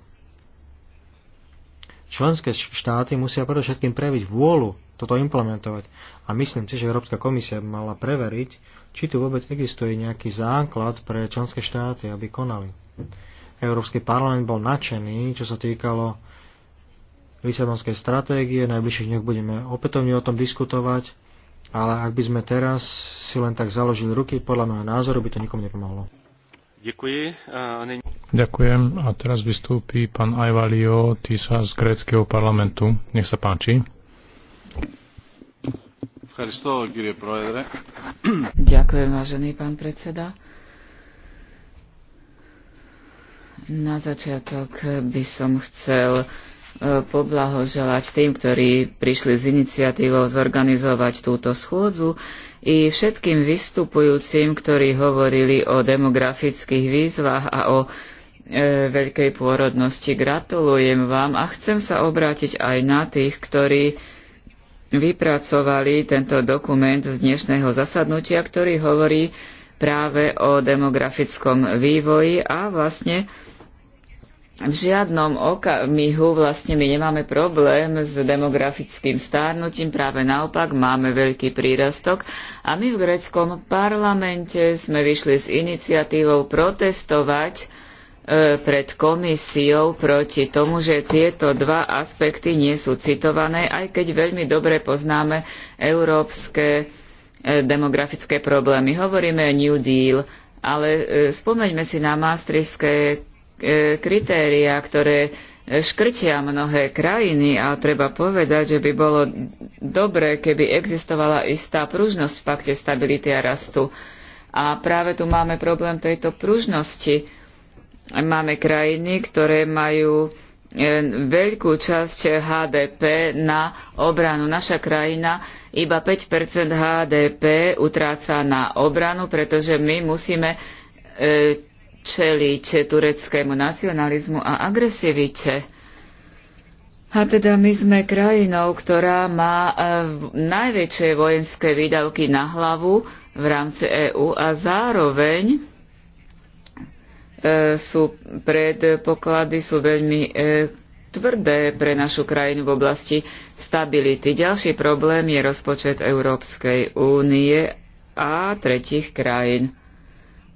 Členské štáty musia predovšetkým prejaviť vôľu toto implementovať. A myslím si, že Európska komisia by mala preveriť, či tu vôbec existuje nejaký základ pre členské štáty, aby konali. Európsky parlament bol nadšený, čo sa týkalo Lisabonskej stratégie. Najbližších dňoch budeme opätovne o tom diskutovať, ale ak by sme teraz si len tak založili ruky, podľa môjho názoru by to nikomu nepomohlo. Ďakujem. Ďakujem. A teraz vystúpi pán Ajvalio Tisa z gréckého parlamentu. Nech sa páči. Ďakujem, vážený pán predseda. Na začiatok by som chcel e, poblahoželať tým, ktorí prišli s iniciatívou zorganizovať túto schôdzu i všetkým vystupujúcim, ktorí hovorili o demografických výzvach a o e, veľkej pôrodnosti. Gratulujem vám a chcem sa obrátiť aj na tých, ktorí vypracovali tento dokument z dnešného zasadnutia, ktorý hovorí práve o demografickom vývoji a vlastne v žiadnom okamihu vlastne my nemáme problém s demografickým stárnutím, práve naopak máme veľký prírastok a my v greckom parlamente sme vyšli s iniciatívou protestovať E, pred komisiou proti tomu, že tieto dva aspekty nie sú citované, aj keď veľmi dobre poznáme európske e, demografické problémy. Hovoríme New Deal, ale e, spomeňme si na maastrichtské kritériá, ktoré škrtia mnohé krajiny a treba povedať, že by bolo dobré, keby existovala istá pružnosť v pakte stability a rastu. A práve tu máme problém tejto pružnosti Máme krajiny, ktoré majú e, veľkú časť HDP na obranu. Naša krajina iba 5 HDP utráca na obranu, pretože my musíme e, čeliť tureckému nacionalizmu a agresivite. A teda my sme krajinou, ktorá má e, najväčšie vojenské výdavky na hlavu v rámci EÚ a zároveň E, sú predpoklady sú veľmi e, tvrdé pre našu krajinu v oblasti stability. Ďalší problém je rozpočet Európskej únie a tretich krajín.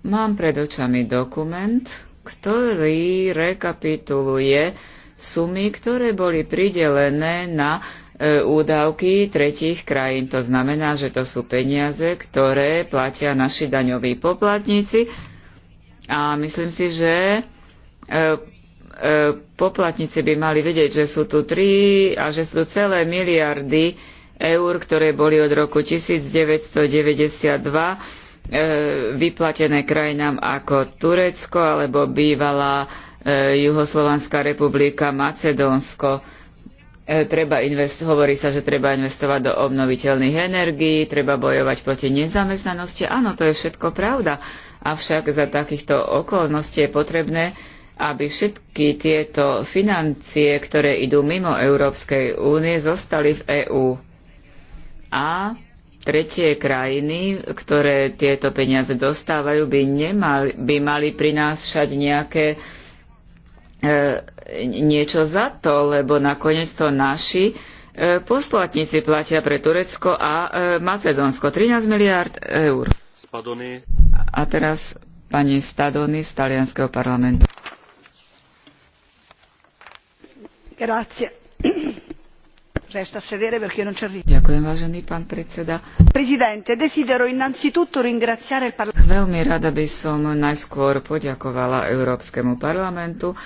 Mám pred očami dokument, ktorý rekapituluje sumy, ktoré boli pridelené na e, údavky tretích krajín. To znamená, že to sú peniaze, ktoré platia naši daňoví poplatníci a myslím si, že e, e, poplatníci by mali vedieť, že sú tu tri a že sú tu celé miliardy eur, ktoré boli od roku 1992 e, vyplatené krajinám ako Turecko alebo bývalá Juhoslovanská republika Macedónsko. Treba invest- hovorí sa, že treba investovať do obnoviteľných energií, treba bojovať proti nezamestnanosti. Áno, to je všetko pravda Avšak za takýchto okolností je potrebné, aby všetky tieto financie, ktoré idú mimo Európskej únie, zostali v EÚ. A tretie krajiny, ktoré tieto peniaze dostávajú, by, nemali, by mali prinášať nejaké e, niečo za to, lebo nakoniec to naši e, posplatníci platia pre Turecko a e, Macedónsko 13 miliard eur. A teraz pani Stadoni z talianského parlamentu. Grazie. Ďakujem, vážený pán predseda. Veľmi rada by som najskôr poďakovala Európskemu parlamentu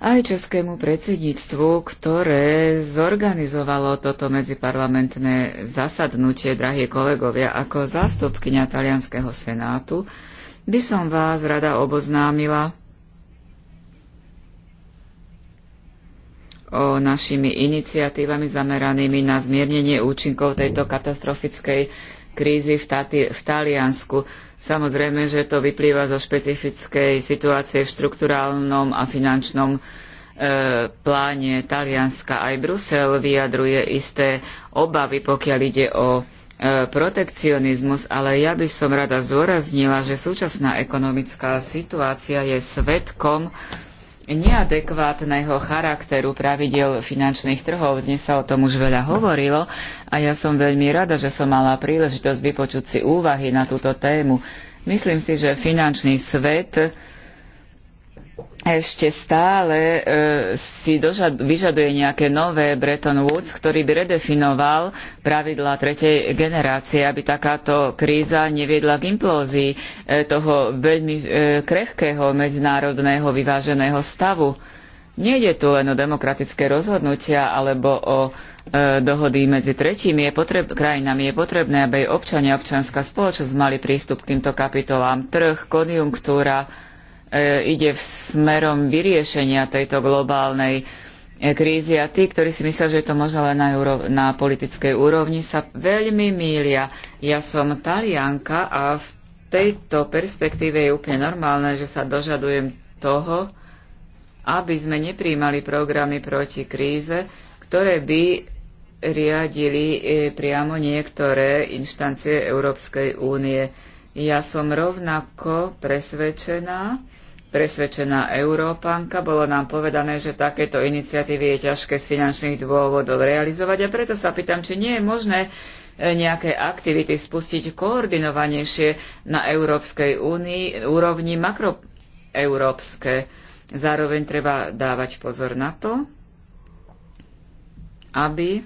aj českému predsedníctvu, ktoré zorganizovalo toto medziparlamentné zasadnutie, drahí kolegovia, ako zástupkynia Talianského senátu, by som vás rada oboznámila o našimi iniciatívami zameranými na zmiernenie účinkov tejto katastrofickej krízy v, Tati- v Taliansku. Samozrejme, že to vyplýva zo špecifickej situácie v štrukturálnom a finančnom e, pláne Talianska. Aj Brusel vyjadruje isté obavy, pokiaľ ide o e, protekcionizmus, ale ja by som rada zdôraznila, že súčasná ekonomická situácia je svetkom neadekvátneho charakteru pravidel finančných trhov. Dnes sa o tom už veľa hovorilo a ja som veľmi rada, že som mala príležitosť vypočuť si úvahy na túto tému. Myslím si, že finančný svet ešte stále e, si dožad, vyžaduje nejaké nové Bretton Woods, ktorý by redefinoval pravidlá tretej generácie, aby takáto kríza neviedla k implózii e, toho veľmi e, krehkého medzinárodného vyváženého stavu. Nejde tu len o demokratické rozhodnutia alebo o e, dohody medzi tretími je potreb, krajinami. Je potrebné, aby občania občianská spoločnosť mali prístup k týmto kapitolám. Trh, konjunktúra, E, ide v smerom vyriešenia tejto globálnej e, krízy a tí, ktorí si myslia, že je to možno len na, euro, na politickej úrovni, sa veľmi mília. Ja som talianka a v tejto perspektíve je úplne normálne, že sa dožadujem toho, aby sme nepríjmali programy proti kríze, ktoré by riadili e, priamo niektoré inštancie Európskej únie. Ja som rovnako presvedčená, presvedčená Európanka, bolo nám povedané, že takéto iniciatívy je ťažké z finančných dôvodov realizovať a preto sa pýtam, či nie je možné e, nejaké aktivity spustiť koordinovanejšie na Európskej únii, úrovni makroeurópske. Zároveň treba dávať pozor na to, aby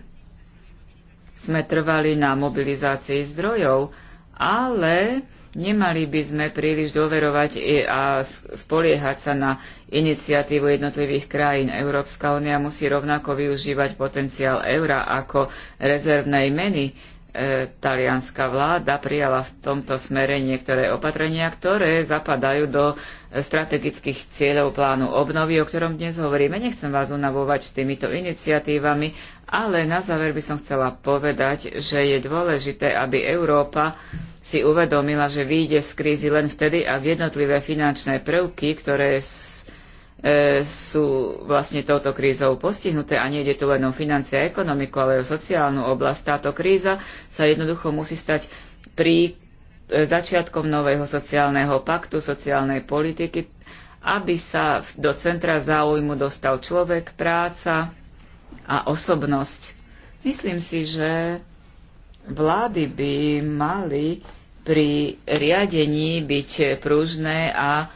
sme trvali na mobilizácii zdrojov, ale Nemali by sme príliš doverovať a spoliehať sa na iniciatívu jednotlivých krajín. Európska únia musí rovnako využívať potenciál eura ako rezervnej meny E, talianská vláda prijala v tomto smere niektoré opatrenia, ktoré zapadajú do strategických cieľov plánu obnovy, o ktorom dnes hovoríme. Nechcem vás unavovať s týmito iniciatívami, ale na záver by som chcela povedať, že je dôležité, aby Európa si uvedomila, že výjde z krízy len vtedy, ak jednotlivé finančné prvky, ktoré E, sú vlastne touto krízou postihnuté a nejde tu len o financie a ekonomiku, ale aj o sociálnu oblasť. Táto kríza sa jednoducho musí stať pri e, začiatkom nového sociálneho paktu, sociálnej politiky, aby sa do centra záujmu dostal človek, práca a osobnosť. Myslím si, že vlády by mali pri riadení byť pružné a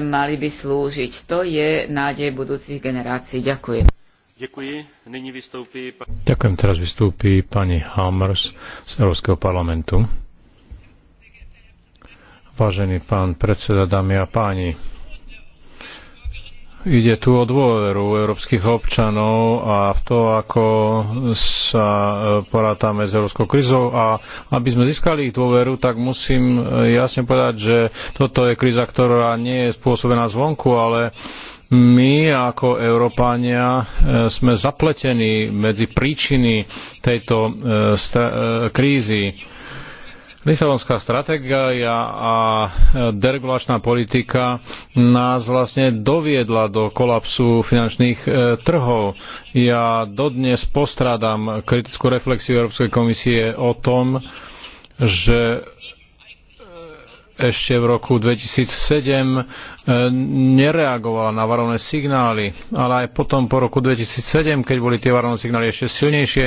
mali by slúžiť. To je nádej budúcich generácií. Ďakujem. Ďakujem. Vystoupí... Ďakujem. Teraz vystúpi pani Hammers z Európskeho parlamentu. Vážený pán predseda, dámy a páni, Ide tu o dôveru európskych občanov a v to, ako sa e, porátame s európskou krizou a aby sme získali ich dôveru, tak musím e, jasne povedať, že toto je kríza, ktorá nie je spôsobená zvonku, ale my ako Európania e, sme zapletení medzi príčiny tejto krízy Lisabonská stratégia a deregulačná politika nás vlastne doviedla do kolapsu finančných e, trhov. Ja dodnes postrádam kritickú reflexiu Európskej komisie o tom, že e, ešte v roku 2007 e, nereagovala na varovné signály, ale aj potom po roku 2007, keď boli tie varovné signály ešte silnejšie,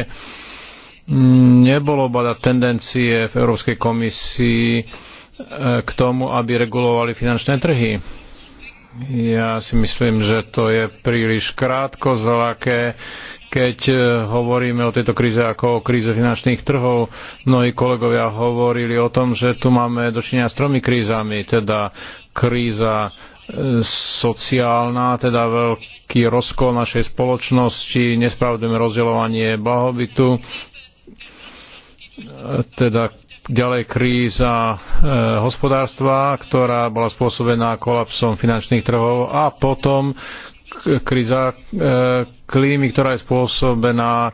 nebolo badať tendencie v Európskej komisii e, k tomu, aby regulovali finančné trhy. Ja si myslím, že to je príliš krátko zlaké, keď e, hovoríme o tejto kríze ako o kríze finančných trhov. Mnohí kolegovia hovorili o tom, že tu máme dočinenia s tromi krízami, teda kríza e, sociálna, teda veľký rozkol našej spoločnosti, nespravdujeme rozdeľovanie blahobytu, teda ďalej kríza e, hospodárstva, ktorá bola spôsobená kolapsom finančných trhov a potom kríza e, klímy, ktorá je spôsobená e,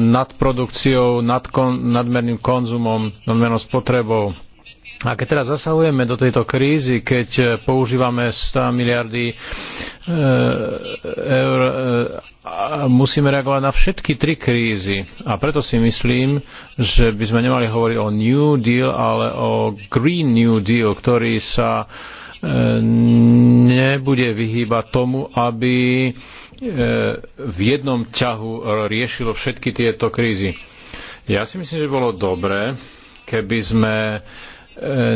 nadprodukciou, nad kon, nadmerným konzumom, nadmernou spotrebou. A keď teraz zasahujeme do tejto krízy, keď e, používame 100 miliardy e, eur, e, musíme reagovať na všetky tri krízy. A preto si myslím, že by sme nemali hovoriť o New Deal, ale o Green New Deal, ktorý sa nebude vyhýbať tomu, aby v jednom ťahu riešilo všetky tieto krízy. Ja si myslím, že bolo dobré, keby sme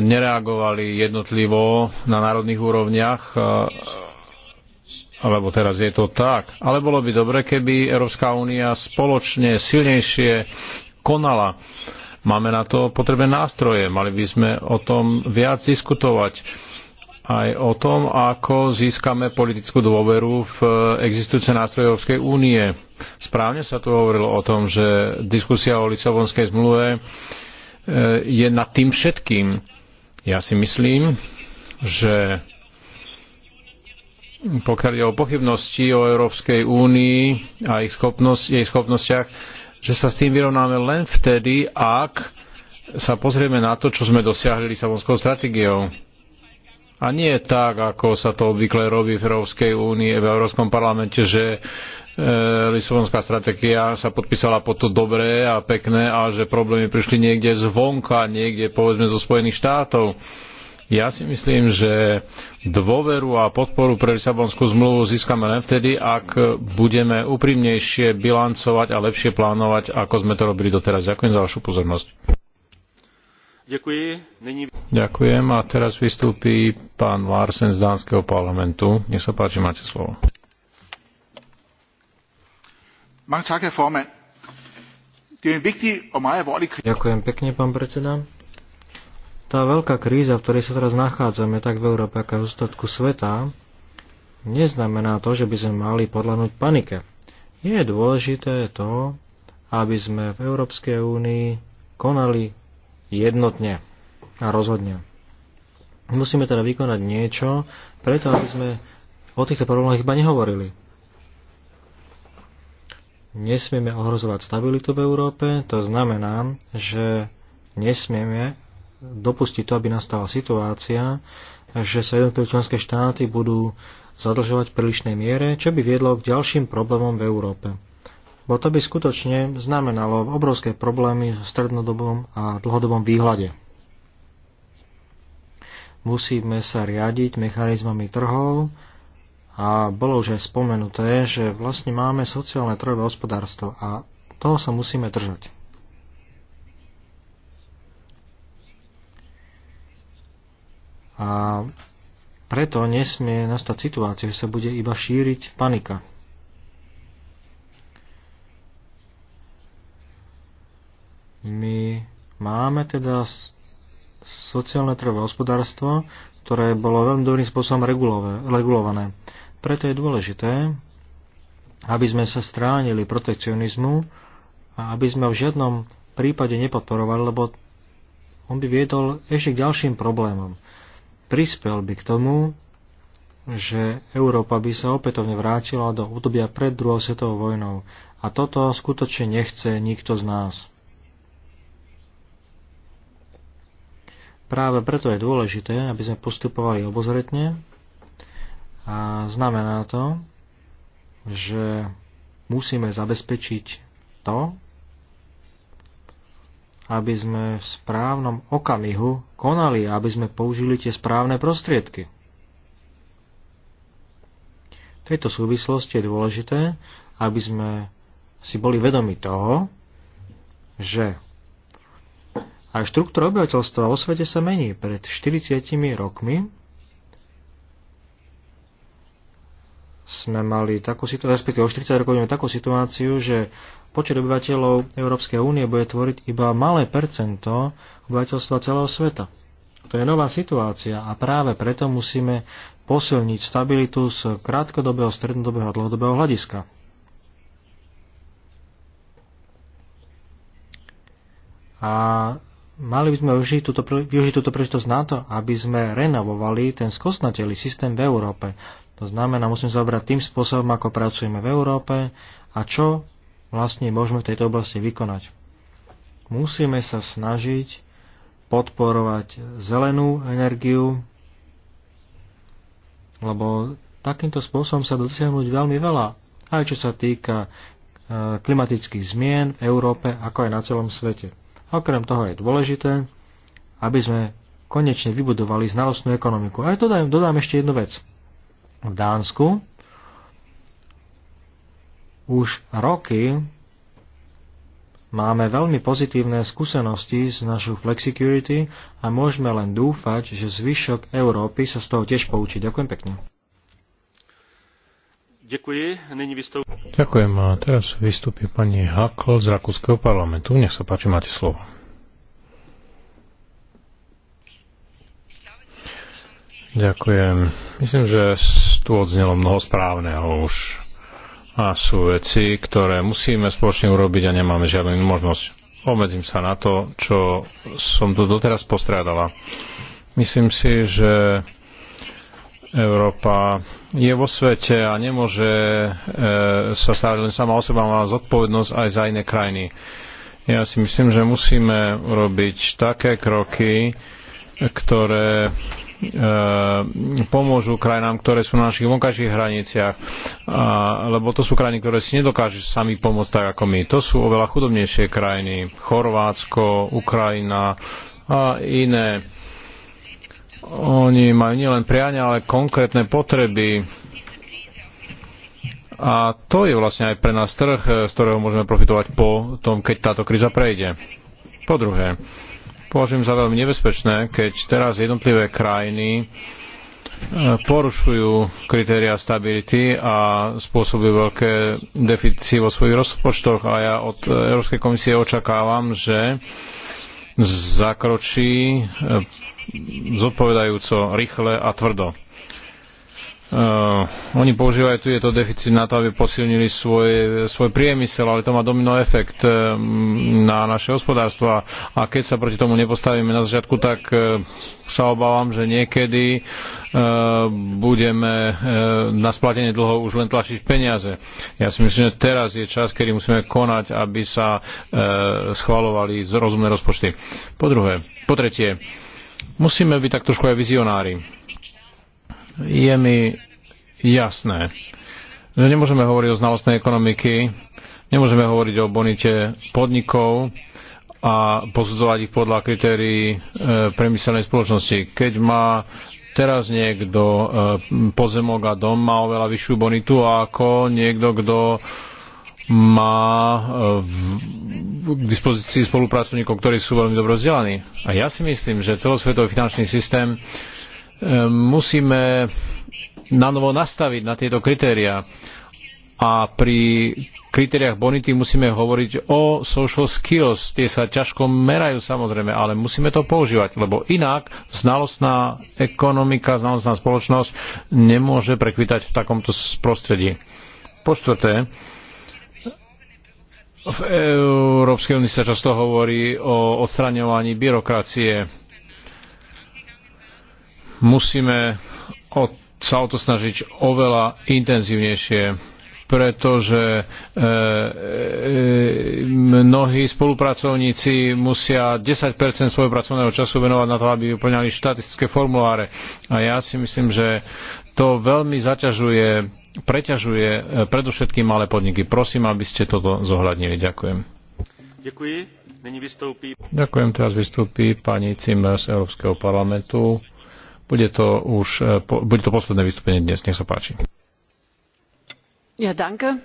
nereagovali jednotlivo na národných úrovniach, alebo teraz je to tak. Ale bolo by dobre, keby Európska únia spoločne silnejšie konala. Máme na to potrebné nástroje, mali by sme o tom viac diskutovať aj o tom, ako získame politickú dôveru v existujúce nástroje Európskej únie. Správne sa tu hovorilo o tom, že diskusia o Lisabonskej zmluve E, je nad tým všetkým. Ja si myslím, že pokiaľ je o pochybnosti o Európskej únii a ich schopnosť, jej schopnostiach, že sa s tým vyrovnáme len vtedy, ak sa pozrieme na to, čo sme dosiahli Lisabonskou stratégiou. A nie tak, ako sa to obvykle robí v Európskej únii, v Európskom parlamente, že E, Lisabonská stratégia sa podpísala pod to dobré a pekné a že problémy prišli niekde zvonka, niekde povedzme zo Spojených štátov. Ja si myslím, že dôveru a podporu pre Lisabonskú zmluvu získame len vtedy, ak budeme úprimnejšie bilancovať a lepšie plánovať, ako sme to robili doteraz. Ďakujem za vašu pozornosť. Ďakujem. Ďakujem a teraz vystúpi pán Larsen z Dánskeho parlamentu. Nech sa páči, máte slovo. Er Ďakujem pekne, pán predseda. Tá veľká kríza, v ktorej sa teraz nachádzame, tak v Európe, ako v ostatku sveta, neznamená to, že by sme mali podľanúť panike. Je dôležité to, aby sme v Európskej únii konali jednotne a rozhodne. Musíme teda vykonať niečo, preto aby sme o týchto problémoch iba nehovorili nesmieme ohrozovať stabilitu v Európe, to znamená, že nesmieme dopustiť to, aby nastala situácia, že sa jednotlivé členské štáty budú zadlžovať v prílišnej miere, čo by viedlo k ďalším problémom v Európe. Bo to by skutočne znamenalo obrovské problémy v strednodobom a dlhodobom výhľade. Musíme sa riadiť mechanizmami trhov a bolo už aj spomenuté, že vlastne máme sociálne trojové hospodárstvo a toho sa musíme držať. A preto nesmie nastať situácia, že sa bude iba šíriť panika. My máme teda sociálne trhové hospodárstvo, ktoré bolo veľmi dobrým spôsobom regulové, regulované. Preto je dôležité, aby sme sa stránili protekcionizmu a aby sme v žiadnom prípade nepodporovali, lebo on by viedol ešte k ďalším problémom. Prispel by k tomu, že Európa by sa opätovne vrátila do obdobia pred druhou svetovou vojnou. A toto skutočne nechce nikto z nás. Práve preto je dôležité, aby sme postupovali obozretne a znamená to, že musíme zabezpečiť to, aby sme v správnom okamihu konali, aby sme použili tie správne prostriedky. V tejto súvislosti je dôležité, aby sme si boli vedomi toho, že aj štruktúra obyvateľstva vo svete sa mení. Pred 40 rokmi sme mali takú situáciu, respektíve o 40 rokov takú situáciu, že počet obyvateľov Európskej únie bude tvoriť iba malé percento obyvateľstva celého sveta. To je nová situácia a práve preto musíme posilniť stabilitu z krátkodobého, strednodobého a dlhodobého hľadiska. A mali by sme využiť túto, využiť túto príležitosť na to, aby sme renovovali ten skosnatelý systém v Európe. To znamená, musíme sa zabrať tým spôsobom, ako pracujeme v Európe a čo vlastne môžeme v tejto oblasti vykonať. Musíme sa snažiť podporovať zelenú energiu, lebo takýmto spôsobom sa dosiahnuť veľmi veľa, aj čo sa týka e, klimatických zmien v Európe, ako aj na celom svete. Okrem toho je dôležité, aby sme konečne vybudovali znalostnú ekonomiku. A aj dodám, dodám ešte jednu vec – v Dánsku už roky máme veľmi pozitívne skúsenosti z našu flexicurity a môžeme len dúfať, že zvyšok Európy sa z toho tiež poučí. Ďakujem pekne. Ďakujem. Nyní vystup... Ďakujem. A teraz vystúpi pani Hakl z Rakúskeho parlamentu. Nech sa páči, máte slovo. Ďakujem. Myslím, že tu odznelo mnoho správneho už. A sú veci, ktoré musíme spoločne urobiť a nemáme žiadnu možnosť. Obmedzím sa na to, čo som tu doteraz postrádala. Myslím si, že Európa je vo svete a nemôže e, sa stávať len sama o seba, má zodpovednosť aj za iné krajiny. Ja si myslím, že musíme robiť také kroky, ktoré E, pomôžu krajinám, ktoré sú na našich vonkajších hraniciach, lebo to sú krajiny, ktoré si nedokážu sami pomôcť tak ako my. To sú oveľa chudobnejšie krajiny, Chorvátsko, Ukrajina a iné. Oni majú nielen priania, ale konkrétne potreby. A to je vlastne aj pre nás trh, z ktorého môžeme profitovať po tom, keď táto kríza prejde. Po druhé, považujem za veľmi nebezpečné, keď teraz jednotlivé krajiny e, porušujú kritéria stability a spôsobujú veľké deficity vo svojich rozpočtoch a ja od Európskej komisie očakávam, že zakročí e, zodpovedajúco, rýchle a tvrdo. Uh, oni používajú tu tieto deficit na to, aby posilnili svoj, svoj priemysel, ale to má domino efekt eh, na naše hospodárstvo a, a keď sa proti tomu nepostavíme na začiatku, tak uh, sa obávam, že niekedy uh, budeme uh, na splatenie dlho už len tlačiť peniaze. Ja si myslím, že teraz je čas, kedy musíme konať, aby sa uh, schvalovali rozumné rozpočty. Po druhé, po tretie, musíme byť tak trošku aj vizionári je mi jasné, že nemôžeme hovoriť o znalostnej ekonomiky, nemôžeme hovoriť o bonite podnikov a posudzovať ich podľa kritérií e, priemyselnej spoločnosti. Keď má teraz niekto e, pozemok a dom, má oveľa vyššiu bonitu ako niekto, kto má e, k dispozícii spolupracovníkov, ktorí sú veľmi dobro vzdelaní. A ja si myslím, že celosvetový finančný systém musíme na novo nastaviť na tieto kritériá. A pri kritériách bonity musíme hovoriť o social skills. Tie sa ťažko merajú samozrejme, ale musíme to používať, lebo inak znalostná ekonomika, znalostná spoločnosť nemôže prekvitať v takomto prostredí. Po štvrté, v Európskej únii sa často hovorí o odstraňovaní byrokracie musíme od, sa o to snažiť oveľa intenzívnejšie pretože e, e, mnohí spolupracovníci musia 10 svojho pracovného času venovať na to, aby vyplňali štatistické formuláre. A ja si myslím, že to veľmi zaťažuje, preťažuje e, predovšetkým malé podniky. Prosím, aby ste toto zohľadnili. Ďakujem. Ďakujem. Nyní vystoupí... Ďakujem. Teraz vystúpi pani Cimber z Európskeho parlamentu. Bude to, už, e, bude to posledné vystúpenie dnes. Nech sa páči. Ja, danke.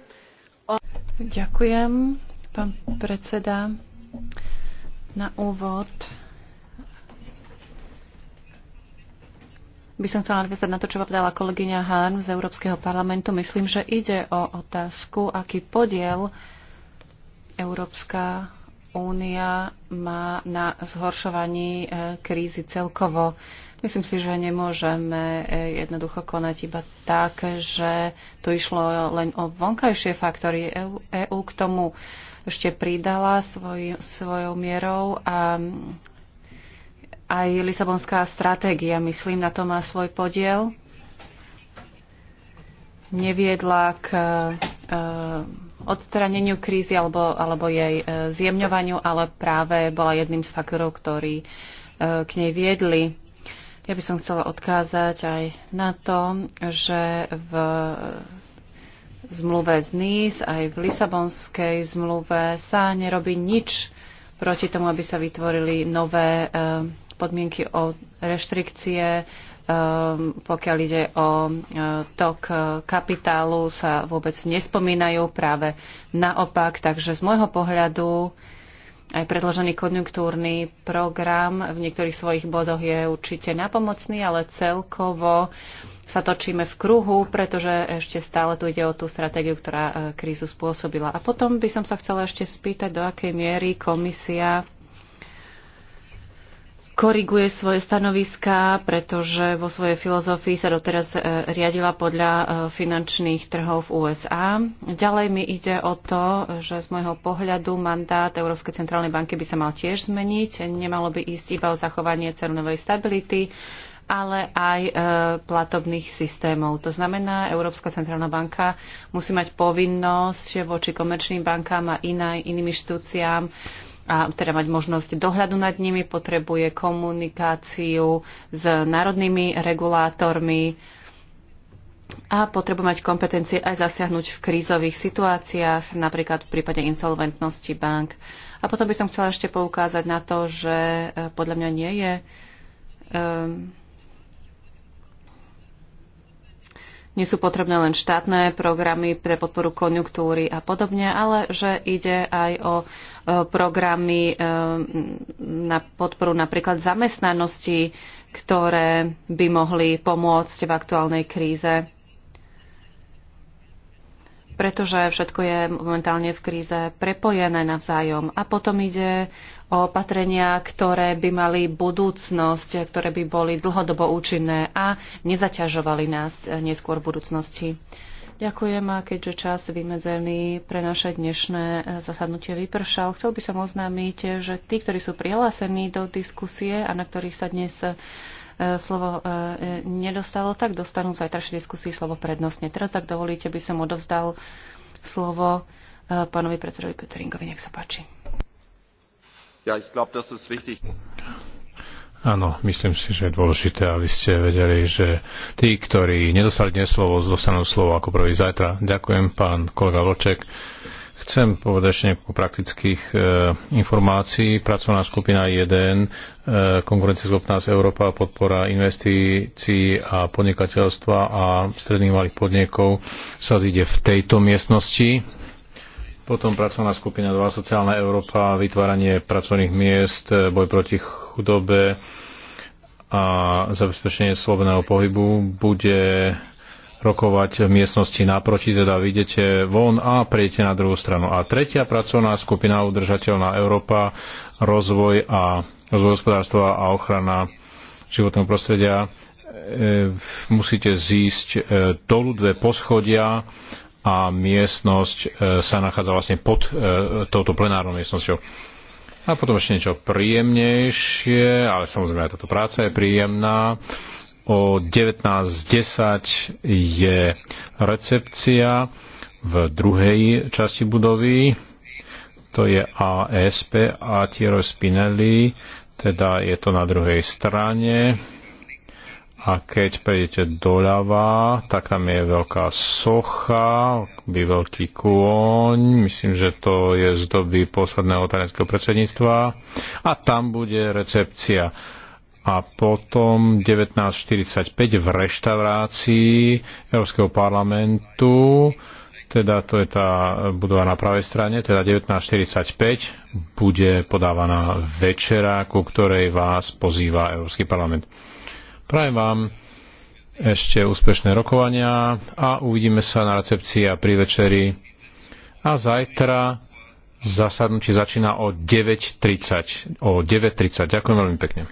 O... Ďakujem, pán predseda. Na úvod by som chcela nadviazať na to, čo povedala kolegyňa Hahn z Európskeho parlamentu. Myslím, že ide o otázku, aký podiel Európska únia má na zhoršovaní e, krízy celkovo. Myslím si, že nemôžeme e, jednoducho konať iba tak, že tu išlo len o vonkajšie faktory. EÚ e k tomu ešte pridala svoj, svojou mierou a aj Lisabonská stratégia, myslím, na to má svoj podiel. Neviedla k e, odstraneniu krízy alebo, alebo jej zjemňovaniu, ale práve bola jedným z faktorov, ktorí k nej viedli. Ja by som chcela odkázať aj na to, že v zmluve z NIS aj v Lisabonskej zmluve sa nerobí nič proti tomu, aby sa vytvorili nové eh, podmienky o reštrikcie, eh, pokiaľ ide o eh, tok kapitálu, sa vôbec nespomínajú práve naopak. Takže z môjho pohľadu aj predložený konjunktúrny program v niektorých svojich bodoch je určite napomocný, ale celkovo sa točíme v kruhu, pretože ešte stále tu ide o tú stratégiu, ktorá e, krízu spôsobila. A potom by som sa chcela ešte spýtať, do akej miery komisia koriguje svoje stanoviská, pretože vo svojej filozofii sa doteraz e, riadila podľa e, finančných trhov v USA. Ďalej mi ide o to, že z môjho pohľadu mandát Európskej centrálnej banky by sa mal tiež zmeniť. Nemalo by ísť iba o zachovanie cenovej stability, ale aj e, platobných systémov. To znamená, Európska centrálna banka musí mať povinnosť voči komerčným bankám a iná, iným inštitúciám a teda mať možnosť dohľadu nad nimi, potrebuje komunikáciu s národnými regulátormi a potrebuje mať kompetencie aj zasiahnuť v krízových situáciách, napríklad v prípade insolventnosti bank. A potom by som chcela ešte poukázať na to, že eh, podľa mňa nie je um, nie sú potrebné len štátne programy pre podporu konjunktúry a podobne, ale že ide aj o e, programy e, na podporu napríklad zamestnanosti, ktoré by mohli pomôcť v aktuálnej kríze. Pretože všetko je momentálne v kríze prepojené navzájom. A potom ide opatrenia, ktoré by mali budúcnosť, ktoré by boli dlhodobo účinné a nezaťažovali nás neskôr v budúcnosti. Ďakujem a keďže čas vymedzený pre naše dnešné e, zasadnutie vypršal, chcel by som oznámiť, že tí, ktorí sú prihlásení do diskusie a na ktorých sa dnes e, slovo e, nedostalo, tak dostanú v zajtrajšej diskusii slovo prednostne. Teraz, ak dovolíte, by som odovzdal slovo pánovi predsedovi Peteringovi. Nech sa páči. Áno, myslím si, že je dôležité, aby ste vedeli, že tí, ktorí nedostali dnes slovo, dostanú slovo ako prvý zajtra. Ďakujem, pán kolega Vlček. Chcem povedať ešte niekoľko praktických e, informácií. Pracovná skupina 1, e, konkurencieschopná z Európa, podpora investícií a podnikateľstva a stredných malých podnikov sa zíde v tejto miestnosti potom pracovná skupina 2, sociálna Európa, vytváranie pracovných miest, boj proti chudobe a zabezpečenie slobodného pohybu bude rokovať v miestnosti naproti, teda vidíte von a prejdete na druhú stranu. A tretia pracovná skupina Udržateľná Európa, rozvoj a rozvoj hospodárstva a ochrana životného prostredia. E, musíte zísť e, dolu dve poschodia a miestnosť e, sa nachádza vlastne pod e, touto plenárnou miestnosťou. A potom ešte niečo príjemnejšie, ale samozrejme aj táto práca je príjemná. O 19.10 je recepcia v druhej časti budovy, to je ASP, Atiero Spinelli, teda je to na druhej strane a keď prejdete doľava, tak tam je veľká socha, by veľký kôň, myslím, že to je z doby posledného tajenského predsedníctva. A tam bude recepcia. A potom 19.45 v reštaurácii Európskeho parlamentu, teda to je tá budova na pravej strane, teda 19.45 bude podávaná večera, ku ktorej vás pozýva Európsky parlament. Prajem vám ešte úspešné rokovania a uvidíme sa na recepcii a pri večeri. A zajtra zasadnutie začína o 9.30. O 9.30. Ďakujem veľmi pekne.